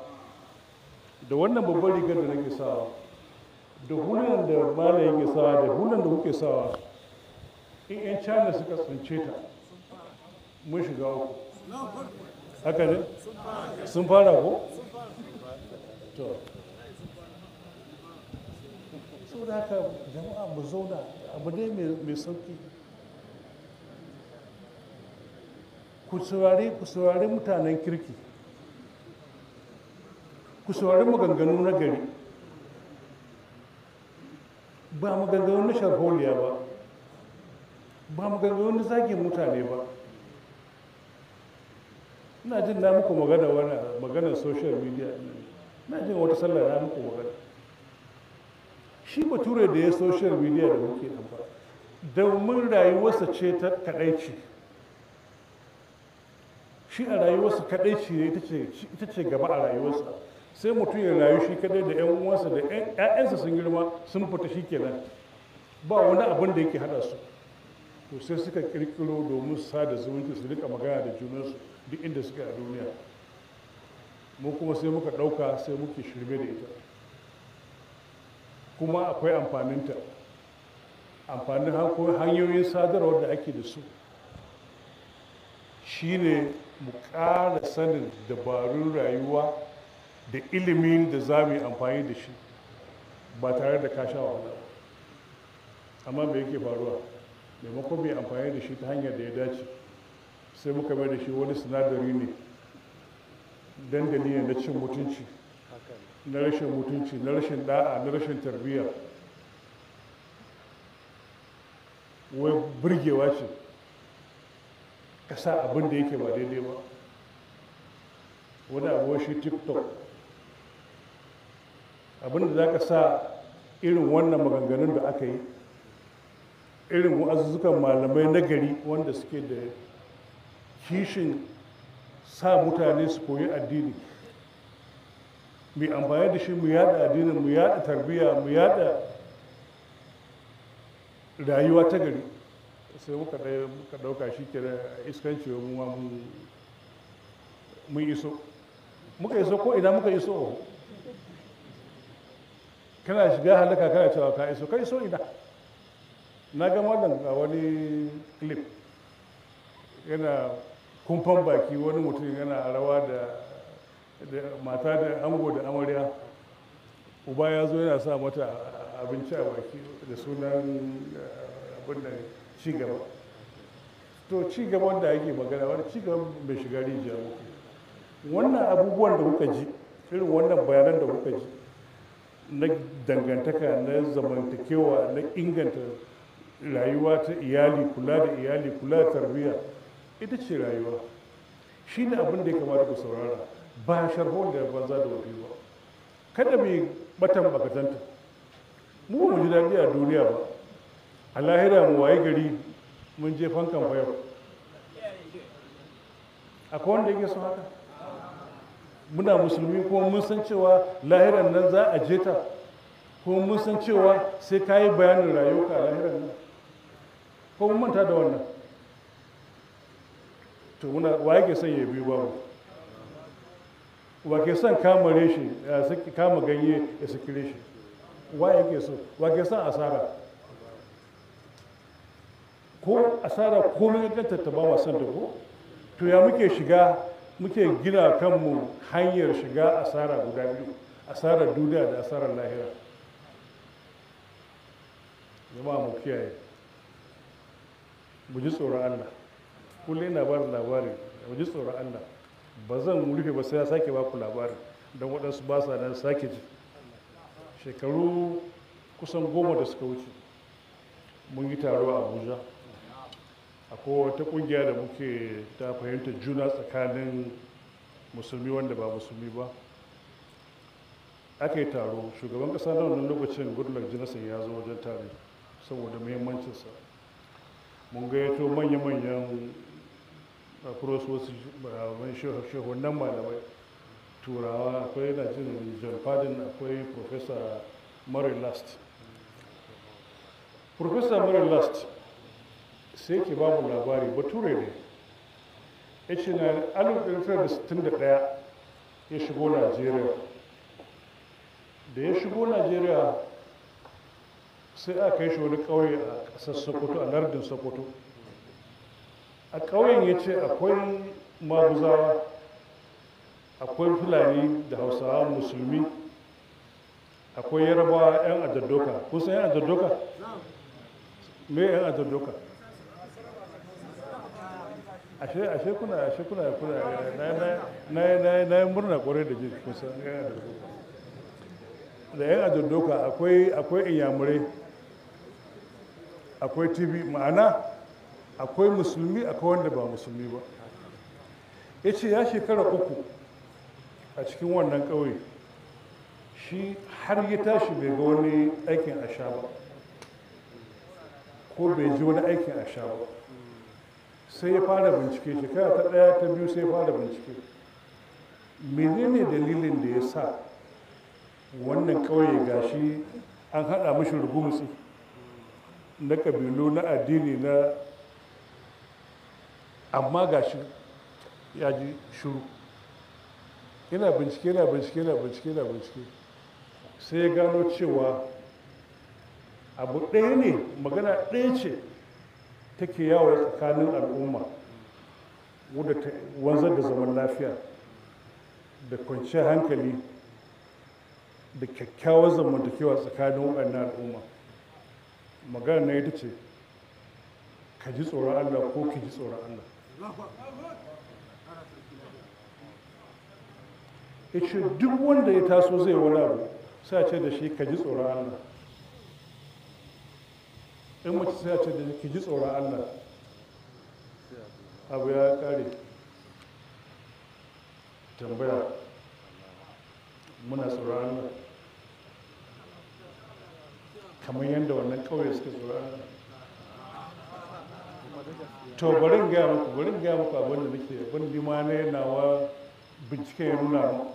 da wannan babbar rigar da nake sawa da hulunan da mala yake sawa da hulunan da kuke sawa in 'yan china suka tsince ta mun shiga uku haka ne sun fara ko to da haka jama'a mu zauna abu ne mai sauki ku saurari ku saurari mutanen kirki ku saurari maganganu na gari ba maganganu na sharholiya ba ba maganganu na zage mutane ba ina jin na muku magana wani maganar social media ina jin wata sallah na muku magana shi bature da ya social media da muke nan ba domin rayuwarsa ce ta kadaici shi a rayuwarsa kadaici ne ita ce gaba a rayuwarsa sai mutum ya rayu shi kadai da yan uwansa da ƴaƴansa sun girma sun fita shi kenan ba wani abin da yake hada su to sai suka kirkiro domin sada zumunci su rika magana da junansu duk inda suke a duniya mu kuma sai muka ɗauka sai muke shirme da ita kuma akwai amfaninta amfanin hanyoyin sadarwar da ake da su shine mu ƙara sanin dabarun rayuwa da ilimin da za mu yi amfani da shi ba tare da kashawa ba amma me yake faruwa maimakon mai amfani da shi ta hanyar da ya dace sai muka mai da shi wani sinadari ne dandali ne na cin mutunci na rashin mutunci na rashin da'a na rashin tarbiyya wai burgewa ce ka sa abin da yake ba daidai ba wani abu shi tiktok abin da za ka sa irin wannan maganganun da aka yi irin wa'azuzzukan malamai nagari, wanda suke da kishin sa mutane su koyi addini mai amfani da shi mu yada addinin mu yada tarbiyya mu yada rayuwa ta gari sai muka muka dauka shi ke iskanci mu ma mun iso muka iso ko ina muka iso kana shiga halaka kana cewa ka iso ka iso ina na ga wannan a wani clip yana kumfan baki wani mutum yana rawa da da mata da ango da amarya uba ya zo yana sa mata abinci a baki da sunan eh, abin da cigaba to gaba da ake magana wani gaba mai shiga rijiya wannan abubuwan da kuka ji irin wannan bayanan da kuka ji na dangantaka na zamantakewa na inganta rayuwa ta iyali kula da iyali kula da tarbiyya ita ce rayuwa shi ne abin da ya kamata ku saurara ba sharhol da banza da wafi ba kada mai batan bakatanta mu ba mu ji daɗi a duniya ba a lahira mu waye gari mun je fankan fayar akwai wanda yake son haka muna musulmi ko mun san cewa lahiran nan za a je ta Ko mun san cewa sai ka yi bayanin rayuka a lahiran nan ko mun manta da wannan to muna waye ke son ya biyu ba? wa ke son kama reshe kama ganye ya suke reshe wa yake so wa ke son asara ko asara ko ga ta ba ma da ko to ya muke shiga muke gina kanmu hanyar shiga asara guda biyu asarar duniya da asarar lahira jama'a mu kiyaye mu ji tsoron Allah kullum na ba labari mu ji tsoron Allah ba zan rufe ba sai ya sake ba ku labarin don waɗansu ba sa nan sake ji shekaru kusan goma da suka wuce mun yi taro a abuja akwai wata ƙungiya da muke ta fahimta juna tsakanin musulmi wanda ba musulmi ba aka yi taro shugaban ƙasa na wannan lokacin goodluck jonathan ya zo wajen tare saboda muhimmancinsa mun gayyato manya-manyan kuros wasu malamai ah, shehunan malamai turawa akwai na jin john fadin akwai professor murray last professor murray last sai ke babu labari labari bature ne ya ce na alifin 1961 ya shigo najeriya da ya shigo najeriya sai aka yi shi wani ƙauye a ƙasar sokoto a lardin sokoto a ƙauyen ya ce akwai maguzawa akwai fulani da hausawa musulmi akwai yarabawa 'yan adaddoka kusa 'yan adadoka? me 'yan adadoka? ashe ashe kuna ashe kuna kuna na na na na murna kwarai da jiki kusa 'yan adadoka da 'yan adadoka akwai akwai inyamurai akwai TV ma'ana akwai musulmi akwai wanda ba musulmi ba ya ce ya shekara uku a cikin wannan ƙauye shi har ya tashi bai ga wani aikin sha ba ko bai ji wani aikin asha ba sai ya fara bincike shekara ta ɗaya ta biyu sai ya fara bincike menene dalilin da ya sa wannan ƙauye gashi an haɗa mashi rugumutsi na ƙabilu na addini na amma ga shi ya ji shuru yana bincike yana bincike yana bincike yana bincike sai ya gano cewa abu ɗaya ne magana ɗaya ce take yawo tsakanin al'umma wadda ta wanzar da zaman lafiya da kwanciyar hankali da kyakkyawar zamantakewa tsakanin waɗannan al'umma magana na ita ce ka ji tsoron allah ko ki ji tsoron allah ya ce duk wanda ya taso zai wani abu sai ce da shi ka ji tsoron Allah in mace sai ce da ki ji tsoron Allah abu ya kare tambaya muna tsoron Allah kamar yadda wannan kauye suke tsoron Allah to bari in gaya muku bari in gaya muku abin da nake abin na nawa bincike ya nuna mu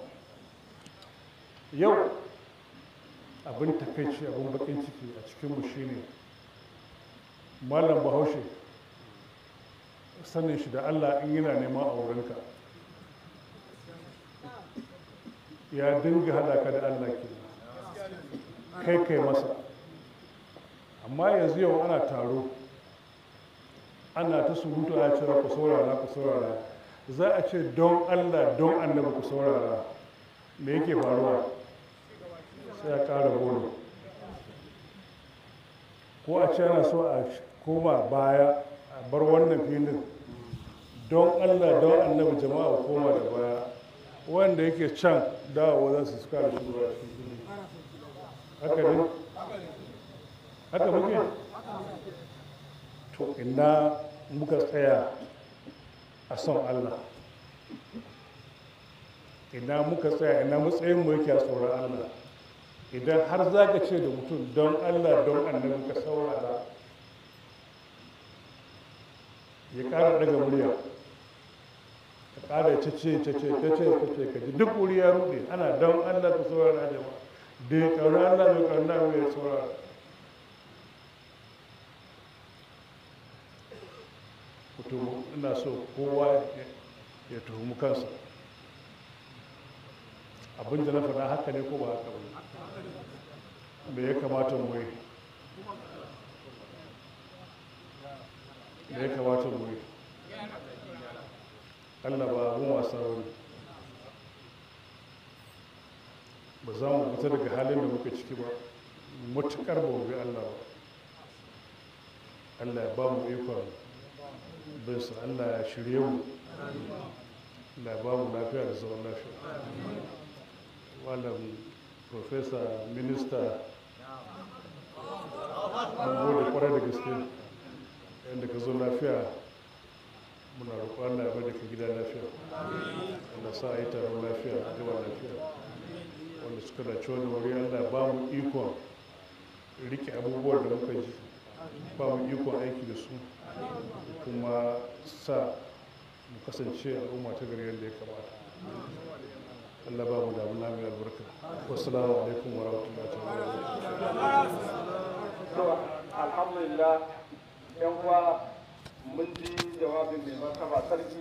yau abin takaici abin bakin ciki a cikin mu shine malam bahaushe sanin shi da allah in yana neman aurenka ya dinga haɗaka da allah ke kai kai masa amma yanzu yau ana taro ana ta surutu a cewa ku saurara ku saurara za a ce don allah don annabi ku saurara me yake faruwa sai a ƙara bolo ko a ce ana so a koma baya a bar wannan filin don allah don annabi jama'a ku koma da baya wanda yake can dawowa za su suka da shugaba haka ne haka muke to ina muka tsaya a son Allah ina muka tsaya ina matsayin mu yake a tsoron Allah idan har za ka ce da mutum don Allah don annabi ka saurara ya ƙara daga murya ka ƙara ta ce ta ce ta ce ta ce ka ji duk wuri ya ruɗe ana don Allah ka saurara jama'a da ya ƙaunar Allah mai ƙaunar mai saurara to ina so kowa ya tuhumi kansa abin da na faɗa haka ne ko ba haka ba me ya kamata mu yi me ya kamata mu yi Allah ba mu wasa ne. ba za mu fita daga halin da muka ciki ba matuƙar ba mu bi Allah ba Allah ya ba mu ikon bisa allah ya shirye mu da ba mu lafiya da zaman lafiya malam profesa minista mun gode kwarai da gaske yadda ka zo lafiya muna roƙon allah ya da ka gida lafiya wanda sa a yi taron lafiya a gaba lafiya wanda suka dace wani wuri allah ba mu ikon rike abubuwan da muka ji ba mu ikon aiki da su kuma sa mu kasance al'umma ta gari yadda ya kamata Allah ba mu damuna mai albarka wasu alaikum wa rahmatullahi wa barakatuh alhamdulillah yan uwa mun ji jawabin mai martaba sarki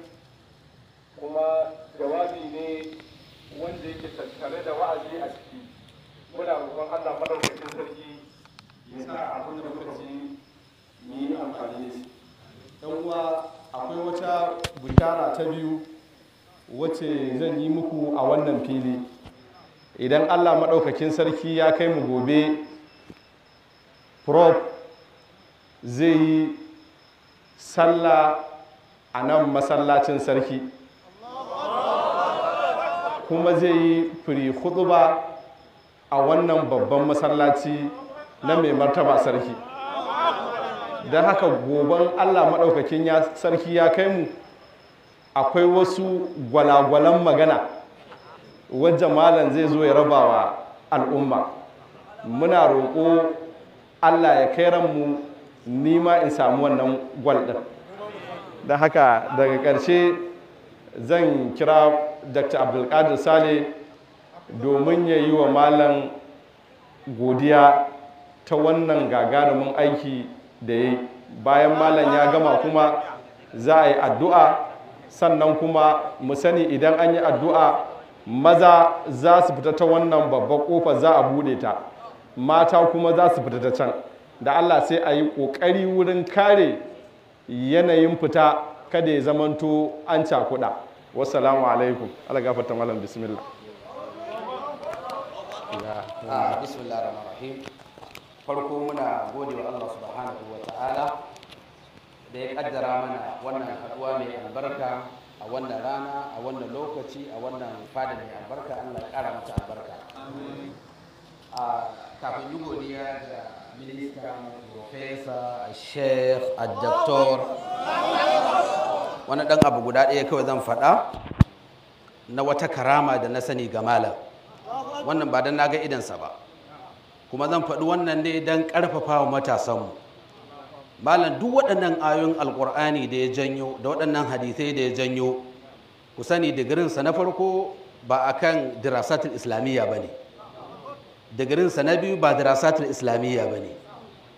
kuma jawabi ne wanda yake tattare da wa'azi a ciki muna roƙon Allah madaukakin sarki ya sa abin da muka ji mu amfani da shi uwa akwai wata bishara ta biyu wacce zan yi muku a wannan fili idan allah maɗaukakin sarki ya kai mu gobe prof zai yi sallah a nan masallacin sarki kuma zai yi firi hudu ba a wannan babban masallaci na mai martaba sarki da haka goban allah maɗaukakin sarki ya kai mu akwai wasu gwalagwalan magana wajen malam zai zo ya raba wa al'umma muna roƙo allah ya kai ranmu nima in samu wannan gwalɗin don haka daga ƙarshe zan kira dr abdulkadir sale domin ya yi wa malam godiya ta wannan gagarumin aiki da ya bayan malam ya gama kuma za a yi addu'a sannan kuma mu sani idan an yi addu'a maza za su fita ta wannan babban ƙofa za a buɗe ta mata kuma za su fita ta can da allah sai a yi ƙoƙari wurin kare yanayin fita kada ya zamanto an cakuɗa wasalamu alaikum ala gafarta malam bismillah bismillah farko muna gode wa Allah subhanahu wa ta'ala da ya kaddara mana wannan haɗuwa mai albarka a wannan rana a wannan lokaci a wannan fada mai albarka Allah ya ƙara mata albarka a kafin yi godiya da ministan profesa sheikh adjaktor wani ɗan abu guda ɗaya kawai zan faɗa na wata karama da na sani ga malam wannan ba don na ga idansa ba kuma zan faɗi wannan ne don ƙarfafa wa matasanmu malam duk waɗannan ayoyin alƙur'ani da ya janyo da waɗannan hadisai da ya janyo ku sani digirinsa na farko ba a kan dirasatul islamiyya ba ne digirinsa na biyu ba dirasatul islamiyya ba ne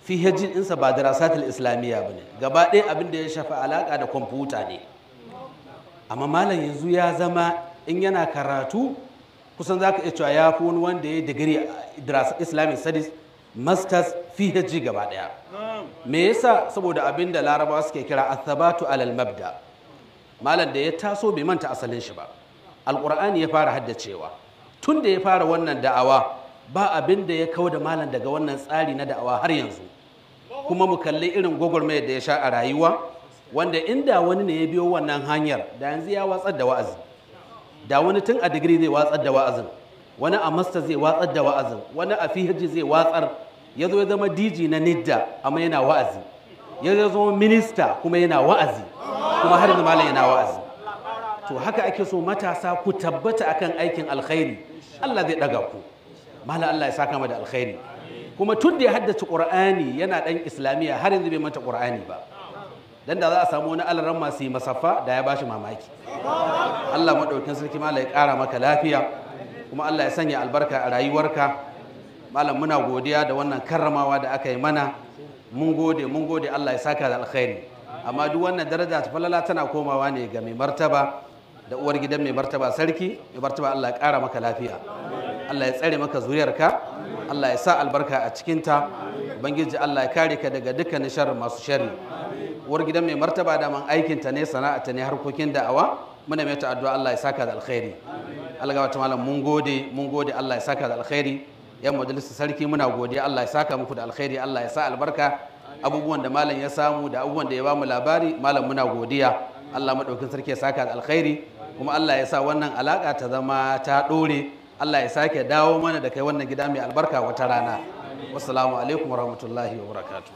fihajin insa ba dirasatul islamiyya ba ne gaba ɗaya abin da ya shafi alaƙa da kwamfuta ne amma malam yanzu ya zama in yana karatu kusan za ka iya cewa ya fi wani wanda ya yi digiri a islamic studies masters phd gaba daya me yasa saboda abin da larabawa suke kira athabatu alal mabda malam da ya taso bai manta asalin shi ba alqur'ani ya fara haddacewa tun da ya fara wannan da'awa ba abin da ya kawo da malam daga wannan tsari na da'awa har yanzu kuma mu kalli irin gwagwarmayar da ya sha a rayuwa wanda inda wani ne ya biyo wannan hanyar da yanzu ya watsar da wa'azi da wani tun a digiri zai watsar da wa'azin wani a masta zai watsar da wa'azin wani a fihaji zai watsar ya zo ya zama diji na nidda amma yana wa'azi ya zama minista kuma yana wa'azi kuma har yanzu malam yana wa'azi to haka ake so matasa ku tabbata akan aikin alkhairi Allah zai daga ku malam Allah ya saka da alkhairi kuma tun da ya haddace Qur'ani yana ɗan islamiyya har yanzu bai mata Qur'ani ba dan da za a samu wani alaran masu yi masaffa da ya bashi mamaki Allah maɗaukin sarki malam ya ƙara maka lafiya kuma Allah ya sanya albarka a rayuwarka malam muna godiya da wannan karramawa da aka yi mana mun gode mun gode Allah ya saka da alkhairi amma duk wannan daraja ta falala tana komawa ne ga mai martaba da uwar gidan mai martaba sarki mai martaba Allah ya ƙara maka lafiya Allah ya tsare maka zuriyarka Allah ya sa albarka a cikinta ubangiji Allah ya kare ka daga dukkan sharri masu sharri uwar gidan mai martaba da aikin ta ne sana'ata ne harkokin da'awa muna mai addu'a Allah ya saka da alkhairi Allah ga wata malam mun gode mun gode Allah ya saka da alkhairi yan majalisar sarki muna godiya Allah ya saka muku da alkhairi Allah ya sa albarka abubuwan da malam ya samu da abubuwan da ya bamu labari malam muna godiya Allah madaukin sarki ya saka da alkhairi kuma Allah ya sa wannan alaka ta zama ta dore Allah ya sake dawo mana da kai wannan gida mai albarka wata rana wassalamu alaikum warahmatullahi wabarakatuh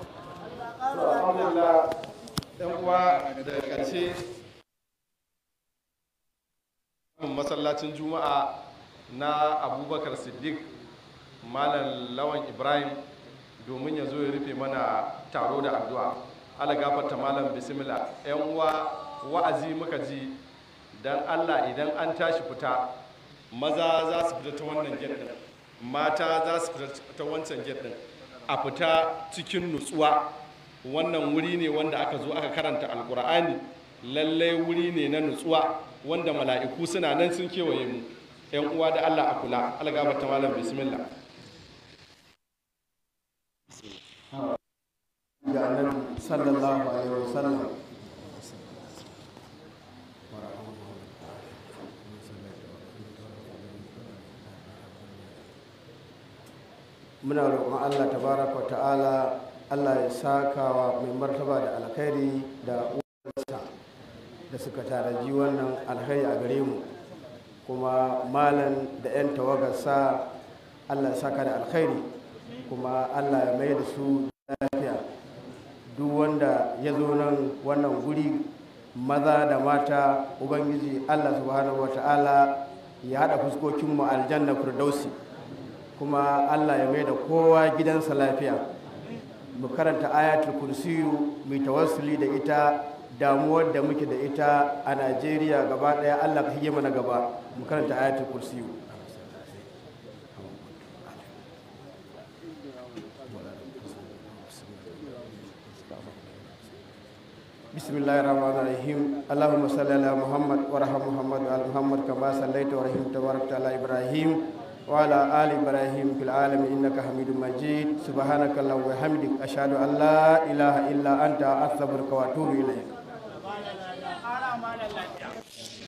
masallacin juma'a na abubakar siddiq malam lawan ibrahim domin ya zo ya rufe mana taro da addu'a ala gafarta malam bismillah yan uwa wa'azi muka ji dan allah idan an tashi fita maza za su fita ta wannan gate mata za su fita ta wancan gate a fita cikin nutsuwa wannan wuri ne wanda aka zo aka karanta alkur'ani lallai wuri ne na nutsuwa wanda mala'iku suna nan sun kewaye mu yan uwa da Allah a kula algabar ta malam bismillah sallallahu alaihi wasallam muna roƙon allah tabaraka ta'ala allah ya wa mai martaba da alkhairi da uwarsa da suka taraji wannan alkhairi a gare mu kuma malam da 'yan tawagarsa allah ya saka da alkhairi kuma allah ya mai da su lafiya duk wanda ya zo nan wannan guri maza da mata ubangiji allah subhanahu wa ta'ala ya haɗa fuskokinmu aljanna firdausi kuma allah ya mai da kowa gidansa lafiya mu karanta ayatul kursiyu mai tawassuli da ita damuwar da muke da ita a najeriya gaba daya allah ka hige mana gaba mu karanta ayatul kursiyu بسم الله الرحمن الرحيم اللهم صل على محمد وارحم محمد وعلى محمد كما صليت ورحمت وباركت على ابراهيم وعلى آل إبراهيم في العالم إنك حميد مجيد سبحانك اللهم وبحمدك أشهد أن لا إله إلا أنت أستغفرك وأتوب إليك